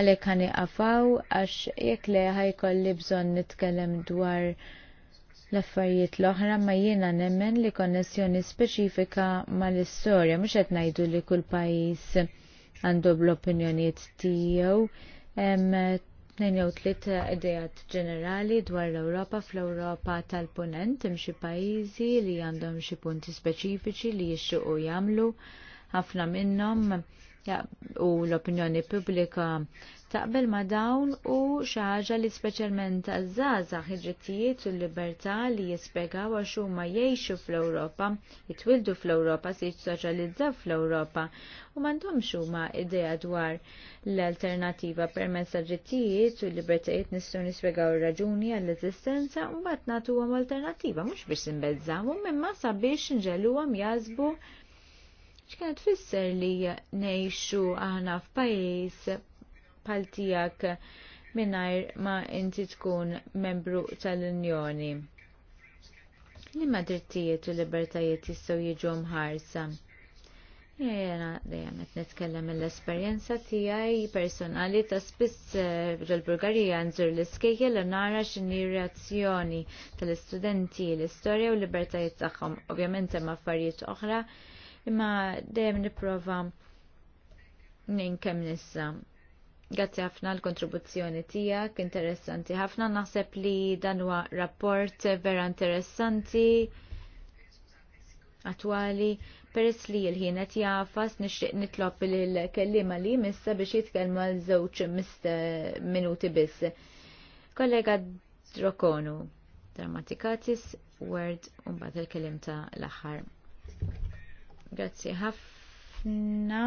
għalhekk għani għafaw għax li le ħajkolli bżonn nitkellem dwar l-affarijiet l-oħra ma jiena nemmen li konnessjoni speċifika mal-istorja mhux qed ngħidu li kull pajjiż għandu bl opinjonijiet tiegħu Nejn jew tliet idejat ġenerali dwar l-Ewropa fl-Ewropa tal-Punent hemm xi pajjiżi li għandhom xi punti speċifiċi li u jagħmlu ħafna minnhom u l-opinjoni pubblika taqbel ma dawn u xaġa li speċjalment għazzaza ħiġitijiet u l-libertà li jispjegaw għax huma jgħixu fl-Ewropa, jitwildu fl-Ewropa, se jitsoċalizza fl-Ewropa u m'għandhomx huma idea dwar l-alternativa per ġittijiet u l-libertajiet nistgħu nispjegaw raġuni għall-eżistenza u mbagħad nagħtuhom alternativa mhux biex nbeżżawhom imma sabiex għam jazbu. X'kienet tfisser li ngħixu aħna f'pajjiż bħal tiegħek mingħajr ma inti tkun membru tal-Unjoni. Li ma drittijiet u libertajiet jistgħu jiġu mħarsa. Jena dejjem qed nitkellem mill-esperjenza tiegħi personali ta' spiss ġol-Bulgarija eh, nżur l-iskejjel u nara x'inhi reazzjoni tal-istudenti l-istorja u l-libertajiet tagħhom. Ovvjament hemm affarijiet oħra imma dejjem nipprova ninkemm nissa. Grazzi ħafna l-kontribuzzjoni tiegħek, interessanti ħafna naħseb li dan huwa rapport vera interessanti attwali peress li l-ħin qed jafas nixtieq nitlob lill kellima li missa biex jitkellmu għal żewġ minuti biss. Kollega Drokonu, Dramatikatis, Word u mbagħad il-kelim ta' l-aħħar. Grazzi ħafna.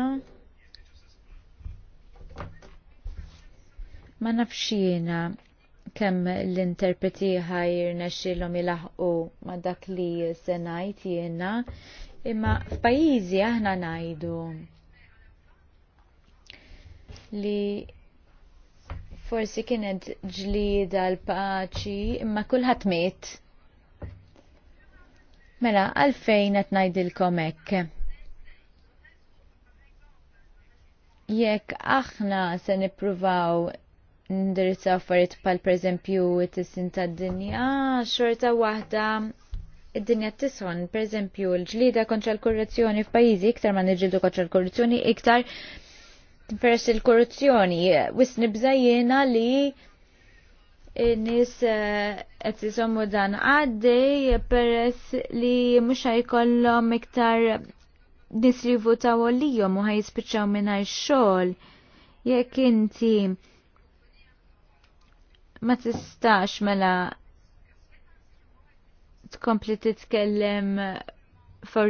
Ma nafxina kemm l-interpreti ħajr nexxilhom ilaħqu ma dak li se ngħid jiena, imma f'pajjiżi aħna ngħidu li forsi kienet ġlida l-paċi imma kulħadd miet. Mela, għalfejn qed ngħidilkom hekk. jekk aħna se nippruvaw ndirizza affarijiet pal pereżempju it tisin tad-dinja, xorta waħda id-dinja tisħon, pereżempju l-ġlida kontra l-korruzzjoni f'pajjiżi iktar ma niġġieldu kontra l-korruzzjoni iktar peress il-korruzzjoni. Wis nibżajjena li nis eh, qed isommu dan għaddej peress li mhux ħajkollhom iktar nisrivu ta' għolijom u ħajispiċaw minna xol jekk inti ma tistax mela tkompli titkellem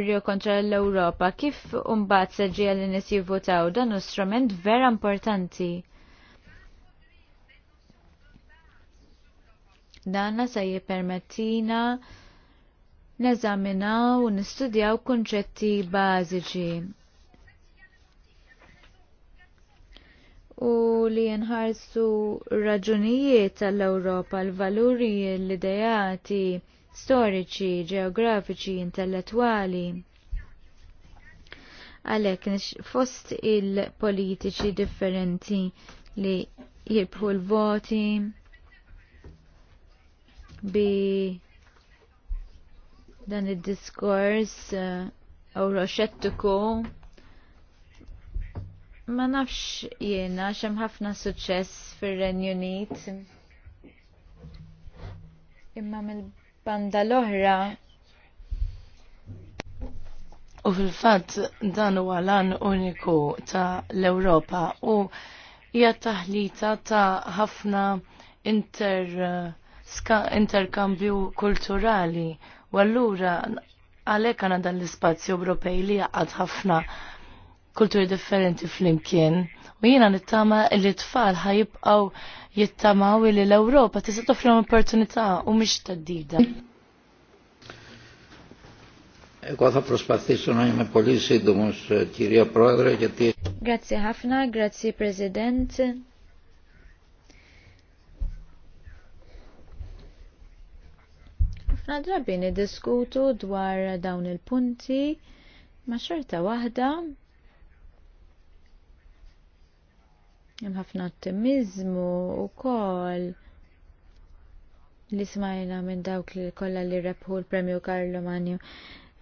you kontra l-Europa, kif umbat seġi għalli nis jivvotaw dan u strument vera importanti. Danna se jipermettina neżaminaw u nistudjaw kunċetti bażiċi. U li nħarsu raġunijiet tal-Ewropa, l-valuri, l-idejati storiċi, ġeografiċi, intellettwali. Għalek, fost il-politiċi differenti li jibħu l-voti bi dan id-diskors euroxettiku eh, ma nafx jiena xem ħafna suċċess fir-Renju Unit. Imma mill-banda l-oħra U fil-fatt dan huwa lan uniku ta' l-Ewropa u hija taħlita ta' ħafna inter eh, interkambju kulturali U allura għalhekk għandna dan l spazju Ewropej li għad ħafna kulturi differenti flimkien. U jiena nittama li t-tfal ħajibqgħu jittamaw li l-Ewropa tista' toffrihom opportunità u mhix teddida. Εγώ θα προσπαθήσω να jme polisi, domus κυρία Πρόεδρε, γιατί... Grazie, ħafna, grazie, President. ħafna drabi niddiskutu dwar dawn il-punti ma' xorta waħda hemm ħafna u wkoll li smajna minn dawk li kollha li rebħu l-Premju Karlo Manju.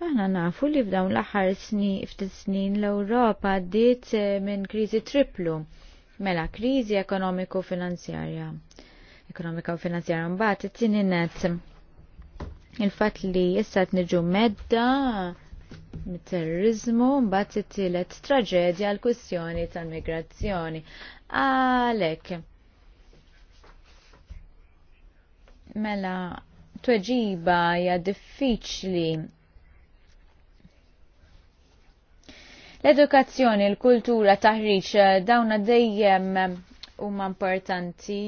Aħna nafu li f'dawn l-aħħar snin ftit snin l-Ewropa għaddiet eh, minn kriżi triplu. Mela kriżi ekonomiku finanzjarja. Ekonomika u finanzjarja mbagħad it-tieni net il-fat li issa t-nġu medda mit-terrorizmu mbagħad tillet traġedja l kussjoni tal-migrazzjoni. Għalhekk. Mela tweġiba hija diffiċli. L-edukazzjoni, l-kultura, taħriċ, dawn dejjem huma importanti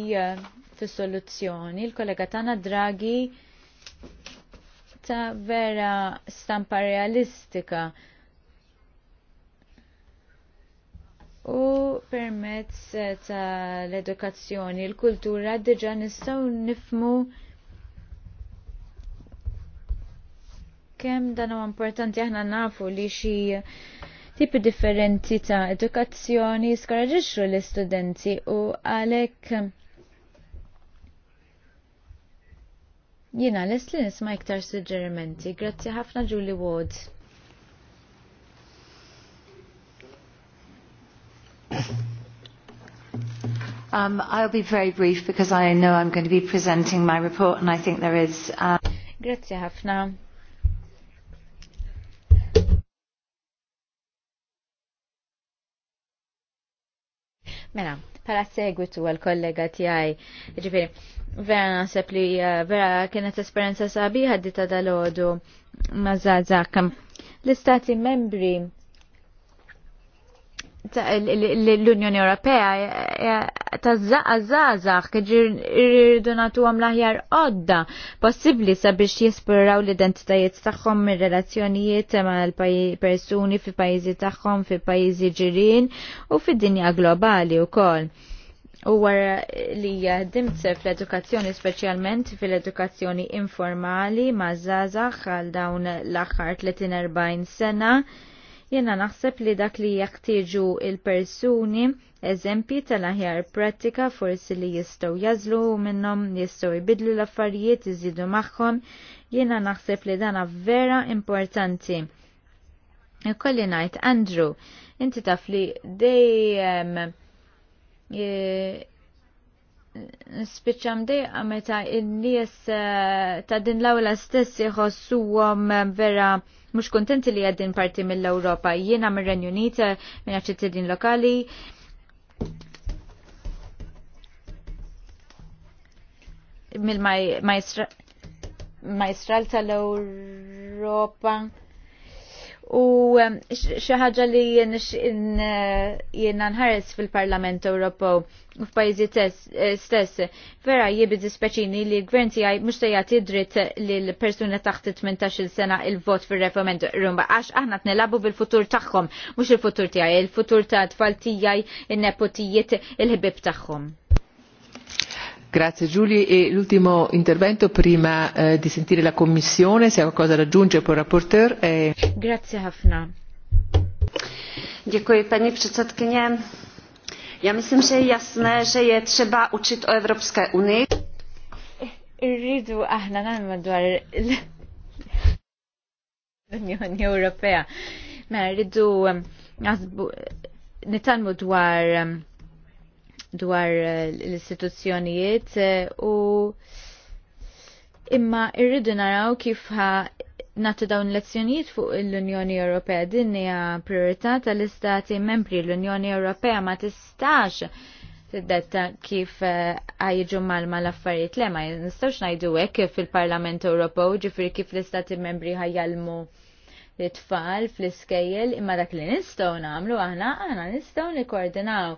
fis-soluzzjoni. Il-kollega tagħna Draghi ta' vera stampa realistika. U permezz eh, ta' l-edukazzjoni, l-kultura diġa nistaw nifmu kem dan huwa importanti aħna nafu li xi tipi differenti ta' edukazzjoni skoraġixxu l-istudenti u għalhekk Jina, l li nisma iktar suġġerimenti. Grazzi ħafna Julie Ward. Um, I'll be very brief because I know I'm going to be presenting my report and I think there is... Um... Uh, Grazie Hafna. Mela, pala segwitu għal-kollega tijaj. Ġifiri, vera nasab li eh, vera kienet esperienza sabiħa dita dal-ħodu mażazakam. L-istati membri l-Unjoni Ewropea eh, eh, taż-żgħażagħ irridu nagħtuhom l-aħjar odda possibbli sabiex jispiraw l-identitajiet tagħhom mir-relazzjonijiet mal-persuni fi pajizi tagħhom fi pajizi ġirien u fid-dinja globali wkoll. U wara li jahdimt fl-edukazzjoni speċjalment fil-edukazzjoni informali ma' żgħażagħ għal dawn l-aħħar 30 sena Jena naħseb li dak li jaħtieġu il-persuni eżempji tal-aħjar pratika forsi li jistaw jazlu minnom jistaw jibidlu l-affarijiet iżidu magħhom. Jena naħseb li dana vera importanti. Kolli najt, Andrew, inti taf li dejjem e, spiċam dej meta il nies e, ta' din l-awla stess jħossuhom vera mux kontenti li għaddin parti mill-Europa. Jiena mir-Renju Unita eh, minna ċittadin lokali. Mill-majstral tal-Europa u xi ħaġa li jenna nħares fil-Parlament Ewropew u f'pajjiżi eh, stess vera jibid speċini li l-gvern tiegħi mhux se jagħti dritt persuna taħt 18-il sena il-vot fir Rumba għax aħna t-nelabu fil futur tagħhom mhux il-futur tiegħi, il-futur ta' fal tijaj in-nepotijiet, il-ħbib tagħhom. Grazie Giulia e l'ultimo intervento prima eh, di sentire la Commissione, se ha qualcosa da aggiungere poi il rapporteur. È... Grazie Hafna. Dziękuję Pani Przewodniczącej. Ja myślę, że jasne, że je trzeba uczyć o Europejskiej Unii. Irridu aħna nagħmlu dwar l-Unjoni Ewropea. Mela rridu eh, nitalmu dwar eh, dwar eh, l-istituzzjonijiet eh, u imma irridu naraw kif ha nagħtu dawn lezzjonijiet fuq l-Unjoni Ewropea din hija priorità tal-istati membri l-Unjoni Ewropea ma tistax tiddetta kif għajġu eh, malma l-affarijiet le ma nistawx ngħidu hekk fil-Parlament Ewropew ġifri kif l-istati membri ħajjalmu l-tfal fl-iskejjel imma dak li nistgħu nagħmlu aħna aħna nistgħu nikkoordinaw.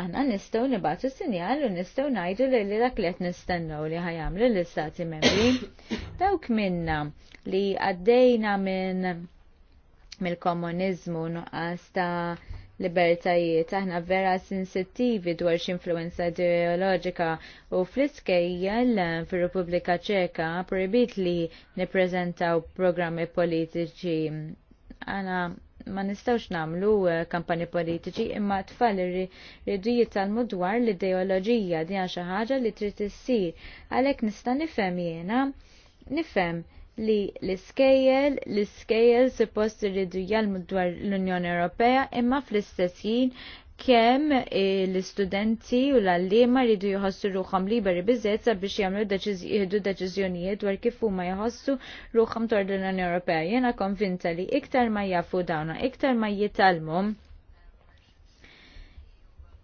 Aħna nistgħu nibgħatu sinjal u nistgħu ngħidu lil dak li qed nistennew li ħajamlu l-istati membri. Dawk minna li għaddejna minn mill-komuniżmu nuqqas ta' libertajiet. Aħna vera sensittivi dwar x'influenza ideoloġika u fl-iskejjel fir-Repubblika Ċeka proibit li nippreżentaw programmi politiċi. Għana ma nistawx namlu eh, kampani politiċi imma tfal irridu jitalmu dwar l-ideoloġija di xi ħaġa li trid issir għalhekk nista' nifhem jiena nifhem li l-iskejjel, l-iskejjel suppost irridu jgħalmu dwar l-Unjoni Ewropea imma fl-istess jien kemm eh, l-istudenti u l-allima rridu jħossu ruħam liberi biżiet sabiex jagħmlu jieħdu deċiżjonijiet dwar kif huma jħossu ruħam dwar l-Unjoni Ewropea. Jiena konvinta li iktar ma jafu dawna, iktar ma jitalmu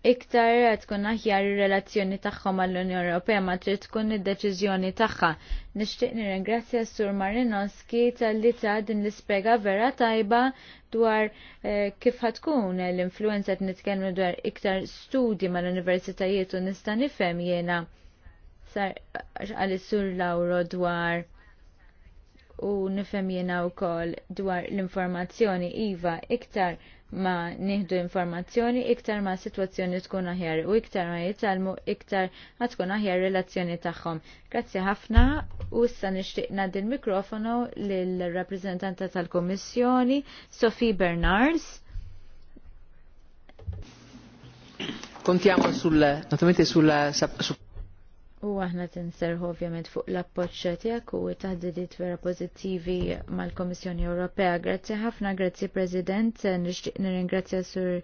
iktar tkun aħjar ir-relazzjoni tagħhom mal-Unjoni Ewropea ma trid tkun id-deċiżjoni tagħha. Nixtieq nirringrazzja Sur Marinoski talli ta' din l-ispjega vera tajba dwar eh, kif ħatkun l-influenza qed nitkellmu dwar iktar studi mal-universitajiet u nista' nifhem jiena sar għal-Sur Lauro dwar u nifhem jiena wkoll dwar l-informazzjoni iva iktar ma nieħdu informazzjoni iktar ma situazzjoni tkun aħjar u iktar ma jitalmu iktar ma tkun aħjar relazzjoni tagħhom. Grazzi ħafna u issa nixtieq ngħaddi l-mikrofonu lill-rappreżentanta tal-Kummissjoni Sophie Bernards. Contiamo sul, naturalmente sulla, su, U aħna tinserħu ovvjament fuq l-appoċċa tiegħek u taħdidiet vera pożittivi mal-Komissjoni Ewropea. Grazzi ħafna, grazzi President, nixtieq nirringrazzja sur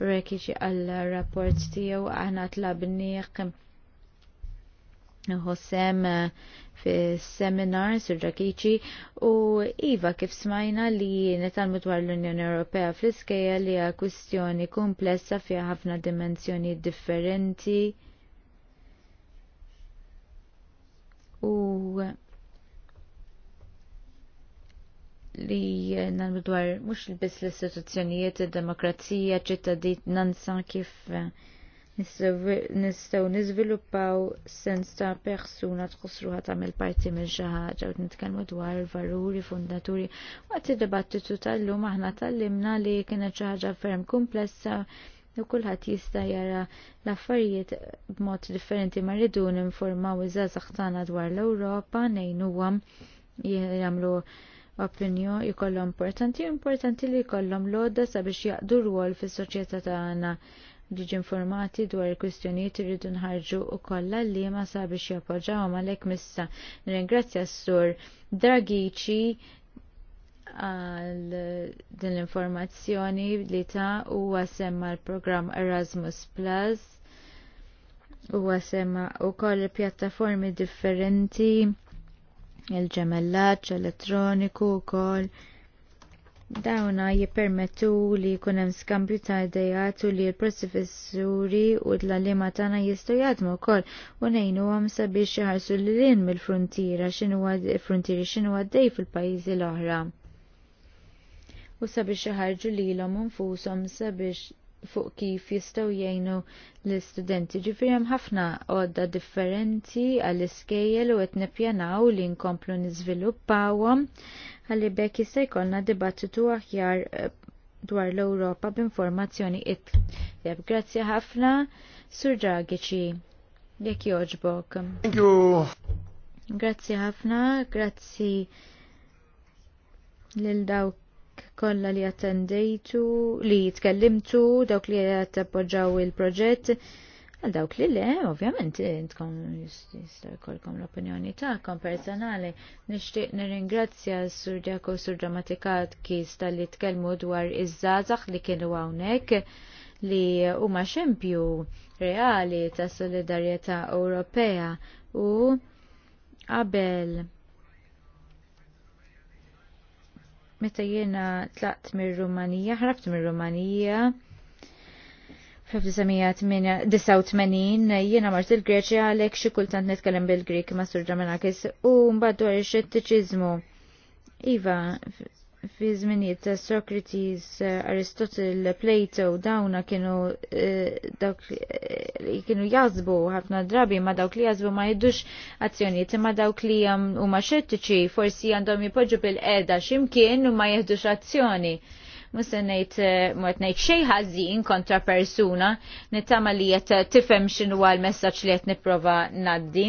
Brekiċi għall-rapport tiegħu aħna tlabniq Hossem fi seminar sur Rakiċi u Iva kif smajna li netalmu dwar l-Unjoni Ewropea fl-iskeja li hija kwistjoni komplessa fiha ħafna dimensjoni differenti u li nanbu dwar mux biss l-istituzzjonijiet, il-demokrazija, ċittadit nansa kif nistaw nizviluppaw sens ta' persuna ta' tagħmel parti minn xi ħaġa u nitkellmu dwar varuri, fundaturi. Waqt id debattitu tal-lum aħna tallimna li kienet xi ħaġa ferm komplessa li kulħadd jista' jara l-affarijiet b'mod differenti ma rridu ninformaw iż-żgħażagħ tagħna dwar l-Ewropa ngħinuhom jagħmlu opinjoni jkollhom importanti importanti li jkollhom l-għodda sabiex jaqdu rwol fis-soċjetà tagħna ġiġ informati dwar il-kwistjonijiet irridu nħarġu u kollha li ma sabiex jappoġġawhom għalhekk missa. Nirringrazzja s-sur Dragici għal din l-informazzjoni li ta' u għasemma l-program Erasmus Plus u għasemma u koll pjattaformi differenti il-ġemellaċ elettroniku u koll dawna jippermettu li kunem skambju ta' idejat u li l-professuri u l-għalima tana jistu jadmu koll u nejnu għam sabiex jħarsu l-lin mill-frontira xinu għad frontiri xinu għaddej fil-pajizi l-oħra u sabiex iħarġu lilhom infushom sabiex fuq kif jistgħu jgħinu l-istudenti. Ġifieri hemm ħafna għodda differenti għall-iskejjel u qed nippjanaw li nkomplu niżviluppawhom ħalli bekk jista' jkollna dibattitu aħjar eh, dwar l-Ewropa b'informazzjoni itl. Grazzi ħafna, Sur Dragici, jekk joġbok. Thank you. Grazzi ħafna, grazzi lil dawk Kolla li attendejtu, li tkellimtu, dawk li tappoġġaw il-proġett. Għal dawk li le, ovvjament, intkom jistarkolkom l-opinjoni ta'kom personali. Nishtiq nir-ingrazzja s-sur Djako s-sur Dramatikat kis tal-li tkellmu dwar iż-żazax li kienu hawnhekk li huma xempju reali ta' solidarjetà Ewropea u qabel meta jiena tlaqt mir-Rumanija, ħrabt mir-Rumanija f-1989 jiena mart il-Greċja għalek xi kultant nitkellem bil grik ma' Sur Ġamenakis u mbagħad dwar ix-xettiċiżmu. Iva, fi żminijiet ta' Socrates, eh, Aristotle, Plato, dawna kienu eh, dawk eh, li kienu jazbu ħafna drabi ma dawk li jazbu ma jiddux azzjonijiet ma' dawk li ehm, huma xettiċi forsi għandhom jipoġġu bil-qeda x'imkien u ma jihdux azzjoni. Musa nejt, mwet nejt xej ħazin kontra persuna, nittama li jett tifem xinu għal messaċ li jett niprofa naddi.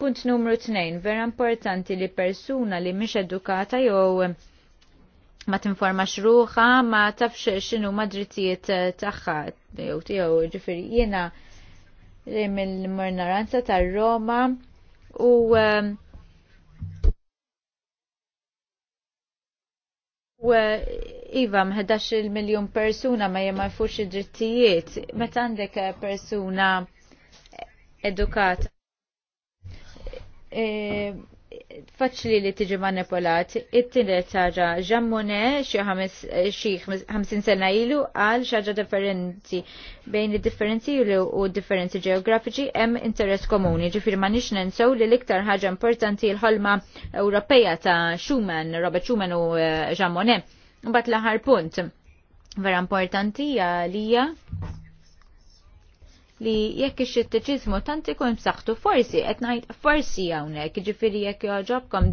Punt numru 2, vera importanti li persuna li mish edukata jew ma tinforma xruħa, ma tafx xinu ma drittijiet tagħha jew tiegħu ġifieri jiena mill-mornaranza tar-Roma u um, U Iva, mħedax il-miljon persuna ma jemma jfux id-drittijiet. Meta għandek persuna edukata. E, faċli li tiġi manipolat. It-tielet ħaġa ġammune xi ħamsin sena ilu għal xaġa differenzi bejn id-differenzi u differenzi ġeografiċi hemm interess komuni. Ġifir ma nix nensew li l-iktar ħaġa importanti l-ħolma Ewropeja ta' Schumann, Robert Schumann u Ġammone. Eh, Monnet. Mbagħad l-aħħar punt vera importanti għalija li jekk ix-xittiċiżmu tant ikun b'saħħtu forsi qed ngħid forsi hawnhekk, jiġifieri jekk joġobkom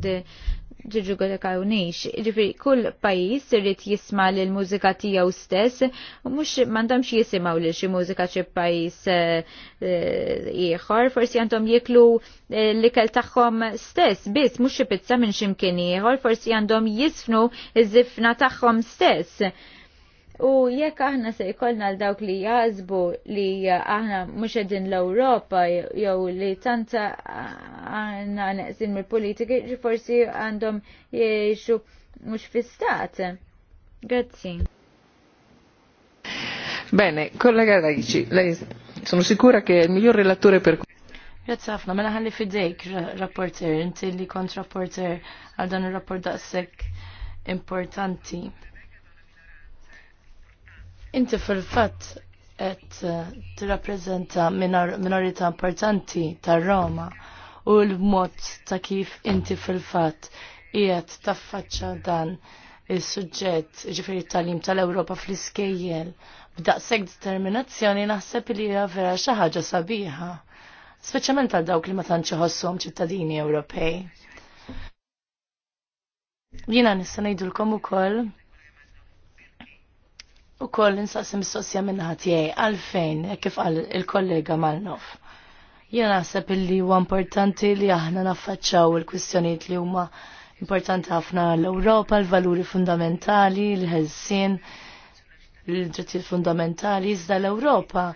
ġiġu għalekawniex, ġifiri kull pajis rrit jisma l-mużika tijaw stess, u mux mandamx jisimaw li xi mużika xi pajis ieħor, forsi għandhom jiklu l-ikel tagħhom stess, biss mhux xi pizza minn ximkien ieħor, forsi għandhom jisfnu iż-żifna tagħhom stess U jekk aħna se jkollna l dawk li jazbu li aħna mhux qegħdin l-Ewropa jew li tanta aħna neqsin mill-politiki forsi għandhom jgħixu mhux fi-stat. Grazzi. Bene, kollega Rajci, lei sono sicura che il miglior relatore per Grazie ħafna, mela ħalli fidejk rapporter, inti li kont rapporter għal dan ir rapport daqshekk importanti. Inti fil-fatt qed eh, tirrappreżenta minorità importanti tar-Roma u l-mod ta' kif inti fil-fatt qiegħed taffaċċa dan is-suġġett ġifiri tal-im tal-Ewropa fl-iskejjel b'daqshekk determinazzjoni naħseb li hija vera xi ħaġa sabiħa speċjalment għal dawk li ma tantx iħosshom ċittadini Ewropej. Jiena nista' ngħidulkom ukoll u koll insaqsim sosja minnaħat tiegħi għalfejn kif għal il-kollega Malnof. Jena naħseb illi huwa importanti li aħna naffaċċaw il-kwistjonijiet li huma importanti ħafna l-Ewropa, l-valuri fundamentali, l-ħelsien, l-drittijiet fundamentali, iżda l-Ewropa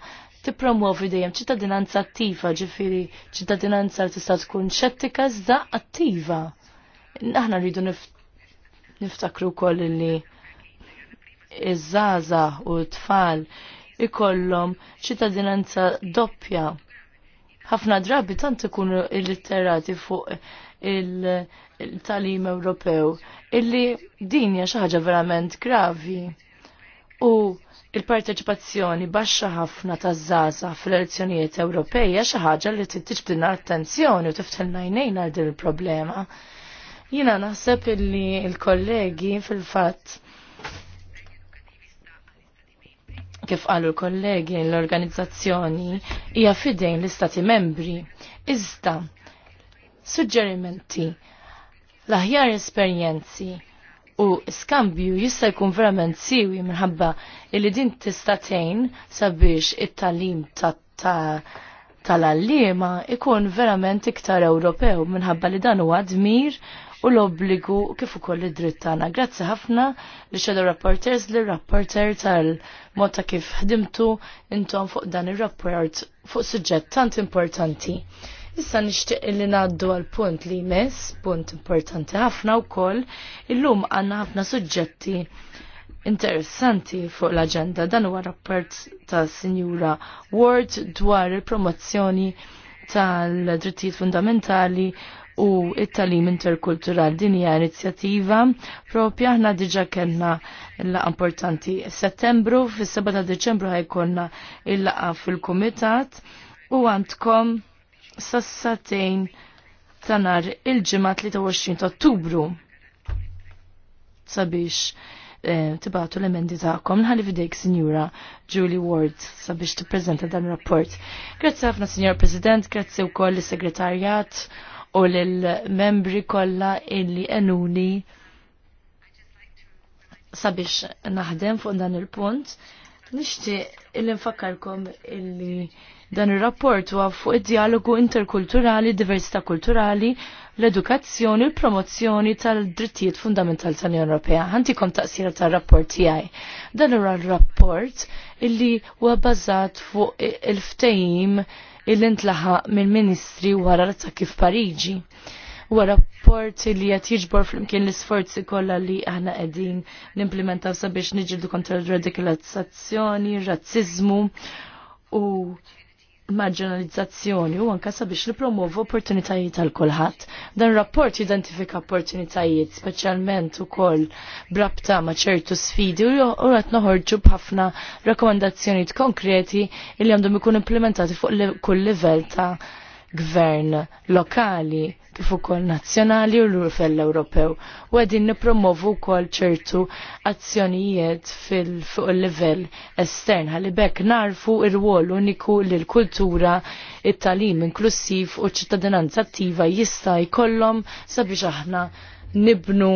tippromovi dejjem ċittadinanza attiva, ġifiri ċittadinanza li tista' tkun ċettika iżda attiva. Aħna rridu niftakru wkoll li iż-żaza u t-tfal ikollhom ċittadinanza doppja. Ħafna drabi tant ikunu illitterati fuq il-talim Ewropew illi din hija xi ħaġa verament gravi. U il-parteċipazzjoni baxxa ħafna taż-żaza fl-elezzjonijiet Ewropej xi ħaġa li titixbdilna l-attenzjoni u tiftilna jnejn din il-problema. Jina naħseb illi l-kollegi fil-fatt Kif qalu l-kollegi l-organizzazzjoni hija fidejn l-istati membri. Iżda, suġġerimenti, l-aħjar esperjenzi u skambju jista' jkun verament siwi minħabba li din tista' tgħin sabiex it-talim tal għallima ikun verament iktar Ewropew minħabba li dan huwa dmir u l-obbligu kif ukoll id-dritt tagħna. Grazzi ħafna li Shadow Rapporters li rapporter tal mota kif ħdimtu intom fuq dan ir-rapport fuq suġġett tant importanti. Issa nixtieq li ngħaddu għal punt li jmiss, punt importanti ħafna wkoll, illum għandna ħafna suġġetti interessanti fuq l-agenda dan huwa rapport ta' Sinjura Ward dwar il-promozzjoni tal-drittijiet fundamentali u it-talim interkultural din hija inizjattiva propja aħna diġa kellna laqa importanti settembru fis-7 ta' Deċembru ħajkonna il-laqa fil-kumitat u għandkom sassatejn ta' nar il-ġimgħa 23 ta' Ottubru sabiex eh, tibatu l-emendi ta'kom. Nħalli fidejk, Signora Julie Ward, sabiex tippreżenta dan rapport. Grazzi ħafna, Signor President, grazzi wkoll is segretarjat u l-membri kolla illi enuni sabiex naħdem fuq dan il-punt. Nishti illi nfakkarkom illi dan il-rapport huwa fuq id-dialogu interkulturali, diversità kulturali, l-edukazzjoni, l-promozzjoni tal-drittijiet fundamentali tal-Unjoni Ewropea. Ħantikom taqsira tal-rapport tiegħi. Dan huwa rapport illi huwa bażat fuq il-ftehim il ftehim il-intlaħa mill-Ministri wara l kif f'Pariġi huwa rapport li qed jiġbor flimkien l-isforzi kollha li aħna qegħdin nimplementaw sabiex niġildu kontra r-radikalizzazzjoni, r-razziżmu u marginalizzazzjoni u anka sabiex li promuvu opportunitajiet għal kulħadd. Dan rapport jidentifika opportunitajiet speċjalment ukoll brabta ma' ċertu sfidi u qed noħorġu b'ħafna rakkomandazzjonijiet konkreti li għandhom ikun implementati fuq kull livell ta' gvern lokali kif ukoll nazzjonali u l-Urfell Ewropew. U għedin nipromovu wkoll ċertu azzjonijiet fuq il-livell estern ħalli bekk narfu ir-wol uniku li l-kultura, it-talim inklusiv u ċittadinanza attiva jista' jkollhom sabiex aħna nibnu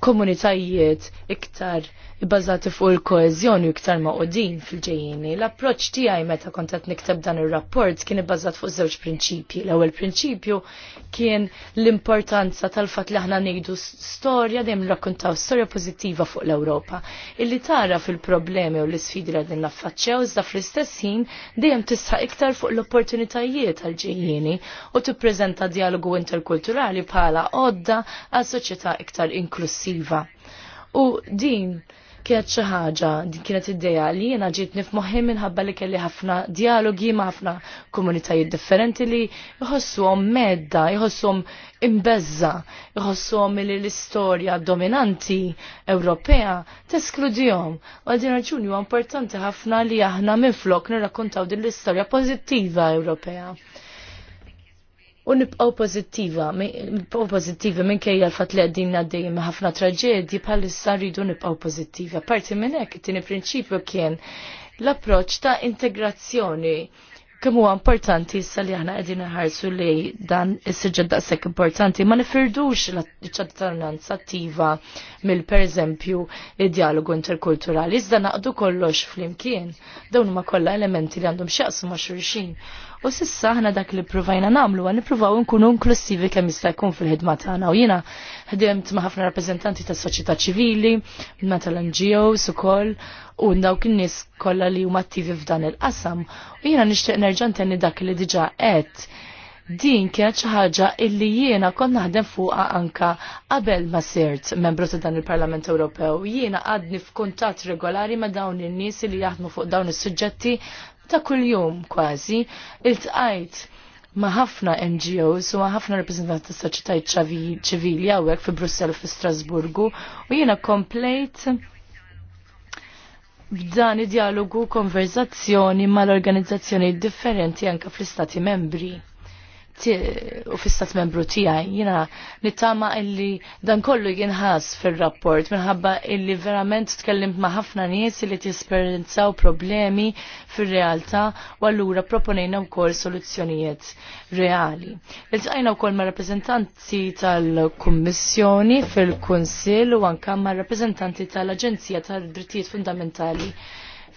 komunitajiet iktar ibbażati fuq il-koeżjoni u iktar ma' fil-ġejjini. L-approċċ tiegħi meta kont qed nikteb dan ir-rapport kien ibbażat fuq żewġ prinċipji. L-ewwel prinċipju kien l-importanza tal-fatt li aħna ngħidu storja dejjem rakkuntaw storja pożittiva fuq l-Ewropa. Illi tara fil-problemi u l-isfidi li qegħdin naffaċċjaw iżda fl-istess ħin dejjem tisħaq iktar fuq l-opportunitajiet tal-ġejjini u tippreżenta dialogu interkulturali bħala għodda għal soċjetà iktar inklusiva. U din kienet xi ħaġa din kienet idea li jiena ġiet nifmoħħi minħabba li kelli ħafna dialogi ma' ħafna komunitajiet differenti li jħossuhom medda, jħossuhom imbeżza, jħossuhom li l-istorja dominanti Ewropea teskludihom. U din raġuni huwa importanti ħafna li aħna minflok nirrakkuntaw din l-istorja pożittiva Ewropea u nibqaw pozittiva, nibqaw pozittiva minn kej għalfat li għaddin għaddejjem ħafna traġedji bħalissa rridu nibqaw pozittiva. Parti minn hekk it-tieni prinċipju kien l-approċ ta' integrazzjoni kemm huwa importanti issa li aħna qegħdin nħarsu li dan is-siġġel daqshekk importanti ma nifirdux l-ċatternanza attiva mill pereżempju id-dialogu interkulturali. Iżda naqdu kollox flimkien. Dawn huma kollha elementi li għandhom x'jaqsu ma' xulxin. U sissa ħna dak li provajna namlu għan niprovaw nkunu inklusivi kemm jista' jkun fil-ħidma tagħna u jiena ħdimt ma' ħafna rappreżentanti tas soċjetà ċivili, ma tal-NGOs ukoll u dawk in-nies kollha li huma attivi f'dan il-qasam u jiena nixtieq nerġa' ntenni dak li diġà qed din kienet xi ħaġa illi jiena kont naħdem fuqha anka qabel ma sirt membru ta' dan il-Parlament Ewropew. Jiena għadni f'kuntatt regolari ma' dawn in-nies li jaħdmu fuq dawn is-suġġetti ta' kuljum kważi il-tqajt ma' ħafna NGOs u ma' ħafna reprezentanti ta' soċjetajt ċivili hawnhekk fi Brussell fi Strasburgu u jiena komplejt b'dan id-dialogu konverzazzjoni mal-organizzazzjoni differenti anke fl-istati membri u fissat membru tijaj, jina nittama illi dan kollu jinħas fil-rapport minħabba illi verament tkellimt ma' ħafna nies illi t-esperienzaw problemi fil-realta u għallura proponejna wkoll soluzzjonijiet reali. Il-tajna wkoll ma' rappresentanti tal-Kummissjoni fil konsil u anka ma' rappresentanti tal-Aġenzija tal-Drittijiet Fundamentali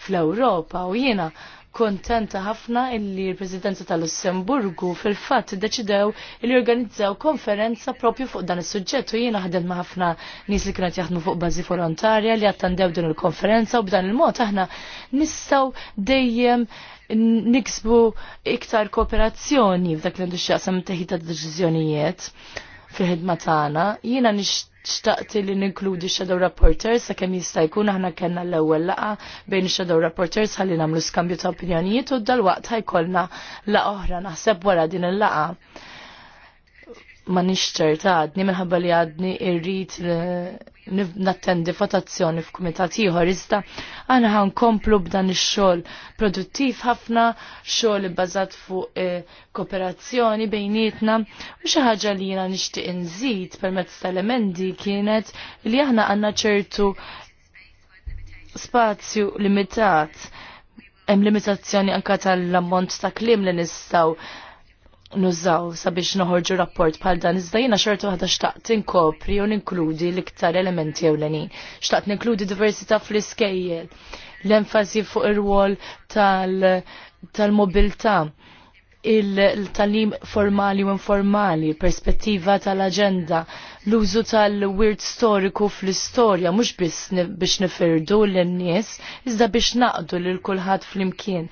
fl-Ewropa u jiena kontenta ħafna illi l-Presidenza tal-Lussemburgu fil-fatt deċidew illi organizzaw konferenza propju fuq dan is-suġġett u jiena ħadem ma' ħafna nies li kienet jaħdmu fuq bażi volontarja li attendew din il-konferenza u b'dan il-mod aħna nistgħu dejjem niksbu iktar kooperazzjoni f'dak l-industrija sam teħita deċiżjonijiet fil-ħidma tagħna. Jiena nixtaqti li ninkludi shadow rapporters sakemm jista' jkun aħna kellna l-ewwel laqa bejn shadow rapporters ħalli nagħmlu skambju ta' opinjonijiet u dalwaqt ħajkollna laqa oħra naħseb wara din il-laqa ma ta' għadni minħabba li għadni irrit nattendi votazzjoni f'kumitat ieħor iżda għana ħan komplu b'dan ix-xogħol produttiv ħafna, xogħol bbażat fuq eh, kooperazzjoni bejnietna u xi ħaġa li jiena nixtieq inżid permezz tal-emendi kienet li aħna għandna ċertu spazju limitat hemm limitazzjoni anke tal-ammont ta' kliem li nistgħu nużaw sabiex noħorġu rapport bħal dan iżda jiena xorta waħda xtaqt inkopri u ninkludi l-iktar elementi ewlenin. Xtaqt ninkludi diversità fl-iskejjel, l-enfasi fuq ir-wol tal-mobilità, il-talim formali u informali, perspettiva tal-agenda, l-użu tal-wirt storiku fl-istorja, mhux biss biex nifirdu l-nies, iżda biex naqdu lil kulħadd fl-imkien.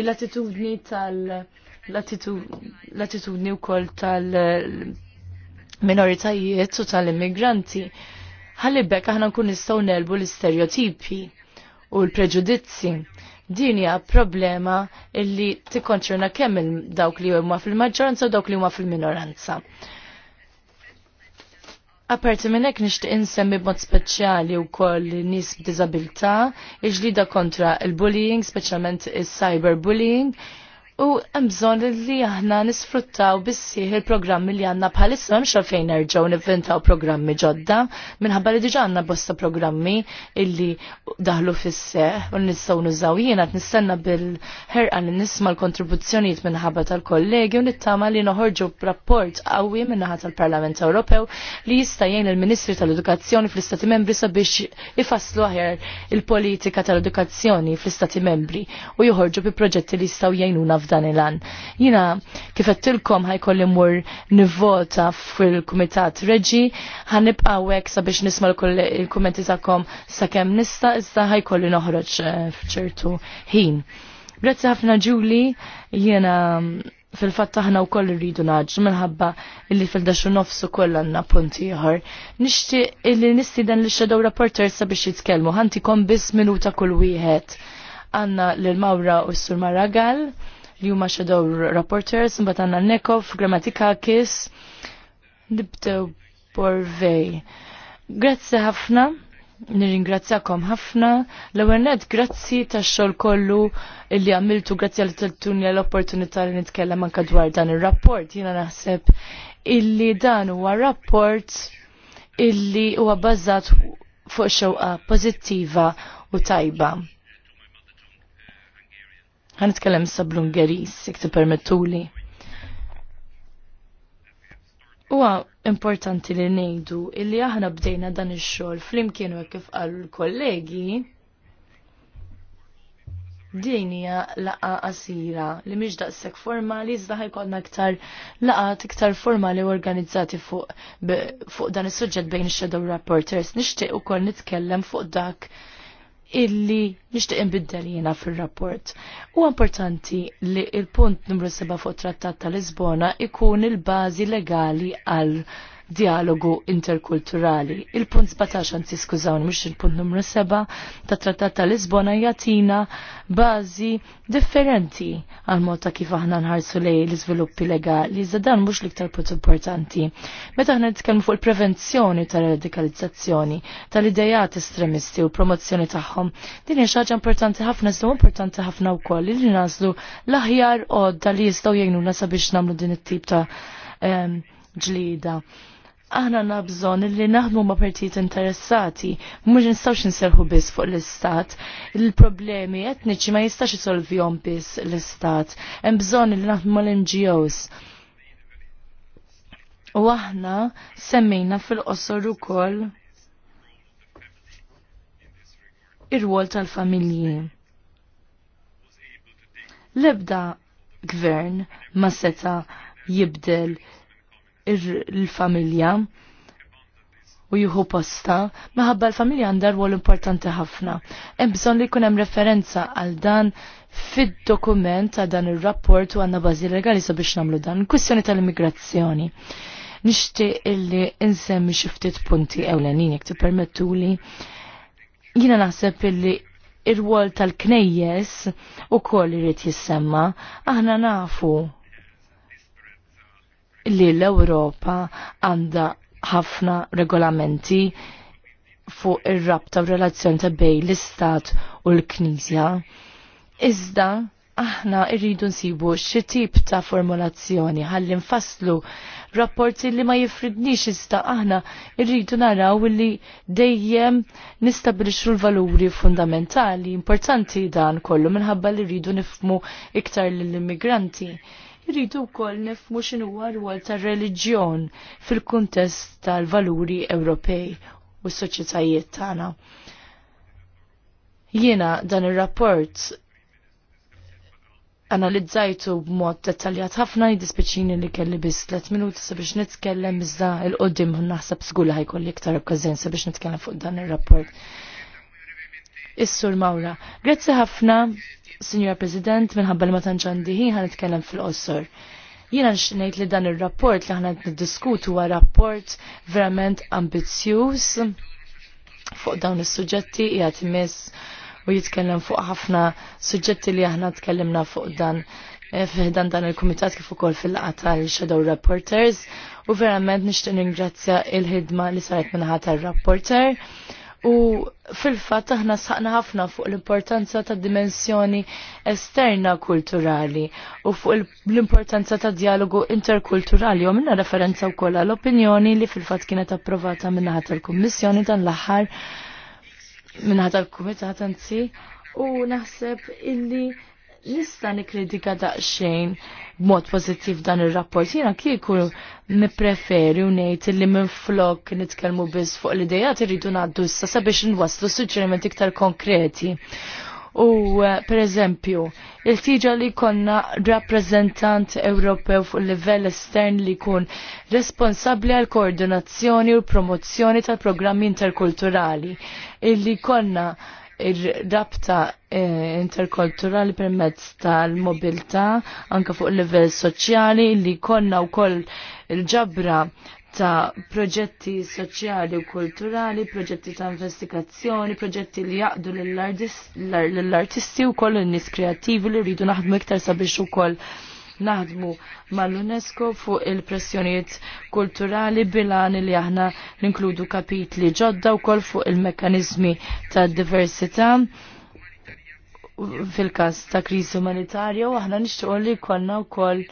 Il-attitudni tal- l-attitudni wkoll tal-minoritajiet u tal-immigranti. għallibbek aħna nkun nistgħu nelbu l-istereotipi u l-preġudizzi. Din hija problema illi tikkonċerna kemm dawk li huma fil-maġġoranza u dawk li huma fil-minoranza. Aperti minn hekk nixtieq insemmi b'mod speċjali wkoll nies b'diżabilità, iġlida kontra il-bullying, speċjalment is-cyberbullying, u bżonn li aħna nisfruttaw bissieħ il-programmi li għandna bħalissa hemm xalfejn nerġgħu nivventaw programmi ġodda minħabba li diġà għandna bosta programmi illi daħlu fis u nistgħu nużaw jiena qed nistenna bil-ħerqa li nisma' l-kontribuzzjonijiet minħabba tal-kollegi u nittama li noħorġu rapport qawwi minnaħa tal-Parlament Ewropew li jista' jgħin il-Ministri tal-Edukazzjoni fl-Istati Membri sabiex ifasslu aħjar il-politika tal-edukazzjoni fl-Istati Membri u joħorġu bi proġetti li jistgħu jgħinuna f'dan il-an. Jina kifettilkom ħajkolli mur nivvota fil-Kumitat Reġi, ħanibqa għek sabiex nisma l-kommenti ta'kom sa' kem nista, iżda ħajkolli noħroġ eh, fċertu ħin. Grazzi ħafna ġuli, jena fil-fatt aħna u koll rridu naġġu minħabba illi fil-daxu nofsu koll għanna punti jħor. Nishti illi nisti dan l-shadow reporter sabiex jitkellmu, ħanti kom bis minuta kull wieħed. Għanna l-Mawra u s-Sur Maragal li huma xadow rapporters, mbagħad għandna Nekov, Grammatika Kis, nibdew Borvej. Grazzi ħafna, nirringrazzjakom ħafna, l-ewwel nett grazzi tax-xogħol kollu li għamiltu grazzi għal tiltuni l-opportunità li nitkellem anke dwar dan ir-rapport. Jiena naħseb illi dan huwa rapport illi huwa bbażat fuq xewqa pożittiva u tajba. Ħanitkellem sa Blungeris, jek permettuli. Huwa importanti li ngħidu illi aħna bdejna dan ix-xogħol flimkien hekk kif qalu l-kollegi din hija laqa qasira li mhix daqshekk formali iżda ħajkollna aktar laqat iktar formali organizzati fuq fuq dan is-suġġett bejn ix-shadow rapporters. Nixtieq ukoll nitkellem fuq dak illi nishtiq inbiddel jiena fil-rapport. U importanti li il-punt numru 7 fuq trattat tal Lisbona ikun il-bazi legali għal dialogu interkulturali. Il-punt 17, anzi skużawni, mux il-punt numru 7 ta' trattat ta' Lisbona jatina bazi differenti għal mod ta' kif aħna nħarsu lej l-izviluppi legali, iżda dan mux liktar punt importanti. Meta aħna nitkellmu fuq il-prevenzjoni tal-radikalizzazzjoni, tal-idejat estremisti u promozzjoni tagħhom, din hija xaġa importanti ħafna, iżda importanti ħafna wkoll li nażlu l-aħjar għodda li jistgħu jgħinuna sabiex nagħmlu din it-tip ta' ehm, ġlida. Um, aħna nabżon li naħdmu ma' partijiet interessati, mhux nistgħux nserħu biss fuq l-istat, il-problemi etniċi ma jistax isolvihom biss l-istat, hemm bżonn li naħdmu l ngos U aħna semmejna fil-qosor ukoll ir-rwol tal-familji. L-ebda gvern ma seta jibdel il-familja u juhu posta, maħabba l-familja għandha rwol importanti ħafna. Hemm bżonn li jkun hemm referenza għal dan fid-dokument għal dan ir-rapport u għandna bażi legali sabiex nagħmlu dan. Kwestjoni tal-immigrazzjoni. Nixtieq illi insem xi ftit punti ewlenin jekk li Jiena naħseb illi ir-rwol tal-knejjes u koll irrit jissemma, aħna nafu li l-Ewropa għandha ħafna regolamenti fuq ir-rabta u relazzjoni ta' bej l-Istat u l-Knisja. Iżda aħna irridu nsibu xi tip ta' formulazzjoni ħalli nfasslu rapporti li ma jifridnix iżda aħna irridu naraw li dejjem nistabilixru l-valuri fundamentali importanti dan kollu minħabba li rridu nifmu iktar lill-immigranti. Irridu wkoll nifmu x'inhu rwol tar-reliġjon fil-kuntest tal-valuri Ewropej u s-soċjetajiet tagħna. Jiena dan ir-rapport analizzajtu b'mod dettaljat ħafna jidispeċini li kelli biss 3 minuti sabiex nitkellem iżda l qoddim naħseb żgula ħajkolli iktar okkażjon sabiex nitkellem fuq dan ir-rapport. Is-Sur Mawra, grazzi ħafna Signora President, minħabba li ma tanċandiħi ħin ħan nitkellem fil-qossor. Jiena nxnejt li dan ir-rapport li ħana niddiskutu huwa rapport verament ambizzjuż fuq dawn is-suġġetti qiegħed imiss u jitkellem fuq ħafna suġġetti li aħna tkellimna fuq dan eh, fiħdan dan il-komitat kif ukoll fil laqata tal-Shadow Reporters u verament nixtieq ningrazzja il-ħidma li saret minħa tar-rapporter U fil-fat aħna saqna ħafna fuq l-importanza ta' dimensjoni esterna kulturali u fuq l-importanza ta' dialogu interkulturali u minna referenza u kolla l-opinjoni li fil-fat kienet approvata minna ħat l-Kommissjoni dan l-aħħar minna ħat l-Kumitat anzi u naħseb illi nista nikritika daqsxejn b'mod pozittiv dan ir-rapport. Jiena kieku nippreferi u ngħid li minflok nitkellmu biss fuq l-idejat irridu ngħaddu issa sabiex nwasslu suġġerimenti iktar konkreti. U eh, per eżempju, il-tiġa li konna rappresentant Ewropew fuq livell estern li kun responsabli għal koordinazzjoni u promozzjoni tal-programmi interkulturali. Illi konna ir-rabta eh, interkulturali permezz tal-mobilta anka fuq livell soċjali li konna wkoll il-ġabra ta' proġetti soċjali u kulturali, proġetti ta' investigazzjoni, proġetti li jaqdu l-artisti u koll n-nis kreativi li rridu naħdmu iktar sabiex u koll naħdmu mal-UNESCO fuq il-pressjonijiet kulturali bilan li aħna ninkludu kapitli ġodda u kol fuq il-mekanizmi ta' diversità fil-kas ta' krizi umanitarja u aħna nixtiequ li konna wkoll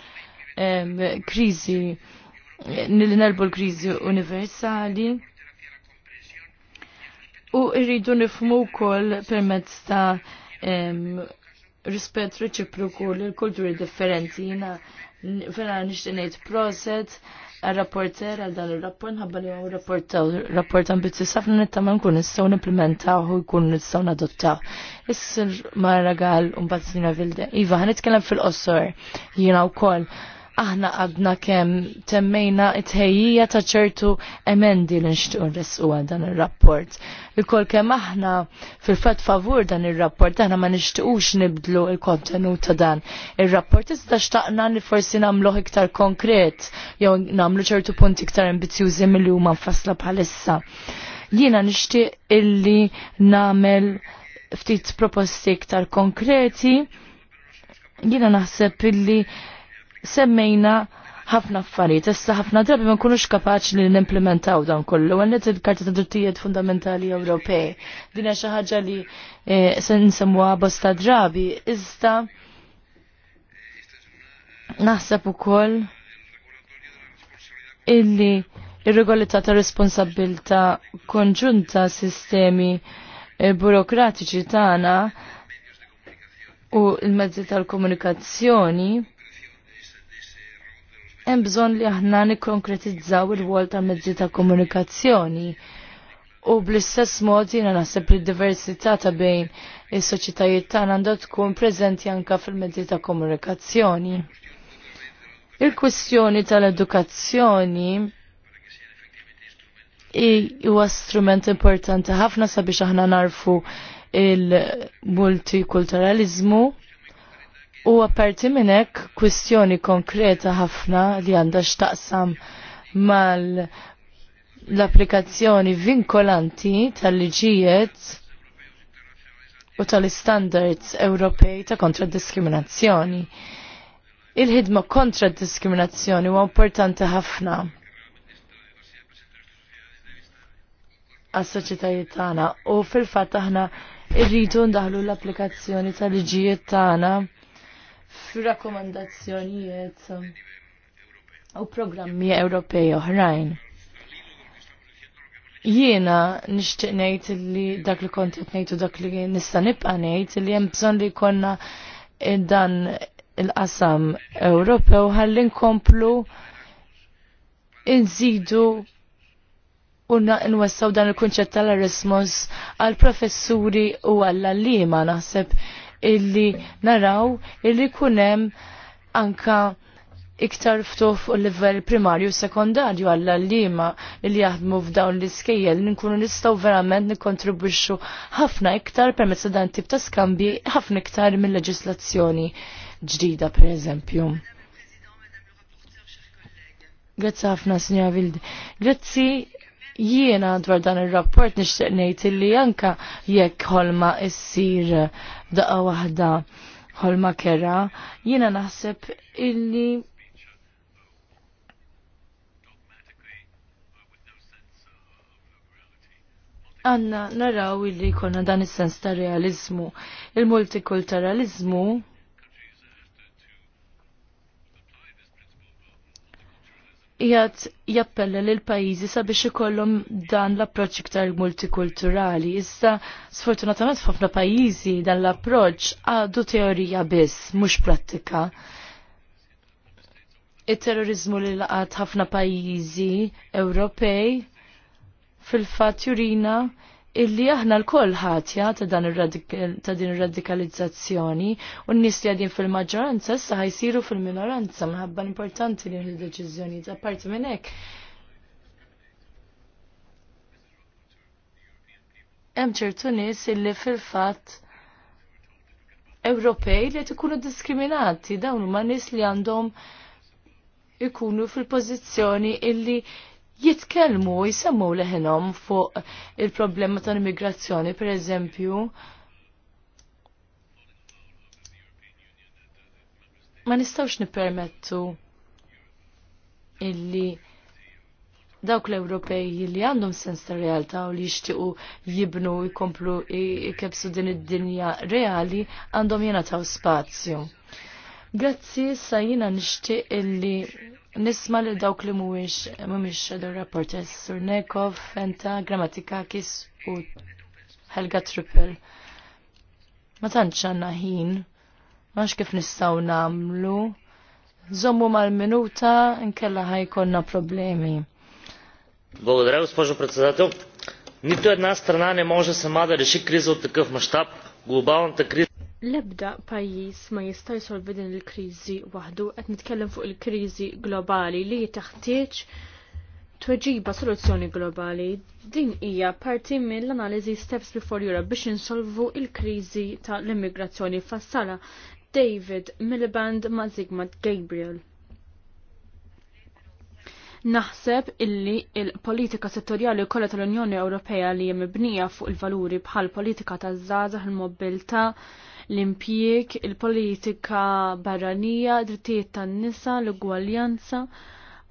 krizi nil nelbu l-krizi universali u irridu nifmu wkoll permezz ta' rispett reċiproku l kulturi differenti. Jina fena nishtenejt proset rapporter għal dan il-rapport nħabba li għu rapport ambizju safna nittama nkun nistaw nimplementaw u jkun nistaw nadottaw. Issir marra għal un-bazzina vilde. Iva, għan fil-qossor jina u koll aħna għadna kem temmejna it-ħejjija ta' ċertu emendi li nxtiqu nresqu dan il-rapport. Il-kol kem aħna fil-fat favur dan il-rapport, aħna ma nixtiqux nibdlu il-kontenut ta' dan il-rapport, iżda xtaqna li forsi namluħ iktar konkret, jew namlu ċertu punti iktar ambizjużi mill-li huma nfassla bħalissa. Jiena nixtieq illi namel ftit proposti iktar konkreti, jiena naħseb illi semmejna ħafna affarijiet, issa ħafna drabi ma nkunux kapaċi li nimplementaw dan kollu, għannet il-Karta ta' Drittijiet Fundamentali Ewropej. dina xaħġa xi ħaġa li eh, se nsemmuha bosta drabi, issa naħseb ukoll illi ir-regolità ta' responsabilta konġunta sistemi eh, burokratiċi tagħna u l-mezzi tal-komunikazzjoni hemm bżonn li aħna nikkonkretizzaw il-wol ta' mezzi ta' komunikazzjoni. U bl-istess mod jiena naħseb li diversità ta' bejn is-soċjetajiet tagħna għandha tkun preżenti anke fil-mezzi ta' komunikazzjoni. Il-kwestjoni tal-edukazzjoni huwa strument importanti ħafna sabiex aħna narfu il-multikulturalizmu U apparti minn hekk kwistjoni konkreta ħafna li għandha x'taqsam mal l-applikazzjoni vinkolanti tal-liġijiet u tal-standards Ewropej ta' kontra diskriminazzjoni. Il-ħidma kontra diskriminazzjoni huwa importanti ħafna għas-soċjetajiet tagħna u fil-fatt aħna rridu ndaħlu l-applikazzjoni tal-liġijiet tagħna f'rakkomandazzjonijiet u programmi Ewropej oħrajn. Jiena nixtieq ngħid li dak li kont qed ngħidu dak li nista' nibqa' ngħid li hemm bżonn li jkollna eh, dan il-qasam Ewropew ħalli nkomplu nżidu u nwessaw dan il-kunċett tal-Erasmus għal professuri u għall-allima naħseb illi naraw illi kunem anka iktar ftuħ fuq livell primarju u sekondarju għalla l-lima li jaħdmu f'dawn l-iskejjel li nkunu nistgħu verament nikkontribwixxu ħafna iktar permezz dan tip ta' skambji ħafna iktar mill leġislazzjoni ġdida pereżempju. Grazzi ħafna, Sinja Vildi. Grazzi jiena dwar dan ir-rapport nixtieq ngħid illi anka jekk ħolma issir daqqa waħda ħolma kera, jiena naħseb illi Għanna naraw illi konna dan is-sens ta' realizmu. Il-multikulturalizmu jgħat jappella l pajizi sabiex ikollhom dan l-approċċ iktar multikulturali. Issa sfortunatament f'ħafna pajjiżi dan l-approċċ għadu teorija biss, mhux prattika. It-terrorizmu li laqat ħafna pajjiżi Ewropej fil-fatt jurina illi aħna l-koll ħatja ta' din ir-radikalizzazzjoni u n nis li għadin fil-maġġoranza issa ħajsiru fil-minoranza minħabba importanti li l-deċiżjoni ta' parti minn hekk. Hemm ċertu nies illi fil-fatt Ewropej li qed ikunu diskriminati dawn huma nies li għandhom ikunu fil-pożizzjoni illi jitkellmu jisemmu jsemmu leħinhom fuq il-problema tal-immigrazzjoni, per eżempju, ma nistawx nippermettu illi dawk l-Ewropej li għandhom sens ta' realtà u li jixtiequ jibnu jkomplu jkebsu din id-dinja reali għandhom jena spazju. Grazzi sa jina nixtieq illi nisma li dawk li mhuwiex mhumiex shadow rapporters Surnekov, Fenta, Grammatikakis u Helga Triple. Ma tanċanna ħin, max kif nistaw namlu, zommu mal-minuta nkella ħajkonna problemi. Благодаря, госпожо председател. Нито една страна не може сама да реши криза от такъв мащаб. Глобалната криза L-ebda pajjiż ma jista' jsolvi din il-kriżi waħdu qed nitkellem fuq il-kriżi globali li taħtieġ tweġiba soluzzjoni globali. Din hija parti mill-analiżi Steps Before Europe biex insolvu il-kriżi tal-immigrazzjoni fassala David Miliband ma' Zigmund Gabriel naħseb illi il-politika settorjali kollha tal-Unjoni Ewropea li hija mibnija fuq il-valuri bħal politika taż-żgħażagħ il-mobilità, l-impjieg, il-politika barranija, drittijiet tan-nisa, l-ugwaljanza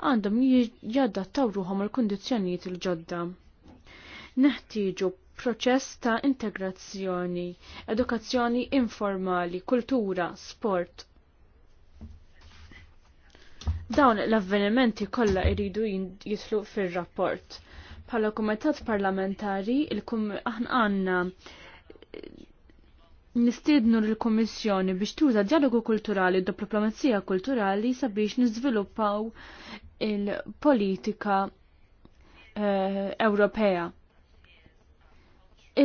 għandhom jadattaw ruħom il kundizzjonijiet il-ġodda. Neħtieġu proċess ta' integrazzjoni, edukazzjoni informali, kultura, sport. Dawn l-avvenimenti kollha jridu jitlu fir-rapport. Pala kumitat parlamentari, il-kum aħna għandna nistiednu l-Komissjoni biex tuża dialogu kulturali u diplomazija kulturali sabiex niżviluppaw il-politika eh, Ewropea.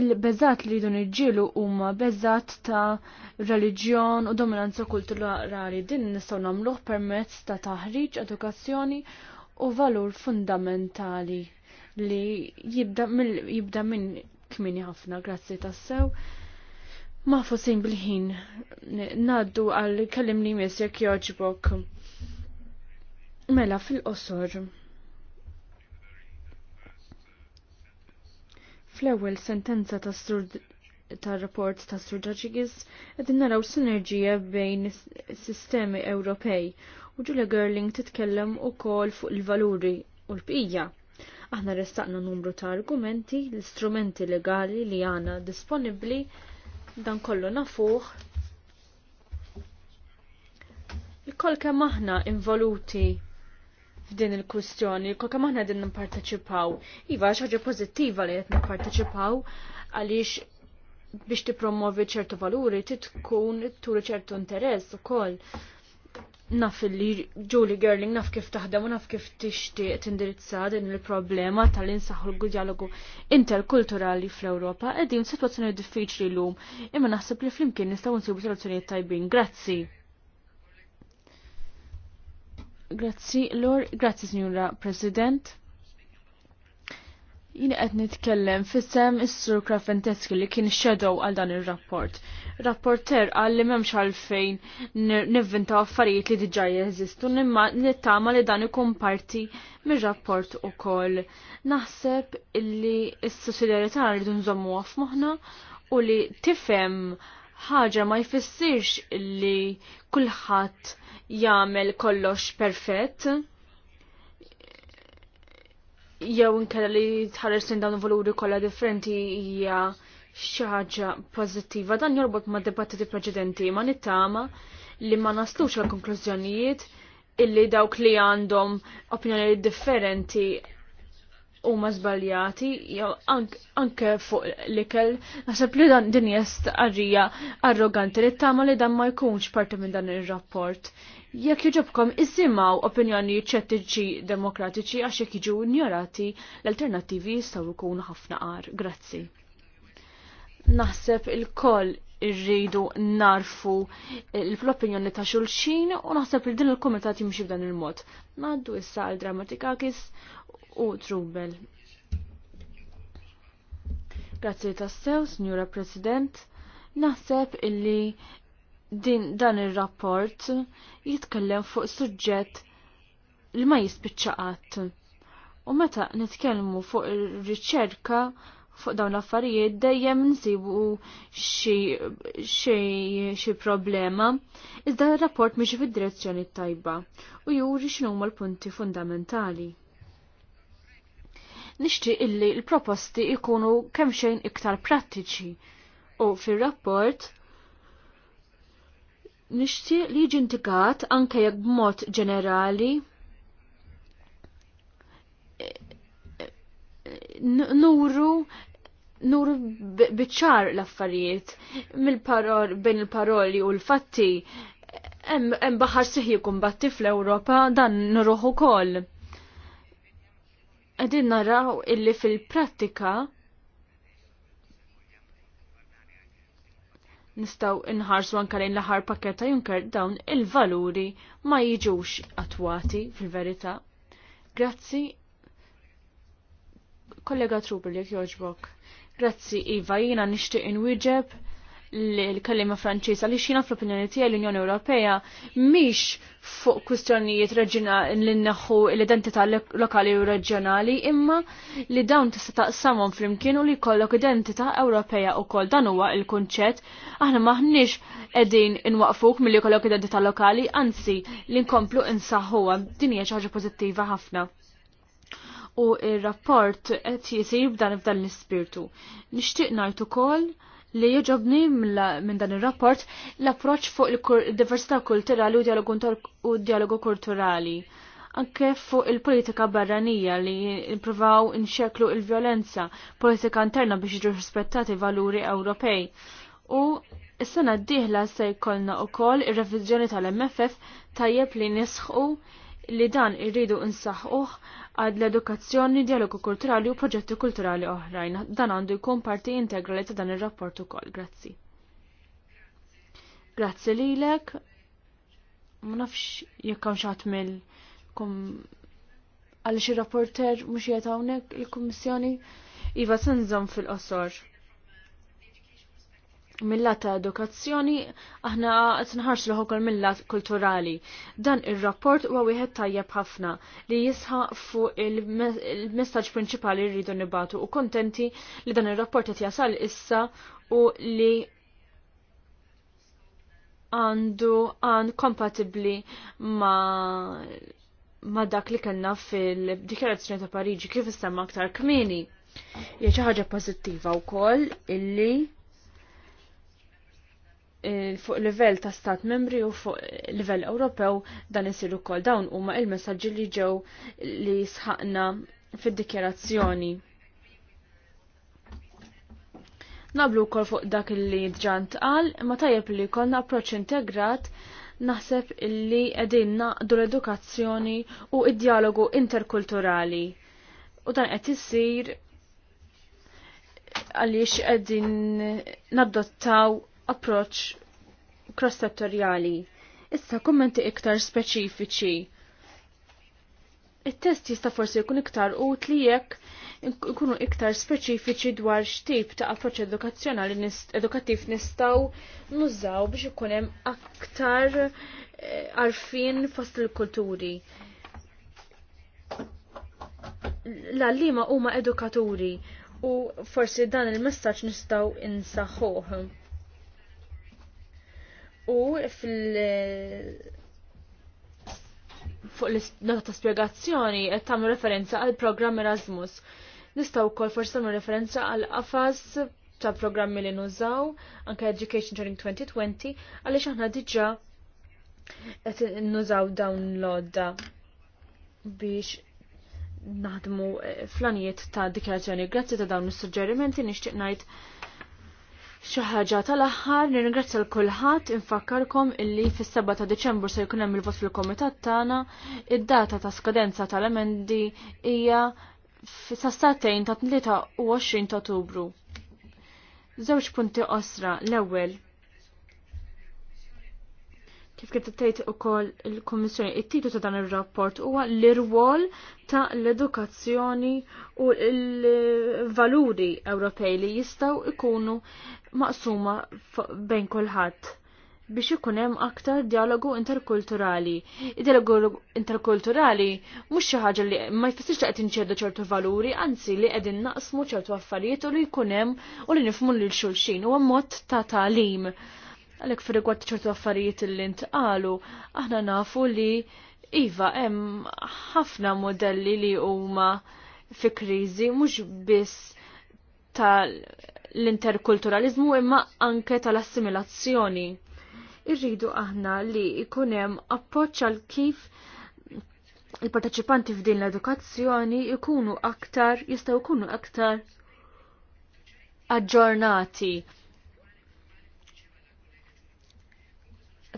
Il-beżat li jridu niġġielu huma beżat ta' reliġjon u dominanza kulturali din nistgħu nagħmluh permezz ta' taħriġ, edukazzjoni u valur fundamentali li jibda minn kmini ħafna, grazzi tassew. sew. Mafusin bil-ħin, naddu għal kellimni li mis joġbok. Mela fil-qosor. Fl-ewwel sentenza ta' tar rapport ta' Sur Daċigis qegħdin naraw sinerġija bejn sistemi Ewropej u Julia Gerling titkellem ukoll fuq il-valuri u l-bqija. Aħna restaqna numru ta' argumenti, l-istrumenti legali li għana disponibli dan kollu nafuħ. Il-kol aħna involuti f'din il-kwistjoni, il-kol kemm aħna din nipparteċipaw. Iva, xaġa pożittiva li qed nipparteċipaw għaliex biex promovi ċertu valuri, tkun turi ċertu interess ukoll. koll naf li Julie Gerling naf kif taħdem u naf kif tixtieq tindirizza din il-problema tal-insaħu l-dialogu interkulturali fl-Ewropa qegħdin sitwazzjoni diffiċli llum imma naħseb li flimkien nistgħu nsibu soluzzjonijiet tajbin. Grazzi. Grazzi, Lor, grazzi Signora President. Jini qed nitkellem fissem is-Sur Krafenteski li kien xedow għal dan ir-rapport. Rapporter għal li m'hemmx għalfejn nivvintaw affarijiet li diġà jeżistu imma nittama li dan ikun parti mir-rapport ukoll. Naħseb illi s-sussidjarjetà rridu nżommuha f'moħħna u li tifhem ħaġa ma jfissirx illi kulħadd jagħmel kollox perfett jew inkella li tħares lejn dawn valuri kollha differenti hija xi ħaġa pożittiva. Dan jorbot ma' debattiti preċedenti ma' nittama li ma naslux l konklużjonijiet illi dawk li għandhom opinjoni differenti huma żbaljati jew anke fuq l-ikel naħseb li dan din hija stqarrija arroganti li tama li dan ma jkunx parti minn dan ir-rapport jekk jġobkom izzimaw opinjoni ċettiċi demokratiċi għax jekk jiġu ignorati l-alternativi jistgħu jkunu ħafna qar. Grazzi. Naħseb il-koll irridu narfu l-opinjoni ta' xulxin u naħseb il din il-komitat jimxi b'dan il-mod. Naddu issa għal Dramatikakis u Trubel. Grazzi tassew, Signora President. Naħseb illi din dan ir-rapport jitkellem fuq suġġett li ma jispiċċaqat. U meta nitkellmu fuq ir-riċerka fuq dawn l-affarijiet dejjem nsibu xi problema, iżda r-rapport mhix fid-direzzjoni tajba u juri x'inhuma l-punti fundamentali. Nixtieq illi l-proposti ikunu kemm xejn iktar prattiċi u fir-rapport nixtieq li jiġi indikat anke jekk b'mod ġenerali nuru nuru biċċar l-affarijiet mill-parol bejn il-paroli u l-fatti hemm baħar siħi kumbatti fl-Ewropa dan nuruħ ukoll. Qegħdin naraw illi fil-prattika nistaw inħarsu anka lejn l-aħħar pakket ta' dawn il-valuri ma jiġux attwati fil-verità. Grazzi, kollega Truber jek joġbok. Grazzi Iva, jina nishtiq inwieġeb l-kellima Franċiża li xina fl-opinjoni tiegħi l-Unjoni Ewropea mhix fuq kwistjonijiet reġina li nneħħu l-identità lokali u reġjonali imma li dawn tista' taqsamhom flimkien u li jkollok identità Ewropea wkoll dan huwa l-kunċett aħna maħniex qegħdin inwaqfuk milli jkollok identità lokali anzi li nkomplu insaħħuha din hija xi ħaġa pożittiva ħafna u il-rapport qed jisir b'dan f'dan l-ispirtu. Nixtieq ngħid ukoll li jieġobni minn dan il-rapport l-approċ fuq il-diversità kulturali u dialogu kulturali. Anke fuq il-politika barranija li jimpruvaw inxeklu il-violenza, politika interna biex jiġu rispettati valuri Ewropej. U s-sena d-dihla se jkollna u koll ir-revizjoni tal-MFF tajjeb li nisħu li dan irridu insaħħuh għad l-edukazzjoni, dialogu kulturali u proġetti kulturali oħrajn. Dan għandu jkun parti integrali ta' dan ir-rapport ukoll. Grazzi. Grazzi lilek. Ma nafx jekk hawn xatt mill għal xi rapporter mhux jgħid hawnhekk il-Kummissjoni. Iva senżom fil-qosor mill-lat ta' edukazzjoni aħna qed nħarsu ukoll mill-lat kulturali. Dan ir-rapport huwa wieħed tajjeb ħafna li jisħaq fuq il-messaġġ prinċipali li rridu nibatu u kontenti li dan ir-rapport qed jasal issa u li għandu għan kompatibli ma ma dak li kellna fil-Dikjarazzjoni ta' Pariġi kif issemma aktar kmini. Hija xi ħaġa pożittiva wkoll illi Eh, fuq livell ta' stat membri u fuq livell Ewropew dan isir ukoll dawn huma il-messaġġi li ġew li sħaqna fid-dikjerazzjoni. Nablu wkoll fuq dak li ġant qal, ma tajjeb li jkollna approċċ integrat naħseb illi qegħdin naqdu l-edukazzjoni u id-dialogu interkulturali. U dan qed isir għaliex qegħdin nadottaw approach cross-settorjali. Issa kummenti iktar speċifiċi. Il-test jista' forsi jkun iktar utli jekk ikunu iktar speċifiċi dwar x'tip ta' approċċ edukazzjonali edukattiv nistgħu nużaw biex ikun hemm aktar eh, għarfin fost il-kulturi. l lima huma edukaturi u forsi dan il-messaġġ nistgħu insaħħuh. U fil- fuq l-nota ta' spiegazzjoni qed tagħmlu referenza għal programm Erasmus. Nistgħu wkoll forsi tagħmlu referenza għal qafas ta' programmi li nużaw, anke Education Journey 2020, għaliex aħna diġà qed nużaw dawn l-odda biex naħdmu eh, flanijiet ta' dikjarazzjoni. Grazzi ta' dawn is-suġġerimenti nixtieq ngħid Xi ħaġa tal-aħħar nirringrazzja l kulħadd infakkarkom illi fis-7 ta' Diċembru se jkun hemm il-vot fil-kumitat tagħna, id-data ta' skadenza tal-emendi hija sa statejn ta' 23 ta' Ottubru. Żewġ punti osra l-ewwel Kif kif tgħid ukoll il-Kummissjoni, it-titlu ta' dan ir-rapport huwa l-irwol ta' l-edukazzjoni u l-valuri Ewropej li jistgħu ikunu maqsuma bejn kulħadd biex ikun hemm aktar dialogu interkulturali. Id-dialogu interkulturali mhux xi ħaġa li ma jfissirx qed inċedu ċertu valuri, anzi li qegħdin naqsmu ċertu affarijiet u li jkun hemm u li nifhmu lil xulxin huwa mod ta' talim Għalek fi rigward ċertu affarijiet li ntqalu, aħna nafu li iva hemm ħafna modelli li huma fi kriżi mhux biss tal-interkulturalizmu imma anke tal-assimilazzjoni. Irridu aħna li jkun hemm appoġġ għal kif il-parteċipanti f'din l-edukazzjoni ikunu aktar, jistgħu jkunu aktar aġġornati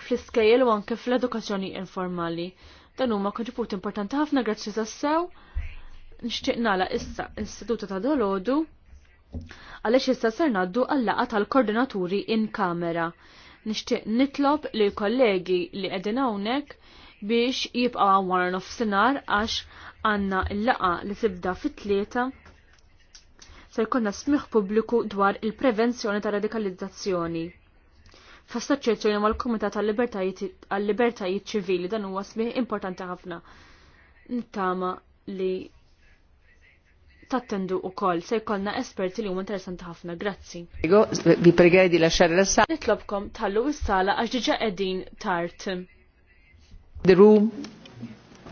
fl-iskejjel u anke fl-edukazzjoni informali. Dan huma kontribut importanti ħafna grazzi tassew. Nixtieq nagħlaq issa istituta ta' dolodu għaliex issa ser ngħaddu għallaqa tal-koordinaturi in kamera. Nixtieq nitlob li kollegi li qegħdin hawnhekk biex jibqa' wara nofsinhar għax għandna l-laqa li tibda fit-tlieta se jkollna smigħ pubbliku dwar il-prevenzjoni ta' radikalizzazzjoni fastaċċerzjoni mal-Kumitat għall-Libertajiet ċivili dan huwa smih importanti ħafna. Nittama li tattendu u koll se jkollna esperti li huma interessanti ħafna, grazzi. Vi pregħaj di lasciare la sala. Nitlobkom tallu is-sala għax diġà qegħdin tard. The room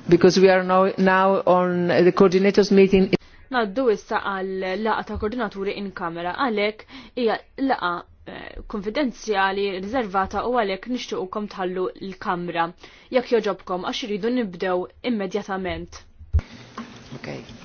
because we are now, now on the coordinators meeting. Naddu issa għal laqa ta' koordinaturi in kamera għalhekk hija laqa Eh, konfidenzjali riservata u għalek nishtuqkom tħallu l-kamra. Jekk joġobkom għax iridu nibdew immedjatament. Okay.